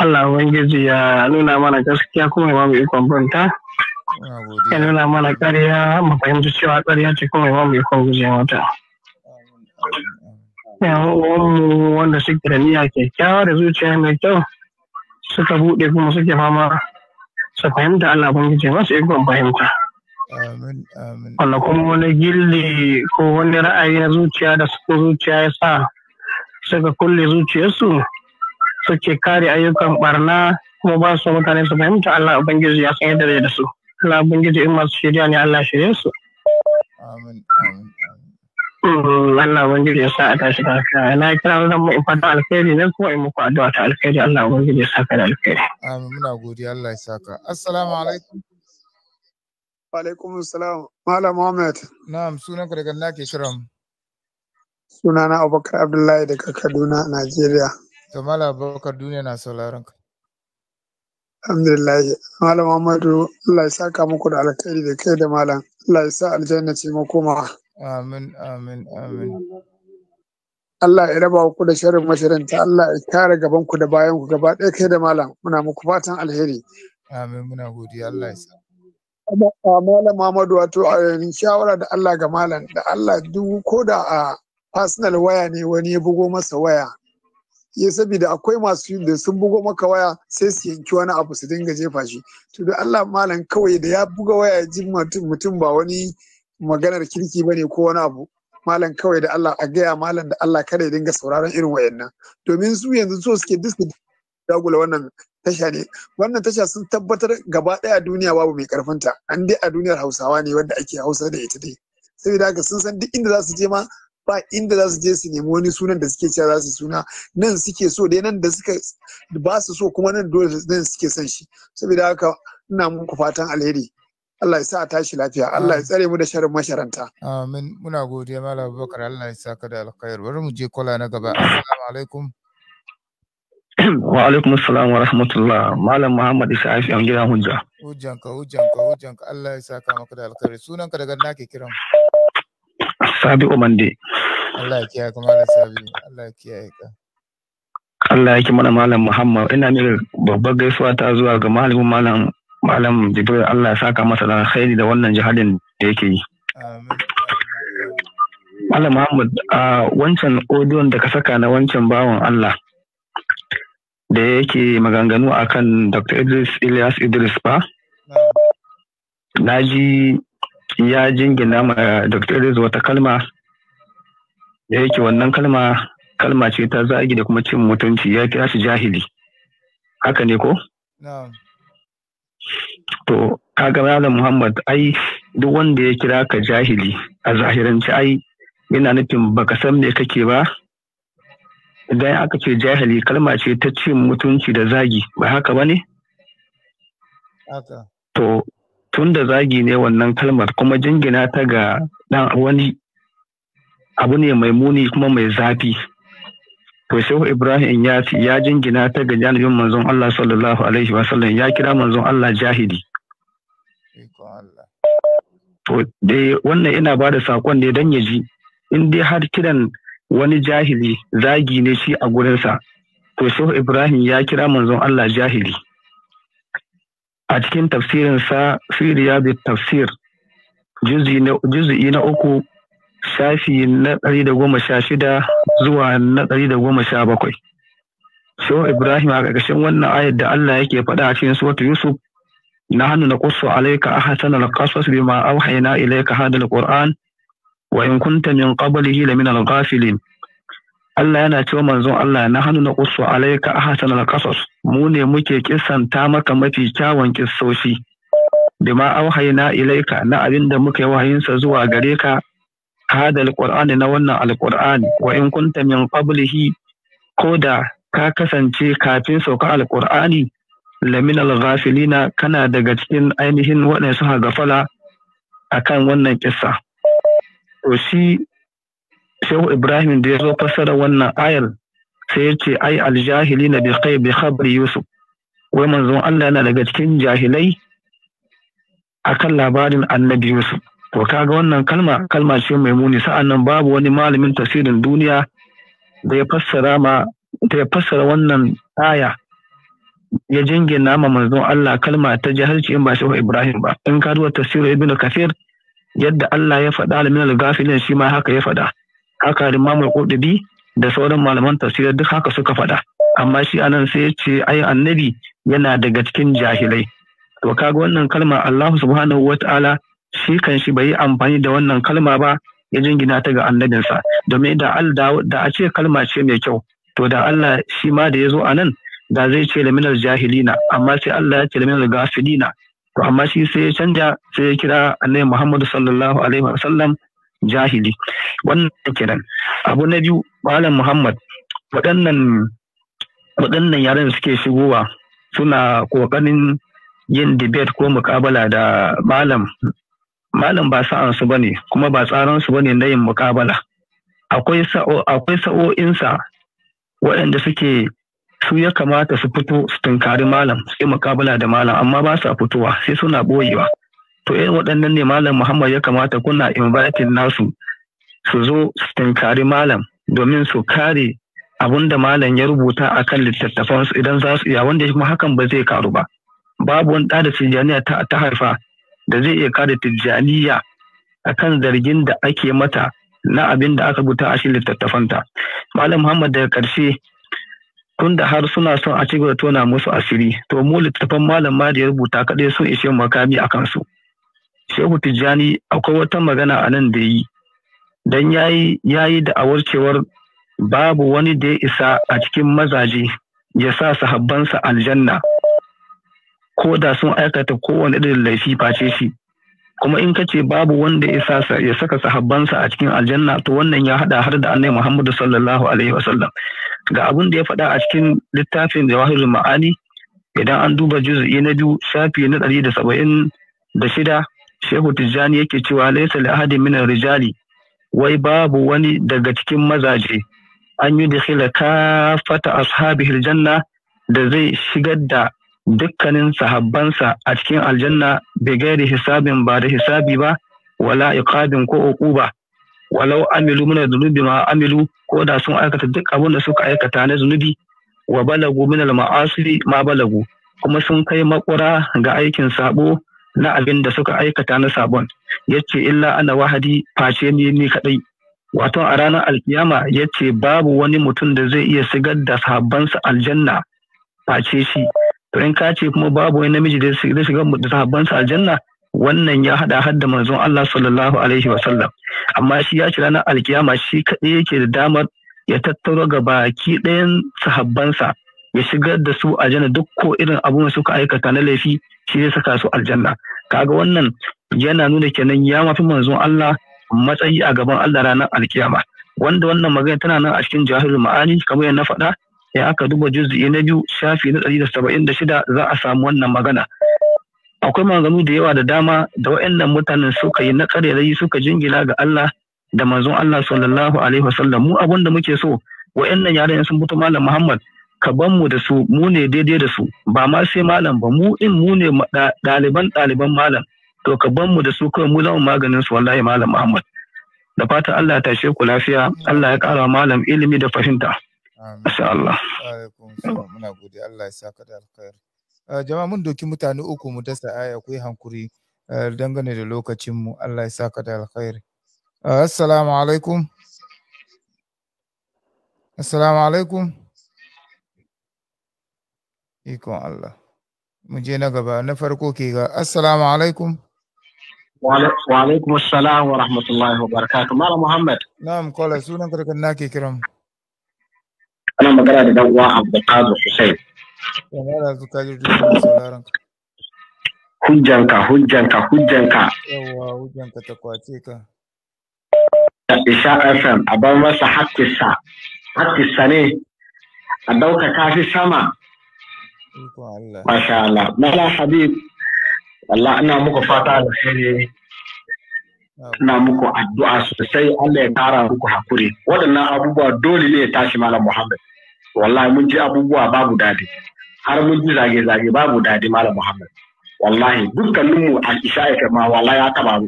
Allah wangiji ya nuna mana gaskiya kuma ya mamu ikon banta. ya nuna mana kariya mu fahimci cewa kariya ce kuma imam bai kwan guje mata yan uwanmu wanda suke da niyya kyakkyawa da zuciya mai kyau suka buɗe kuma suke fama su fahimta Allah ban ubangiji masu ikon fahimta wanda kuma wani gilli ko wani ra'ayi na zuciya da suka zuciya ya sa suka kulle zuciyarsu suke kare ayyukan barna kuma ba su mutane su fahimta Allah ubangiji ya san yadda da su. Allah gidi in masu shirya ne Allah shirye su amin amin mm, Allah gidi ya sa a tashi lafiya na kira wajen mu in fata alkhairi ne kuma in muku addu'a ta alkhairi Allah ubangiji ya ka da alkhairi amin muna godiya Allah ya saka assalamu alaikum wa alaikum assalam malam Muhammad na'am sunan ka daga na ke shirin sunana Abubakar Abdullahi daga Kaduna Najeriya to malam Abubakar duniya na sauraron ka Alhamdulillah. Malam Muhammadu Allah ya saka muku da alkhairi da kai da malam. Allah ya sa aljanna ce makoma. Amin amin amin. Allah ya raba ku da sharrin masharanta Allah ya kare gaban ku da bayan ku gaba ɗaya kai da malam muna muku fatan alheri. Amin muna godiya Allah ya sa. Malam Muhammadu wato a shawara da Allah ga malam da Allah duk ko da a personal waya ne wani ya bugo masa waya ya saboda akwai masu yin da sun bugo maka waya sai su yanki wani abu su dinga jefa shi to da Allah malam kawai da ya buga waya ya ji mutum ba wani maganar kirki bane ko wani abu malam kawai da Allah a gaya malam da Allah kada ya dinga sauraron irin wayannan domin su yanzu so suke diski dagula wannan tasha ne wannan tasha sun tabbatar gaba daya duniya babu mai karfinta an dai a duniyar hausawa ne wanda ake hausa da ita dai saboda haka sun san duk inda za su je ma ba inda za su je su nemi wani sunan da suke cewa za su suna nan suke so dai nan da suka ba su so kuma nan dole nan suke son shi saboda haka ina muku fatan alheri Allah ya sa a tashi lafiya Allah ya tsare mu da sharin masharanta amin muna godiya malam Abubakar Allah ya saka da alkhair bari mu je kola na gaba assalamu alaikum wa alaikum assalam wa rahmatullah malam Muhammad Isa Afi an gida hujja hujjanka hujjanka hujjanka Allah ya saka maka da alkhairi sunanka daga nake kiran mu sabi umande Allah ya kiyaye kuma da sabi Allah ya kiyaye ka Allah ya ki mana malam Muhammad ina mika babbar gaisuwa ta zuwa ga malamin malam malam Jibril Allah ya saka masa da khairi da wannan jihadin da yake yi Malam Muhammad a wancan odiyon da ka saka na wancan bawan Allah da yake maganganu akan Dr. Idris Ilyas Idris ba na ji ya jingina ma eh, Dr. Rizu wata kalma da yake wannan kalma kalma ce ta zagi da kuma cin mutunci ya kira shi jahili haka ne ko? To kaga Malam Muhammad ai duk wanda ya kira ka jahili a zahirance ai yana nufin baka san me kake ba idan aka ce jahili kalma ce ta cin mutunci da zagi ba haka ba ne? To tunda zagi ne wannan kalmar kuma jingina ta ga dan wani abu ne mai muni kuma mai zafi to shehu ibrahim ya ya jingina ta ga janibin manzon Allah sallallahu alaihi Sallam. ya kira manzon Allah jahidi to dai wannan ina ba da sakon ne dan ya ji in dai har kiran wani jahili zagi ne shi a gurinsa to shehu ibrahim ya kira manzon Allah jahili a cikin tafsirinsa fi bi tafsir juz'i na uku shafi na ɗari da goma sha shida zuwa na ɗari da goma sha bakwai. Shehu Ibrahim a ƙarƙashin wannan ayar da Allah yake faɗa a cikin suratu Yusuf na hannu na ƙusu alaika a hasanar al-qasas bima auhayna ilayka hadal qur'an wa in kunta min qablihi la min al-ghafilin Allah yana cewa manzon Allah na hannu na kusu alaika a al-qasas mu ne muke ƙisanta maka mafi kyawun kissoshi bima na ilaika na abin da muka yi wahayinsa zuwa gare ka hada alƙur'ani na wannan alƙur'ani wa in kunta min ko da ka kasance kafin sauka alƙur'ani lamin al-ghafilina kana daga cikin ainihin waɗansu suka gafala akan wannan kisa. to shehu ibrahim da ya zo fassara wannan ayar sai ya ce ai aljahili na bikai bi khabri yusuf wai manzon allah yana daga cikin jahilai akan labarin annabi yusuf to kaga wannan kalma kalma ce mai muni nan babu wani malamin tasirin duniya da ya fassara ma da ya fassara wannan aya ya jingina nama manzon Allah kalma ta jahilci in ba shehu Ibrahim ba in ka duba tafsirin Ibn Kathir yadda Allah ya faɗa al-minal ghafilin shi ma haka ya faɗa haka limamul qurtubi da sauran malaman tafsir duk haka suka faɗa amma shi anan sai ya ce ai annabi yana daga cikin jahilai to kaga wannan kalma Allah subhanahu wataala shi kan shi bai amfani da wannan kalma ba ya jingina ta ga annabinsa domin da al da a ce kalma ce mai kyau to da Allah shi ma da ya zo anan da zai ce laminar jahilina amma sai Allah ya ce laminar gafilina to amma shi sai ya canja sai ya kira annabi Muhammad sallallahu alaihi wasallam jahili wannan kiran abu na biyu malam muhammad waɗannan waɗannan yaran suke shigowa suna ƙoƙarin yin debate ko mukabala da malam malam ba sa'ansu su bane kuma ba tsaransu su bane na yin mukabala akwai sa'o'insa waɗanda suke su ya kamata su fito su tunkari malam yi mukabala da malam amma ba sa fitowa sai suna ɓoyewa to irin eh, waɗannan ne malam muhammad ya kamata kuna inviting nasu su zo su tinkari malam domin su kare abun da malam ya rubuta a kan littattafansu idan za su iya wanda kuma hakan ba zai karu ba babu wani ɗa da tijjaniya ta haifa da zai iya kare tijjaniya a kan zargin da ake mata na abin da aka rubuta a shi littattafanta malam muhammad daga ƙarshe tun da har suna son a ci gaba tona musu asiri to mu littattafan malam ma da ya rubuta kaɗai sun ishe makami a kansu Shehu Tijjani akwai wata magana a nan da yi don ya yi da'awar cewar babu wani da ya isa a cikin mazaje ya sa sahabbansa aljanna ko da sun aikata kowane irin laifi face shi kuma in ka ce babu wanda ya sa ya saka sahabbansa a cikin aljanna to wannan ya haɗa har da annai Muhammadu sallallahu alaihi wasallam ga abin da ya faɗa a cikin littafin Jawahirul Ma'ani idan an duba juz'i na biyu shafi na ɗari da saba'in da shida Shehu Tijjani yake cewa laisa li ahadin min rijali wai babu wani daga cikin mazaje an yi dakhila kafata ashabi aljanna da zai shigar da dukkanin sahabbansa a cikin aljanna bai bigairi hisabin ba da hisabi ba wala iqabin ko uquba walau amilu min dhunubi ma amilu ko da sun aikata duk abin da suka aikata na zunubi wa balagu min al ma'asiri ma balagu kuma sun kai makura ga aikin sabo na abin da suka aikata na sabon yace illa ana wahadi face ni ni kadai wato a ranar alkiyama yace babu wani mutum da zai iya sigar da sahabbansa aljanna face shi to in ka ce kuma babu wani namiji da zai shigar da sahabbansa aljanna wannan ya hada har da manzon Allah sallallahu alaihi wa sallam amma shi ya ce ranar alkiyama shi kadai yake da damar ya tattaro ga baki ɗayan sahabbansa ya shigar da su a aljanna duk ko irin abu suka aikata na laifi shi zai saka su aljanna kaga wannan yana nuna kenan ya mafi manzon Allah matsayi a gaban Allah ranar alkiyama wanda wannan magana tana nan a cikin jahilul ma'ani kamar yana na faɗa ya aka duba juz'i na biyu shafi na ɗari da saba'in da shida za a samu wannan magana akwai maganganu da yawa da dama da waɗannan mutanen suka yi na ƙarerayi suka jingina ga Allah da manzon Allah sallallahu alaihi wasallam mu abin da muke so waɗannan yaran sun mutu malam Muhammad ka ban mu da su mu ne daidai da su ba ma sai malam ba mu in mu ne ɗaliban ɗaliban malam to ka ban mu da su kawai mu zama maganin su wallahi malam Muhammad da fata Allah ya tashe ku lafiya Allah ya ƙara malam ilimi da fahimta Masha Allah. Muna gode Allah ya saka da alkhair eh, Jama'a mun doki mutane uku mu dasa aya ku yi hankuri eh, dangane da lokacinmu Allah ya saka da alkhairi. Eh, assalamu alaikum. Assalamu alaikum. Ikon Allah. Mu je na gaba na farko ke ga Assalamu alaikum. Wa alaikum assalam wa rahmatullahi wa barakatuh. Malam Muhammad. Na'am kola sunan karkan na ke kiran. Ana magana da dan uwa Abdulkadir Hussein. Yana Abdulkadir Hussein sauraron ka. Hujjanka, hujjanka, hujjanka. Yawwa, hujjanka ta kwace ka. Isha FM, a bar masa hakkisa. Hakkisa ne, a ɗaukaka shi sama, Masha Allah. Mala Habib, Allah ina muku fata alheri. Ina muku addu'a sosai Allah ya tara muku hakuri. Waɗannan abubuwa dole ne ya tashi Malam Muhammad. Wallahi mun ji abubuwa babu dadi. Har mun ji zage-zage babu dadi Malam Muhammad. Wallahi dukkaninmu a Isha'i ma wallahi ya taba mu.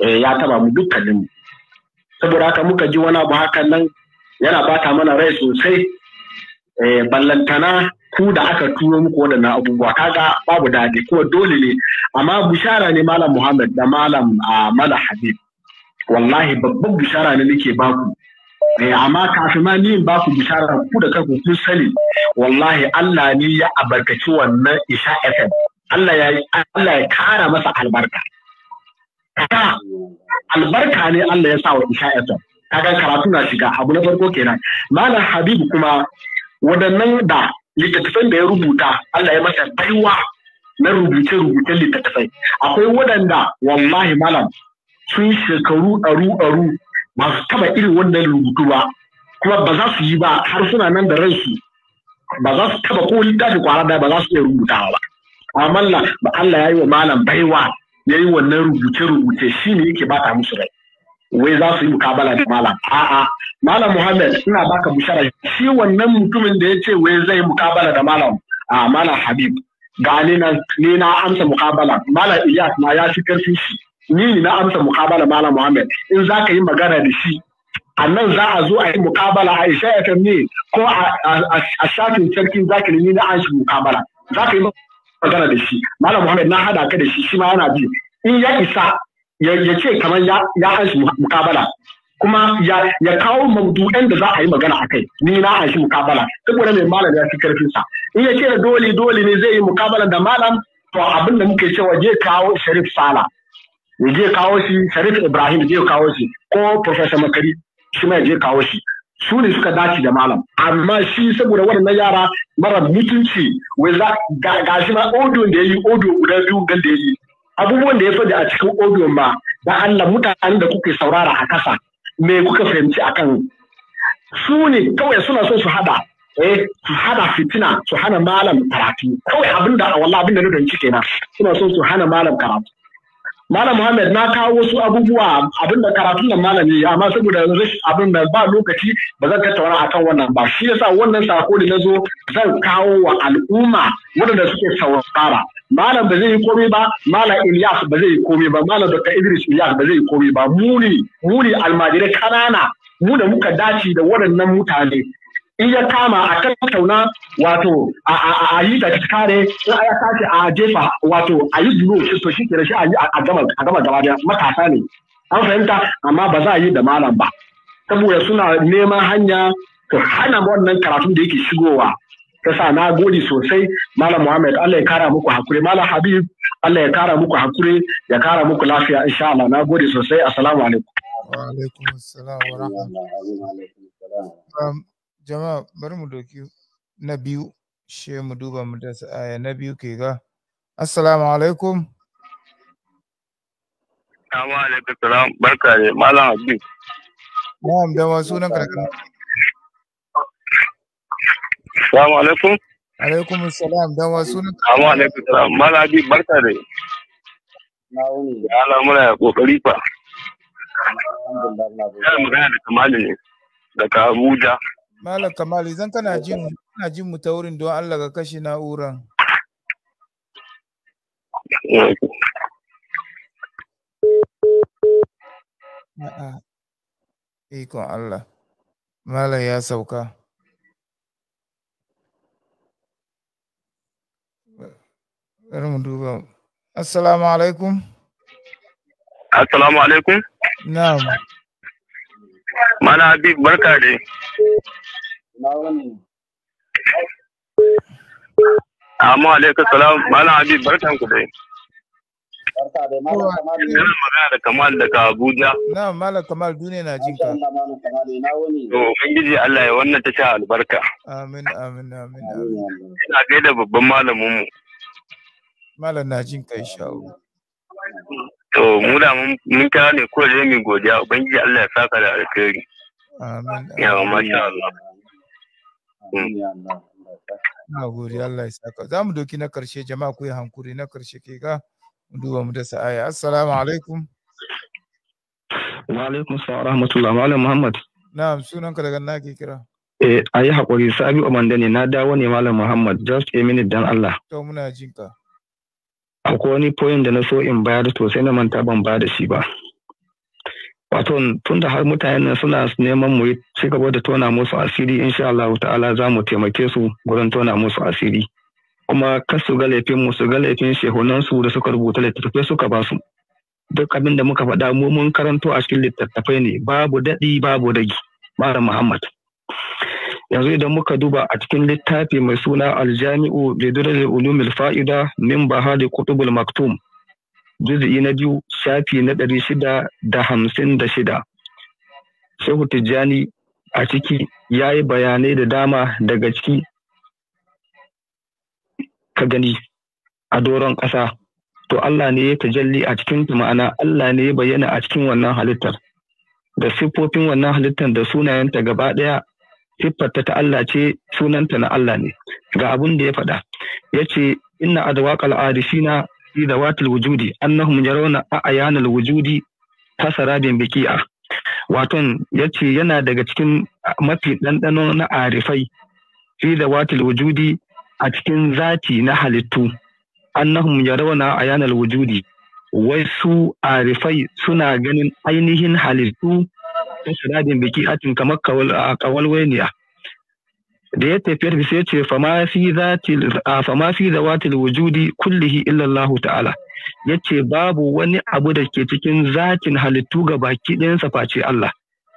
Eh, ya taba mu dukkaninmu. Saboda haka muka ji wani abu hakan nan yana bata mana rai sosai. Eh, ballantana ku da aka turo muku waɗannan abubuwa kaga babu dadi kuma dole ne amma bishara ne malam Muhammad da malam Mala Habib wallahi babban bishara ne nake baku eh, amma kafin ma ni baku ku bishara ku da kanku kun sani wallahi Allah ne ya albarkaci wannan Isha FM Allah ya Allah ya kara masa albarka albarka ne Allah ya sa wa Isha FM kaga karatu na shiga abu na farko kenan malam Habib kuma waɗannan da littattafan da ya rubuta Allah ya masa baiwa na rubuce-rubucen littattafai akwai waɗanda wallahi malam sun shekaru aru-aru ba su taba irin wannan rubutu ba kuma ba za su yi ba har suna nan da ransu ba za su taba ko littafi kwara da ba za su iya rubutawa ba amma Allah ya yi wa malam baiwa ya yi wannan rubuce-rubuce shi ne yake bata musu rai wai za su yi mukabala da malam a'a malam muhammad ina baka bushara shi wannan mutumin da ya ce wai zai mukabala da malam a malam habib ga ni na ni na amsa mukabala malam iyas ma ya fi karfi shi ni na amsa mukabala malam muhammad in za ka yi magana da shi a nan za a zo a yi mukabala a isha fm ne ko a shafin sarkin ka ni na an shi mukabala za ka yi magana da shi malam muhammad na hada ka da shi shi ma yana bi in ya isa ya ce kamar ya an shi mukabala kuma ya kawo maudu'an da za a yi magana a kai ni na an shi mukabala duk wani mai malam ya fi karfin sa in ya ce dole dole ne zai yi mukabala da malam to abin da muke cewa je kawo sharif sala ya je kawo shi sharif ibrahim je kawo shi ko professor makari shi mai je kawo shi su ne suka dace da malam amma shi saboda waɗannan yara mara mutunci wai za ga shi ma odun da ya yi odo guda biyu gan da ya yi abubuwan da ya faɗi a cikin audio ma da Allah mutanen da kuke saurara a kasa me kuka fahimci akan su ne kawai suna so su hada eh, su hada fitina su hana malam karatu kawai abinda wallahi abinda na danci kenan suna so su hana malam karatu Malam Muhammad na kawo wasu abubuwa abin da karatun nan malami amma saboda rashin abin da ba lokaci ba zan tattauna akan wannan ba shi yasa wannan sako ne nazo zan kawo wa al'umma waɗanda suke saurara malam ba zai yi komai ba malam Ilyas ba zai yi komai ba malam Dr. Idris Ilyas ba zai yi komai ba muni muni almajirai kanana mu da muka dace da waɗannan mutane in ya kama a kan kauna wato a yi da kare in ya tashi a jefa wato a yi duro to shi ke shi a gama gaba da matasa ne an fahimta amma ba za a yi da malam ba saboda suna neman hanya su hana wannan karatun da yake shigowa sa na gode sosai malam Muhammad Allah ya kara muku hakuri malam Habib Allah ya kara muku hakuri ya kara muku lafiya insha Allah na gode sosai assalamu alaikum wa alaikum assalam wa rahmatullahi jama'a bari mu doki na biyu she mu duba mu da aya na biyu ke ga assalamu alaikum assalamu alaikum salam barka da malam habib na'am da ma sunan karkara assalamu alaikum alaikum assalam da ma sunan assalamu alaikum salam malam habib barka da Allah muna kokari fa alhamdulillah na magana da Kamalu ne daga Abuja Malam Kamal idan kana jin kana jin mu ta wurin don Allah ka kashe na'uran. A'a. Ikon Allah. Malam ya sauka. Bari mu duba. Assalamu alaikum. Assalamu alaikum. Na'am. Mana Habib barka dai. Amma alaikum salam Malam Habib barkan ku dai. Barka da Malam Kamal. Ina magana da Kamal daga Abuja. Na Malam Kamal duniya na jin ka. To ubangiji Allah ya wannan ta sha albarka. Amin amin amin. Ina gaida babban malamin mu. Malam na jin ka insha Allah. To mu da mun kira ne ko da mu godiya ubangiji Allah ya saka da alkhairi. Amin. Ya masha Allah. Na gode Allah ya saka. Za mu doki na ƙarshe jama'a ku yi hankuri na ƙarshe ke ga duba mu da sa'aya. Assalamu alaikum. Wa alaikum salam wa rahmatullah. Malam Muhammad. Na'am sunanka daga na ke kira. Eh ayi hakuri Sabi Omanda ne na dawo ne Malam Muhammad just a minute dan Allah. To muna jinka. Akwai wani poem da na so in bayar to sai na manta ban ba da shi ba. wato tun da har mutane suna neman mu ci gaba da tona musu asiri insha Allah ta'ala za mu taimake su gurin tona musu asiri kuma kar su ga laifin mu su ga laifin shehunan su da suka rubuta littattafai suka ba su duk abin da muka faɗa mu mun karanto a cikin littattafai ne babu daɗi babu dagi mara Muhammad yanzu idan muka duba a cikin littafi mai suna aljami'u bidurul ulumil fa'ida min bahari kutubul maktum juz'i na biyu shafi na ɗari shida da hamsin da shida. Shehu Tijjani a ciki ya yi bayanai da dama daga ciki ka gani a doron ƙasa. To Allah ne ya tajalli a cikin ma'ana Allah ne ya bayyana a cikin wannan halittar. Da siffofin wannan halittar da sunayenta gaba ɗaya siffarta ta Allah ce sunanta na Allah ne ga abin da ya faɗa ya ce inna adwaqal arifina fi zawatul wujudi annahum yarawna a'yanal wujudi kasarabin biki'a waton yace yana daga cikin mafi dandano na arifai fi zawatul wujudi a cikin zati na halittu annahum yarawna a'yanal wujudi wai su arifai suna ganin ainihin halittu kasarabin biki'atin kamar kawalwainiya da ya tafiyar bisa ya ce fama fi fi wujudi kullihi illa Allah ta'ala ce babu wani abu da ke cikin zakin halittu ga baki ɗayansa face Allah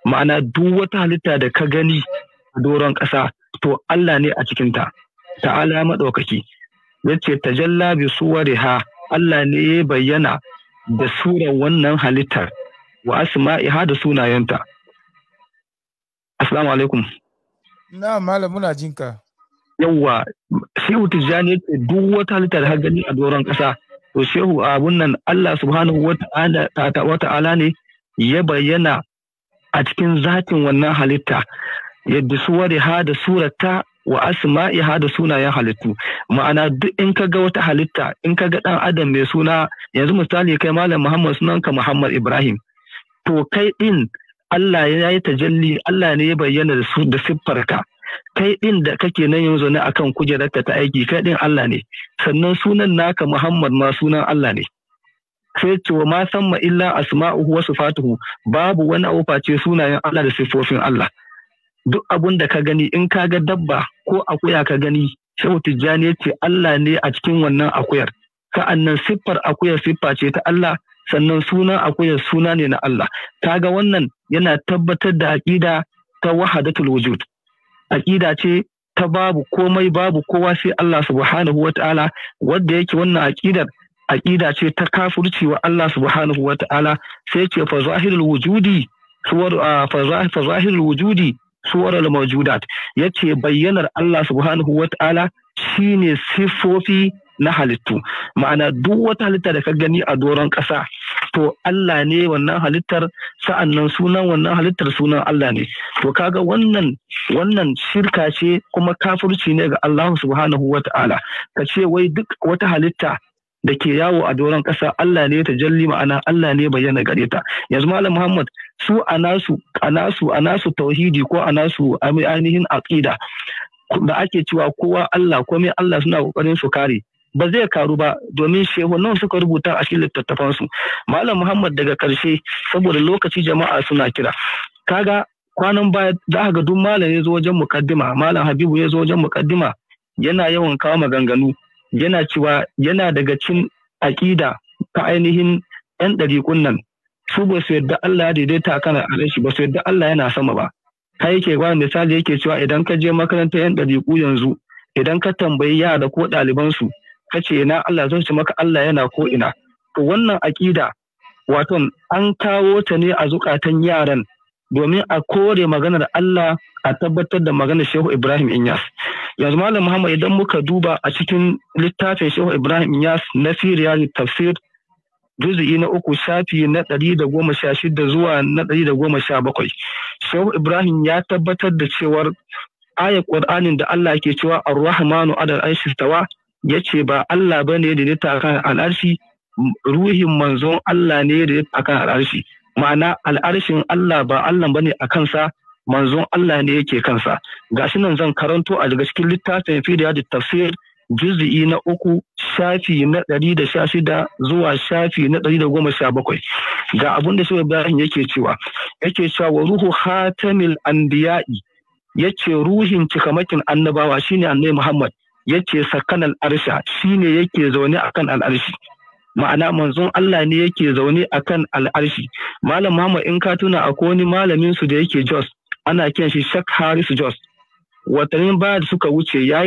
ma'ana duk wata halitta da ka gani a doron ƙasa to Allah ne a cikin cikinta ta'ala maɗaukaki yace tajalla bi ha Allah ne ya bayyana da surar wannan halittar wa asma'iha da sunayenta assalamu alaikum na malam muna jinka yawwa shehu tijjani yake duk wata halitta da gani a doron ƙasa to shehu abun nan Allah subhanahu wa ta'ala ne ya bayyana a cikin zatin wannan halitta yadda suwari ha da surata wa asma'i ha da sunayen halittu ma'ana duk in ka ga wata halitta in ka ga ɗan adam mai suna yanzu misali kai malam Muhammad sunanka Muhammad Ibrahim to kai ɗin. Allah ya yi tajalli Allah ne ya bayyana da siffarka kai din da kake nan yanzu ne akan kujerarka ta aiki kai din Allah ne sannan sunan naka Muhammad ma sunan Allah ne sai ce wa ma samma illa asma'uhu wa sifatuhu babu wani abu face sunayen Allah da siffofin Allah duk abun da ka gani in ka ga dabba ko akuya ka gani sai tijjani ya ce Allah ne a cikin wannan akuyar sa'annan siffar akuyar siffa ce ta Allah sannan sunan akwai suna ne na Allah kaga wannan yana tabbatar da aƙida ta wahadatul wujud aƙida ce ta babu komai babu kowa sai Allah subhanahu wataala wanda yake wannan aƙidar aƙida ce ta kafirci wa Allah subhanahu wataala sai ce fa zahirul wujudi suwar fa zahirul wujudi suwar al-mawjudat yace bayyanar Allah subhanahu wataala shine sifofi na halittu ma'ana duk wata halitta da ka gani a doron ƙasa to Allah ne wannan halittar nan sunan wannan halittar sunan Allah ne to kaga wannan wannan shirka ce kuma kafirci ne ga Allah subhanahu wata'ala ka ce wai duk wata halitta da ke yawo a doron ƙasa Allah ne ta jalli ma'ana Allah ne bayyana gare ta yanzu malam Muhammad su a nasu a tauhidi ko a nasu ainihin aqida da ake cewa kowa Allah komai Allah suna ƙoƙarin su kare ba zai karu ba domin shehunan suka rubuta a cikin littattafansu malam muhammad daga karshe saboda lokaci jama'a suna kira kaga kwanan baya za ga duk malam ya zo wajen mukaddima malam habibu ya zo wajen mukaddima yana yawan kawo maganganu yana cewa yana daga cin aƙida ta ainihin 'yan ɗariƙun nan su ba su yadda Allah ya daidaita kan al'arshi ba su yadda Allah yana sama ba kai yake ba misali yake cewa idan ka je makarantar yan ɗabi'u yanzu idan ka tambayi yara ko ɗalibansu. ka ce na Allah Zan ce maka Allah yana ko ina to wannan aƙida wato an kawo ta ne a zukatan yaran domin a kore maganar Allah a tabbatar da maganar Shehu Ibrahim Inyas yanzu Malam Muhammad idan muka duba a cikin littafin Shehu Ibrahim Inyas na Siriyar Tafsir juzi'i na uku shafi na ɗari da goma sha shida zuwa na ɗari da goma sha bakwai. Shehu Ibrahim ya tabbatar da cewar ayar Ƙur'anin da Allah ke cewa Ar-Rahmanu adal Aishistawa ya ce ba Allah ba ne da ta kan al'arshi ruhin manzon Allah ne da ta kan al'arshi ma'ana al'arshin Allah ba Allah ba ne a kansa manzon Allah ne yake kansa ga shi nan zan karanto a daga cikin littafin fidiya da tafsir juz'i na uku shafi na ɗari da sha shida zuwa shafi na ɗari da goma sha bakwai ga abin da shi bayan yake cewa yake cewa wa ruhu hatamil anbiya'i yace ruhin cikamakin annabawa shine annabi Muhammad yace sakan al'arsha shine yake zaune akan al'arshi ma'ana manzon Allah ne yake zaune akan al'arshi malam Muhammad in ka tuna akwai wani malamin su da yake Jos ana kiran shi Sheikh Haris Jos watannin baya da suka wuce ya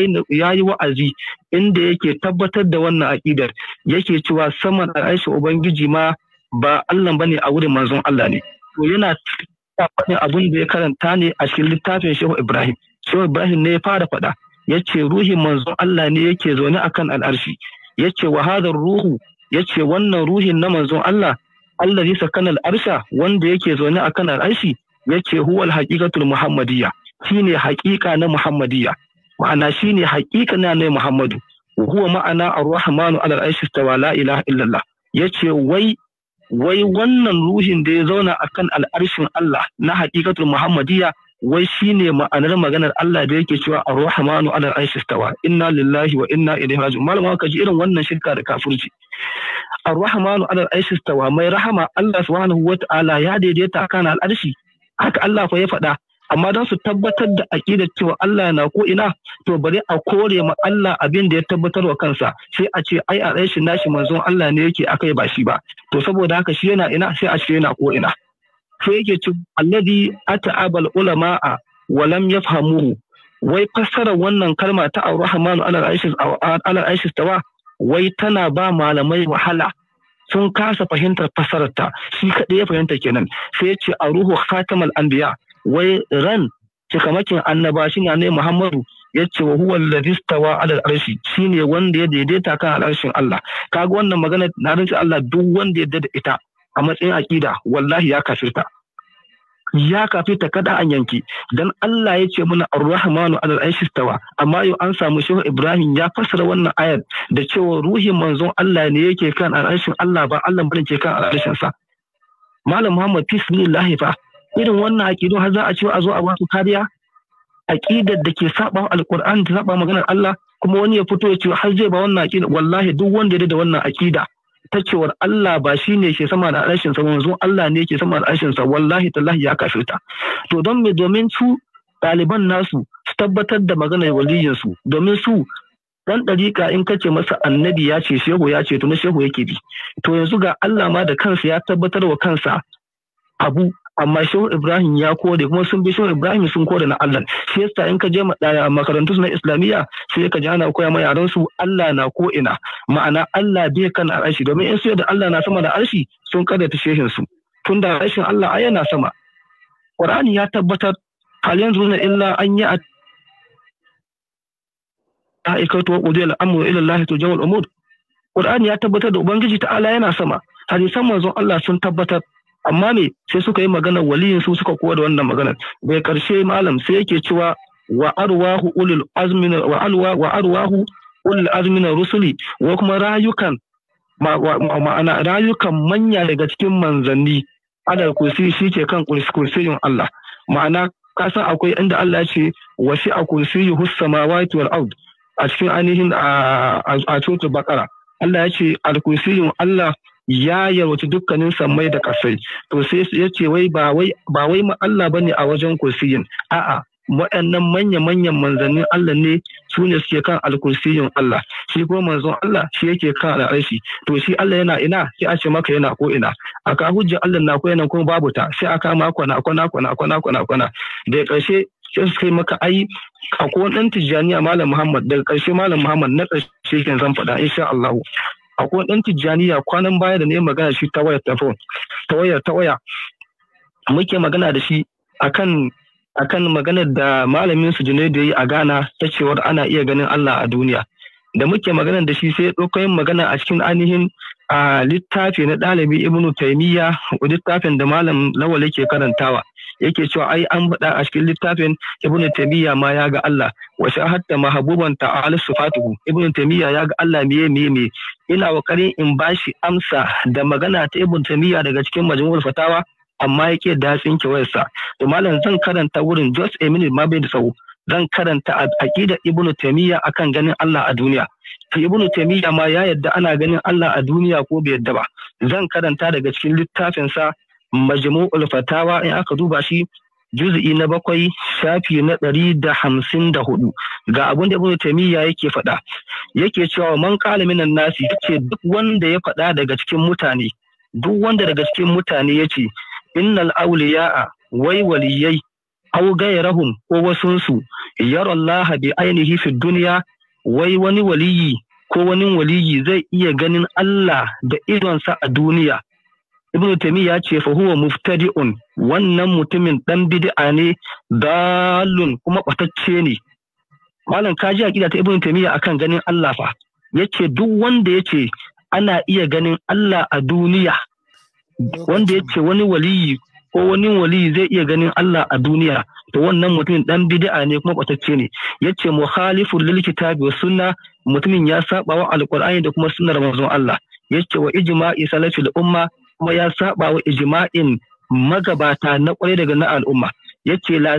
yi wa'azi inda yake tabbatar da wannan aƙidar yake cewa saman al'arshi ubangiji ma ba Allah bane a wurin manzon Allah ne to yana abin da ya karanta ne a cikin littafin Shehu Ibrahim Shehu Ibrahim ne ya fara faɗa yace ruhin manzon Allah ne yake zaune akan al'arshi yace wa hadar ruhu yace wannan ruhin na manzon Allah allazi sakana al'arsha wanda yake zaune akan al'arshi yace huwa al-haqiqatul muhammadiyya shine haƙiƙa na muhammadiyya ma'ana shine haƙiƙa na ne muhammadu huwa ma'ana ar-rahmanu ala al tawa la ilaha illallah yace wai wai wannan ruhin da ya zauna akan al'arshin Allah na haƙiƙatul muhammadiyya wai shine ma'anar maganar Allah da yake cewa ar-rahmanu ala al-arshi inna lillahi wa inna ilaihi raji'un malama ka ji irin wannan shirka da kafirci ar-rahmanu ala al-arshi mai rahama Allah subhanahu ta'ala ya daidaita kan al-arshi haka Allah fa ya faɗa amma don su tabbatar da aƙidar cewa Allah na ko ina to bari a kore ma Allah abin da ya tabbatar wa kansa sai a ce ai a rashin nashi manzon Allah ne yake akai ba shi ba to saboda haka shi yana ina sai a ce yana ko ina sai yake ce alladhi ata'abal ulama'a wa lam yafhamuhu wai fassara wannan kalma ta ar-rahmanu ala tawa wai tana ba malamai wahala sun kasa fahimtar fassararta shi kaɗai ya fahimta kenan sai ya ce a khatamal anbiya wai ran cikamakin annaba shi ne muhammadu ya ce wa huwa alladhi stawa ala al-arshi shine wanda ya daidaita kan al-arshin Allah kaga wannan magana na rinci Allah duk wanda ya da ita a matsayin aƙida wallahi ya kafirta ya kafirta kada an yanki dan Allah ya ce mana ar-rahmanu alal aishistawa amma yau an samu shehu Ibrahim ya fassara wannan ayat da cewa ruhin manzon Allah ne yake kan al'arshin Allah ba Allah bane ke kan al'arshin sa malam Muhammad bismillah fa irin wannan aqidu har za a ce a zo a wasu kariya aqidar da ke saba al-qur'an da saba maganar Allah kuma wani ya fito ya ce har zai ba wannan aqida wallahi duk wanda ya da wannan aqida ta cewa Allah ba shi ne ke sama da arshin sa wanzu Allah ne ke sama da arshin sa wallahi tallahi ya ta to don me domin su ɗaliban nasu su tabbatar da maganar waliyin su domin su dan ɗariƙa in kace masa annabi ya ce shehu ya ce to na shehu yake bi to yanzu ga Allah ma da kansa ya tabbatar wa kansa abu amma shehu ibrahim ya kore kuma sun bi shehu ibrahim sun kore na allah shi yasa in ka je eh, makarantu na islamiyya sai ka ji ana koya ma yaran su allah na ko ina ma'ana allah bai kan arshi domin in su da allah na sama da arshi sun ta shehin su tun da arshin allah ai yana sama qur'ani ya tabbatar hal yanzu illa an yi a aikatu wa qudiyal amru ila allah tujawal umur qur'ani ya tabbatar da ubangiji ta'ala yana sama hadisan manzon allah sun tabbatar amma me sai suka yi magana waliyin su suka kowa da wannan maganar bai karshe malam sai yake cewa wa arwahu ulul azmin wa alwa wa arwahu ulul azmin rusuli wa kuma rayukan ma'ana rayukan manya daga cikin manzanni adal kursi shi ke kan kursiyin Allah ma'ana ka san akwai inda Allah ce wa shi a kursiyi hussamawati wal ard a cikin ainihin a a bakara Allah ya ce al kursiyin Allah ya yalwaci dukkanin sammai da kasai to sai ya ce wai ba wai ma Allah Allah bane a wajen kursiyin a'a waɗannan manya-manyan manzannin Allah ne su ne suke kan alkursiyin Allah shi ko manzon Allah shi yake kan al'arshi to shi Allah yana ina sai a ce maka yana ko ina a ka hujja Allah na koyan kuma babu ta sai a kama kwana kwana kwana kwana kwana kwana da ƙarshe sai suka yi maka ai a ko ɗan tijjaniya malam Muhammad daga ƙarshe malam Muhammad na ƙarshe kin zan faɗa insha Allah akwai ɗan tijjaniya kwanan baya da na yi magana shi ta wayar ta wayar ta waya muke magana da shi akan akan maganar da malamin su da yi a Ghana ta cewar ana iya ganin Allah a duniya da muke magana da shi sai ya magana a cikin ainihin a littafi na ɗalibi Taimiyya taimiyya littafin da malam Lawal yake karantawa yake cewa ai an faɗa a cikin littafin ibnu taymiya ma ya ga Allah wa hatta mahbuban ta'ala sifatuhu ibnu taymiya ya ga Allah miye miye miye ina kokarin in bashi amsa da magana ta ibnu taymiya daga cikin majmu'ul fatawa amma yake datsin wayarsa to malam zan karanta wurin just a minute ma bai da tsawo zan karanta aqida ibnu taymiya akan ganin Allah a duniya ibnu taymiya ma ya yadda ana ganin Allah a duniya ko bai yadda ba zan karanta daga cikin littafin sa majmu'ul fatawa in aka duba shi juz'i na bakwai shafi na ɗari da hamsin da hudu ga abin da ibnu taymiya yake faɗa yake cewa man qala minan nasi yace duk wanda ya faɗa daga cikin mutane duk wanda daga cikin mutane yace innal awliya'a wai waliyai aw gairahum ko wasunsu yara Allah bi ainihi fi duniya wai wani waliyi ko wani waliyi zai iya ganin Allah da idonsa a duniya ibnu taimiyya ya ce fa huwa muftadi'un wannan mutumin dan bid'a ne dalun kuma batacce ne malam kaji aqida ta ibn taimiyya akan ganin Allah fa yace duk wanda yace ana iya ganin Allah a duniya wanda yace wani waliyi ko wani waliyi zai iya ganin Allah a duniya to wannan mutumin dan bid'a ne kuma batacce ne yace mukhalifun lil kitabi wa sunna mutumin ya saba wa alqur'ani da kuma sunnar manzon Allah yace wa ijma'i salafil umma kuma ya saba wa ijma'in magabata na kwarai daga na al'umma yace la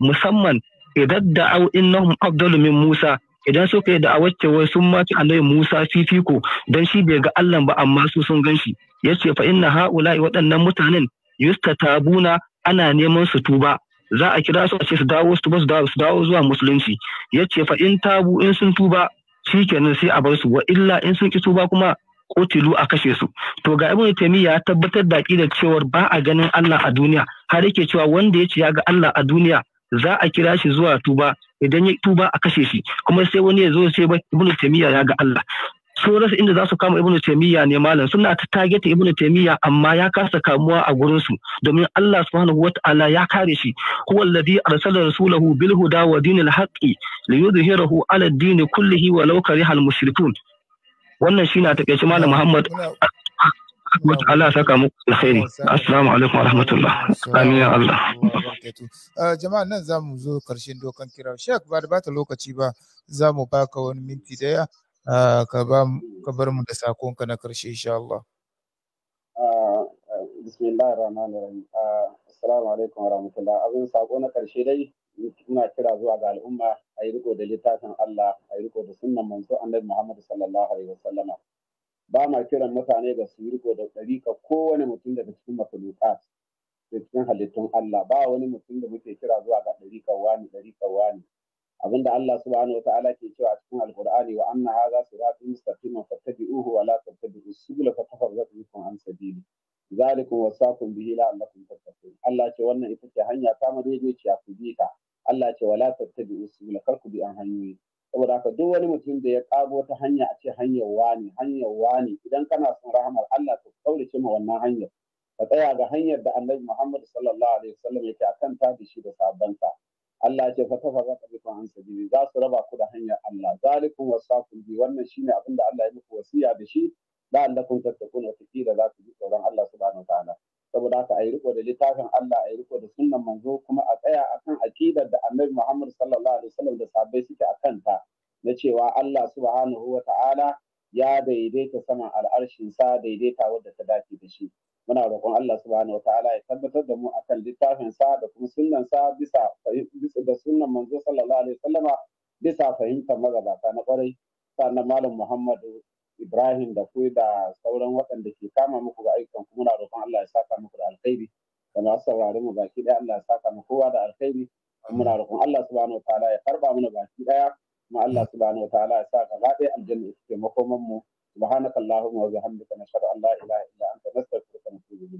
musamman idan da'au innahum afdalu min Musa idan suka da da'awar wai sun ci annabi Musa fifiko dan shi bai ga Allah ba amma su sun ganshi. shi yace fa inna haula'i waɗannan mutanen yustatabuna ana neman su tuba za a kira su a ce su dawo su tuba su dawo su dawo zuwa musulunci yace fa in tabu in sun tuba shikenan sai a bar su wa illa in sun ki tuba kuma kotilu a kashe su to ga Ibn taymiya ya tabbatar da aqidar cewar ba a ganin Allah a duniya har yake cewa wanda ya ce ya ga Allah a duniya za a kira shi zuwa tuba idan ya tuba a kashe shi kuma sai wani ya zo sai ba Ibn taymiya ya ga Allah sun rasa inda za su kama Ibn taymiya ne malam suna ta tageta Ibn taymiya amma ya kasa kamuwa a gurin su domin Allah subhanahu wataala ya kare shi huwa alladhi arsala rasulahu bil huda wa dinil haqqi liyudhhirahu ala ad-din kullihi walau karihal mushrikun wannan shi na takaice malam Muhammad Allah saka muku alkhairi assalamu alaikum wa rahmatullah amin Allah uh, jama'a nan za mu zo karshen dokan kira shek ba da ba ta lokaci ba za mu baka wani minti daya uh, ka bar mu da sakonka na karshe insha Allah uh, bismillahir rahmanir rahim assalamu alaikum wa rahmatullah abin sako na karshe dai suna kira zuwa ga al'umma a yi riko da littafin Allah a yi riko da sunan manzo annabi Muhammad sallallahu alaihi wasallama ba ma kiran mutane da su yi riko da ɗarika kowane mutum daga cikin makhluqat da cikin halittun Allah ba wani mutum da muke kira zuwa ga ɗarika wani ɗarika wani abinda Allah subhanahu wa ta'ala ke cewa a cikin alqur'ani wa anna hadha siratun mustaqiman fattabi'uhu wa la tattabi'us subula fatafarraqu bikum an sabili zalikum wasaqum bihi la'allakum tattaqun Allah ce wannan ita ce hanya ta madaidaiciya ku bi ta Allah ce wala tattabi usula kar ku bi an hanyoyi saboda haka duk wani mutum da ya kago ta hanya a ce hanyar wani hanyar wani idan kana son rahmar Allah ka kaurace ma wannan hanyar ka tsaya ga hanyar da Annabi Muhammad sallallahu alaihi wasallam yake akan ta da shi da sabansa Allah ce fa tafarraqa bikum an sabili za su raba ku da hanyar Allah zalikum wasakum bi wannan shine abin da Allah ya muku wasiya da shi kun tattauna wa da za ku ji tsoron Allah subhanahu wa ta'ala saboda haka a yi riko da littafin Allah a yi riko da sunnan manzo kuma a tsaya akan akidar da Annabi Muhammad sallallahu alaihi wasallam da sahabbai suke a kanta na cewa Allah subhanahu wa ta'ala ya daidaita saman al'arshin sa daidaita wadda ta dace da shi muna roƙon Allah subhanahu wa ta'ala ya tabbatar da mu akan littafin sa da kuma sunnan sa bisa da manzo sallallahu alaihi wasallama bisa fahimtar magabata na kwarai sannan malam Muhammadu Ibrahim da ku da sauran waɗanda ke kama muku ga ayyukan kuma muna roƙon Allah ya saka muku da alkhairi da masu saurare mu baki ɗaya Allah ya saka mu kowa da alkhairi na roƙon Allah subhanahu wa ta'ala ya karba mana baki ɗaya kuma Allah subhanahu wa ta'ala ya saka gaba aljanna ita taimako makoman mu subhanakallahumma wa bihamdika nashhadu an la ilaha illa anta nastaghfiruka wa natubu ilayk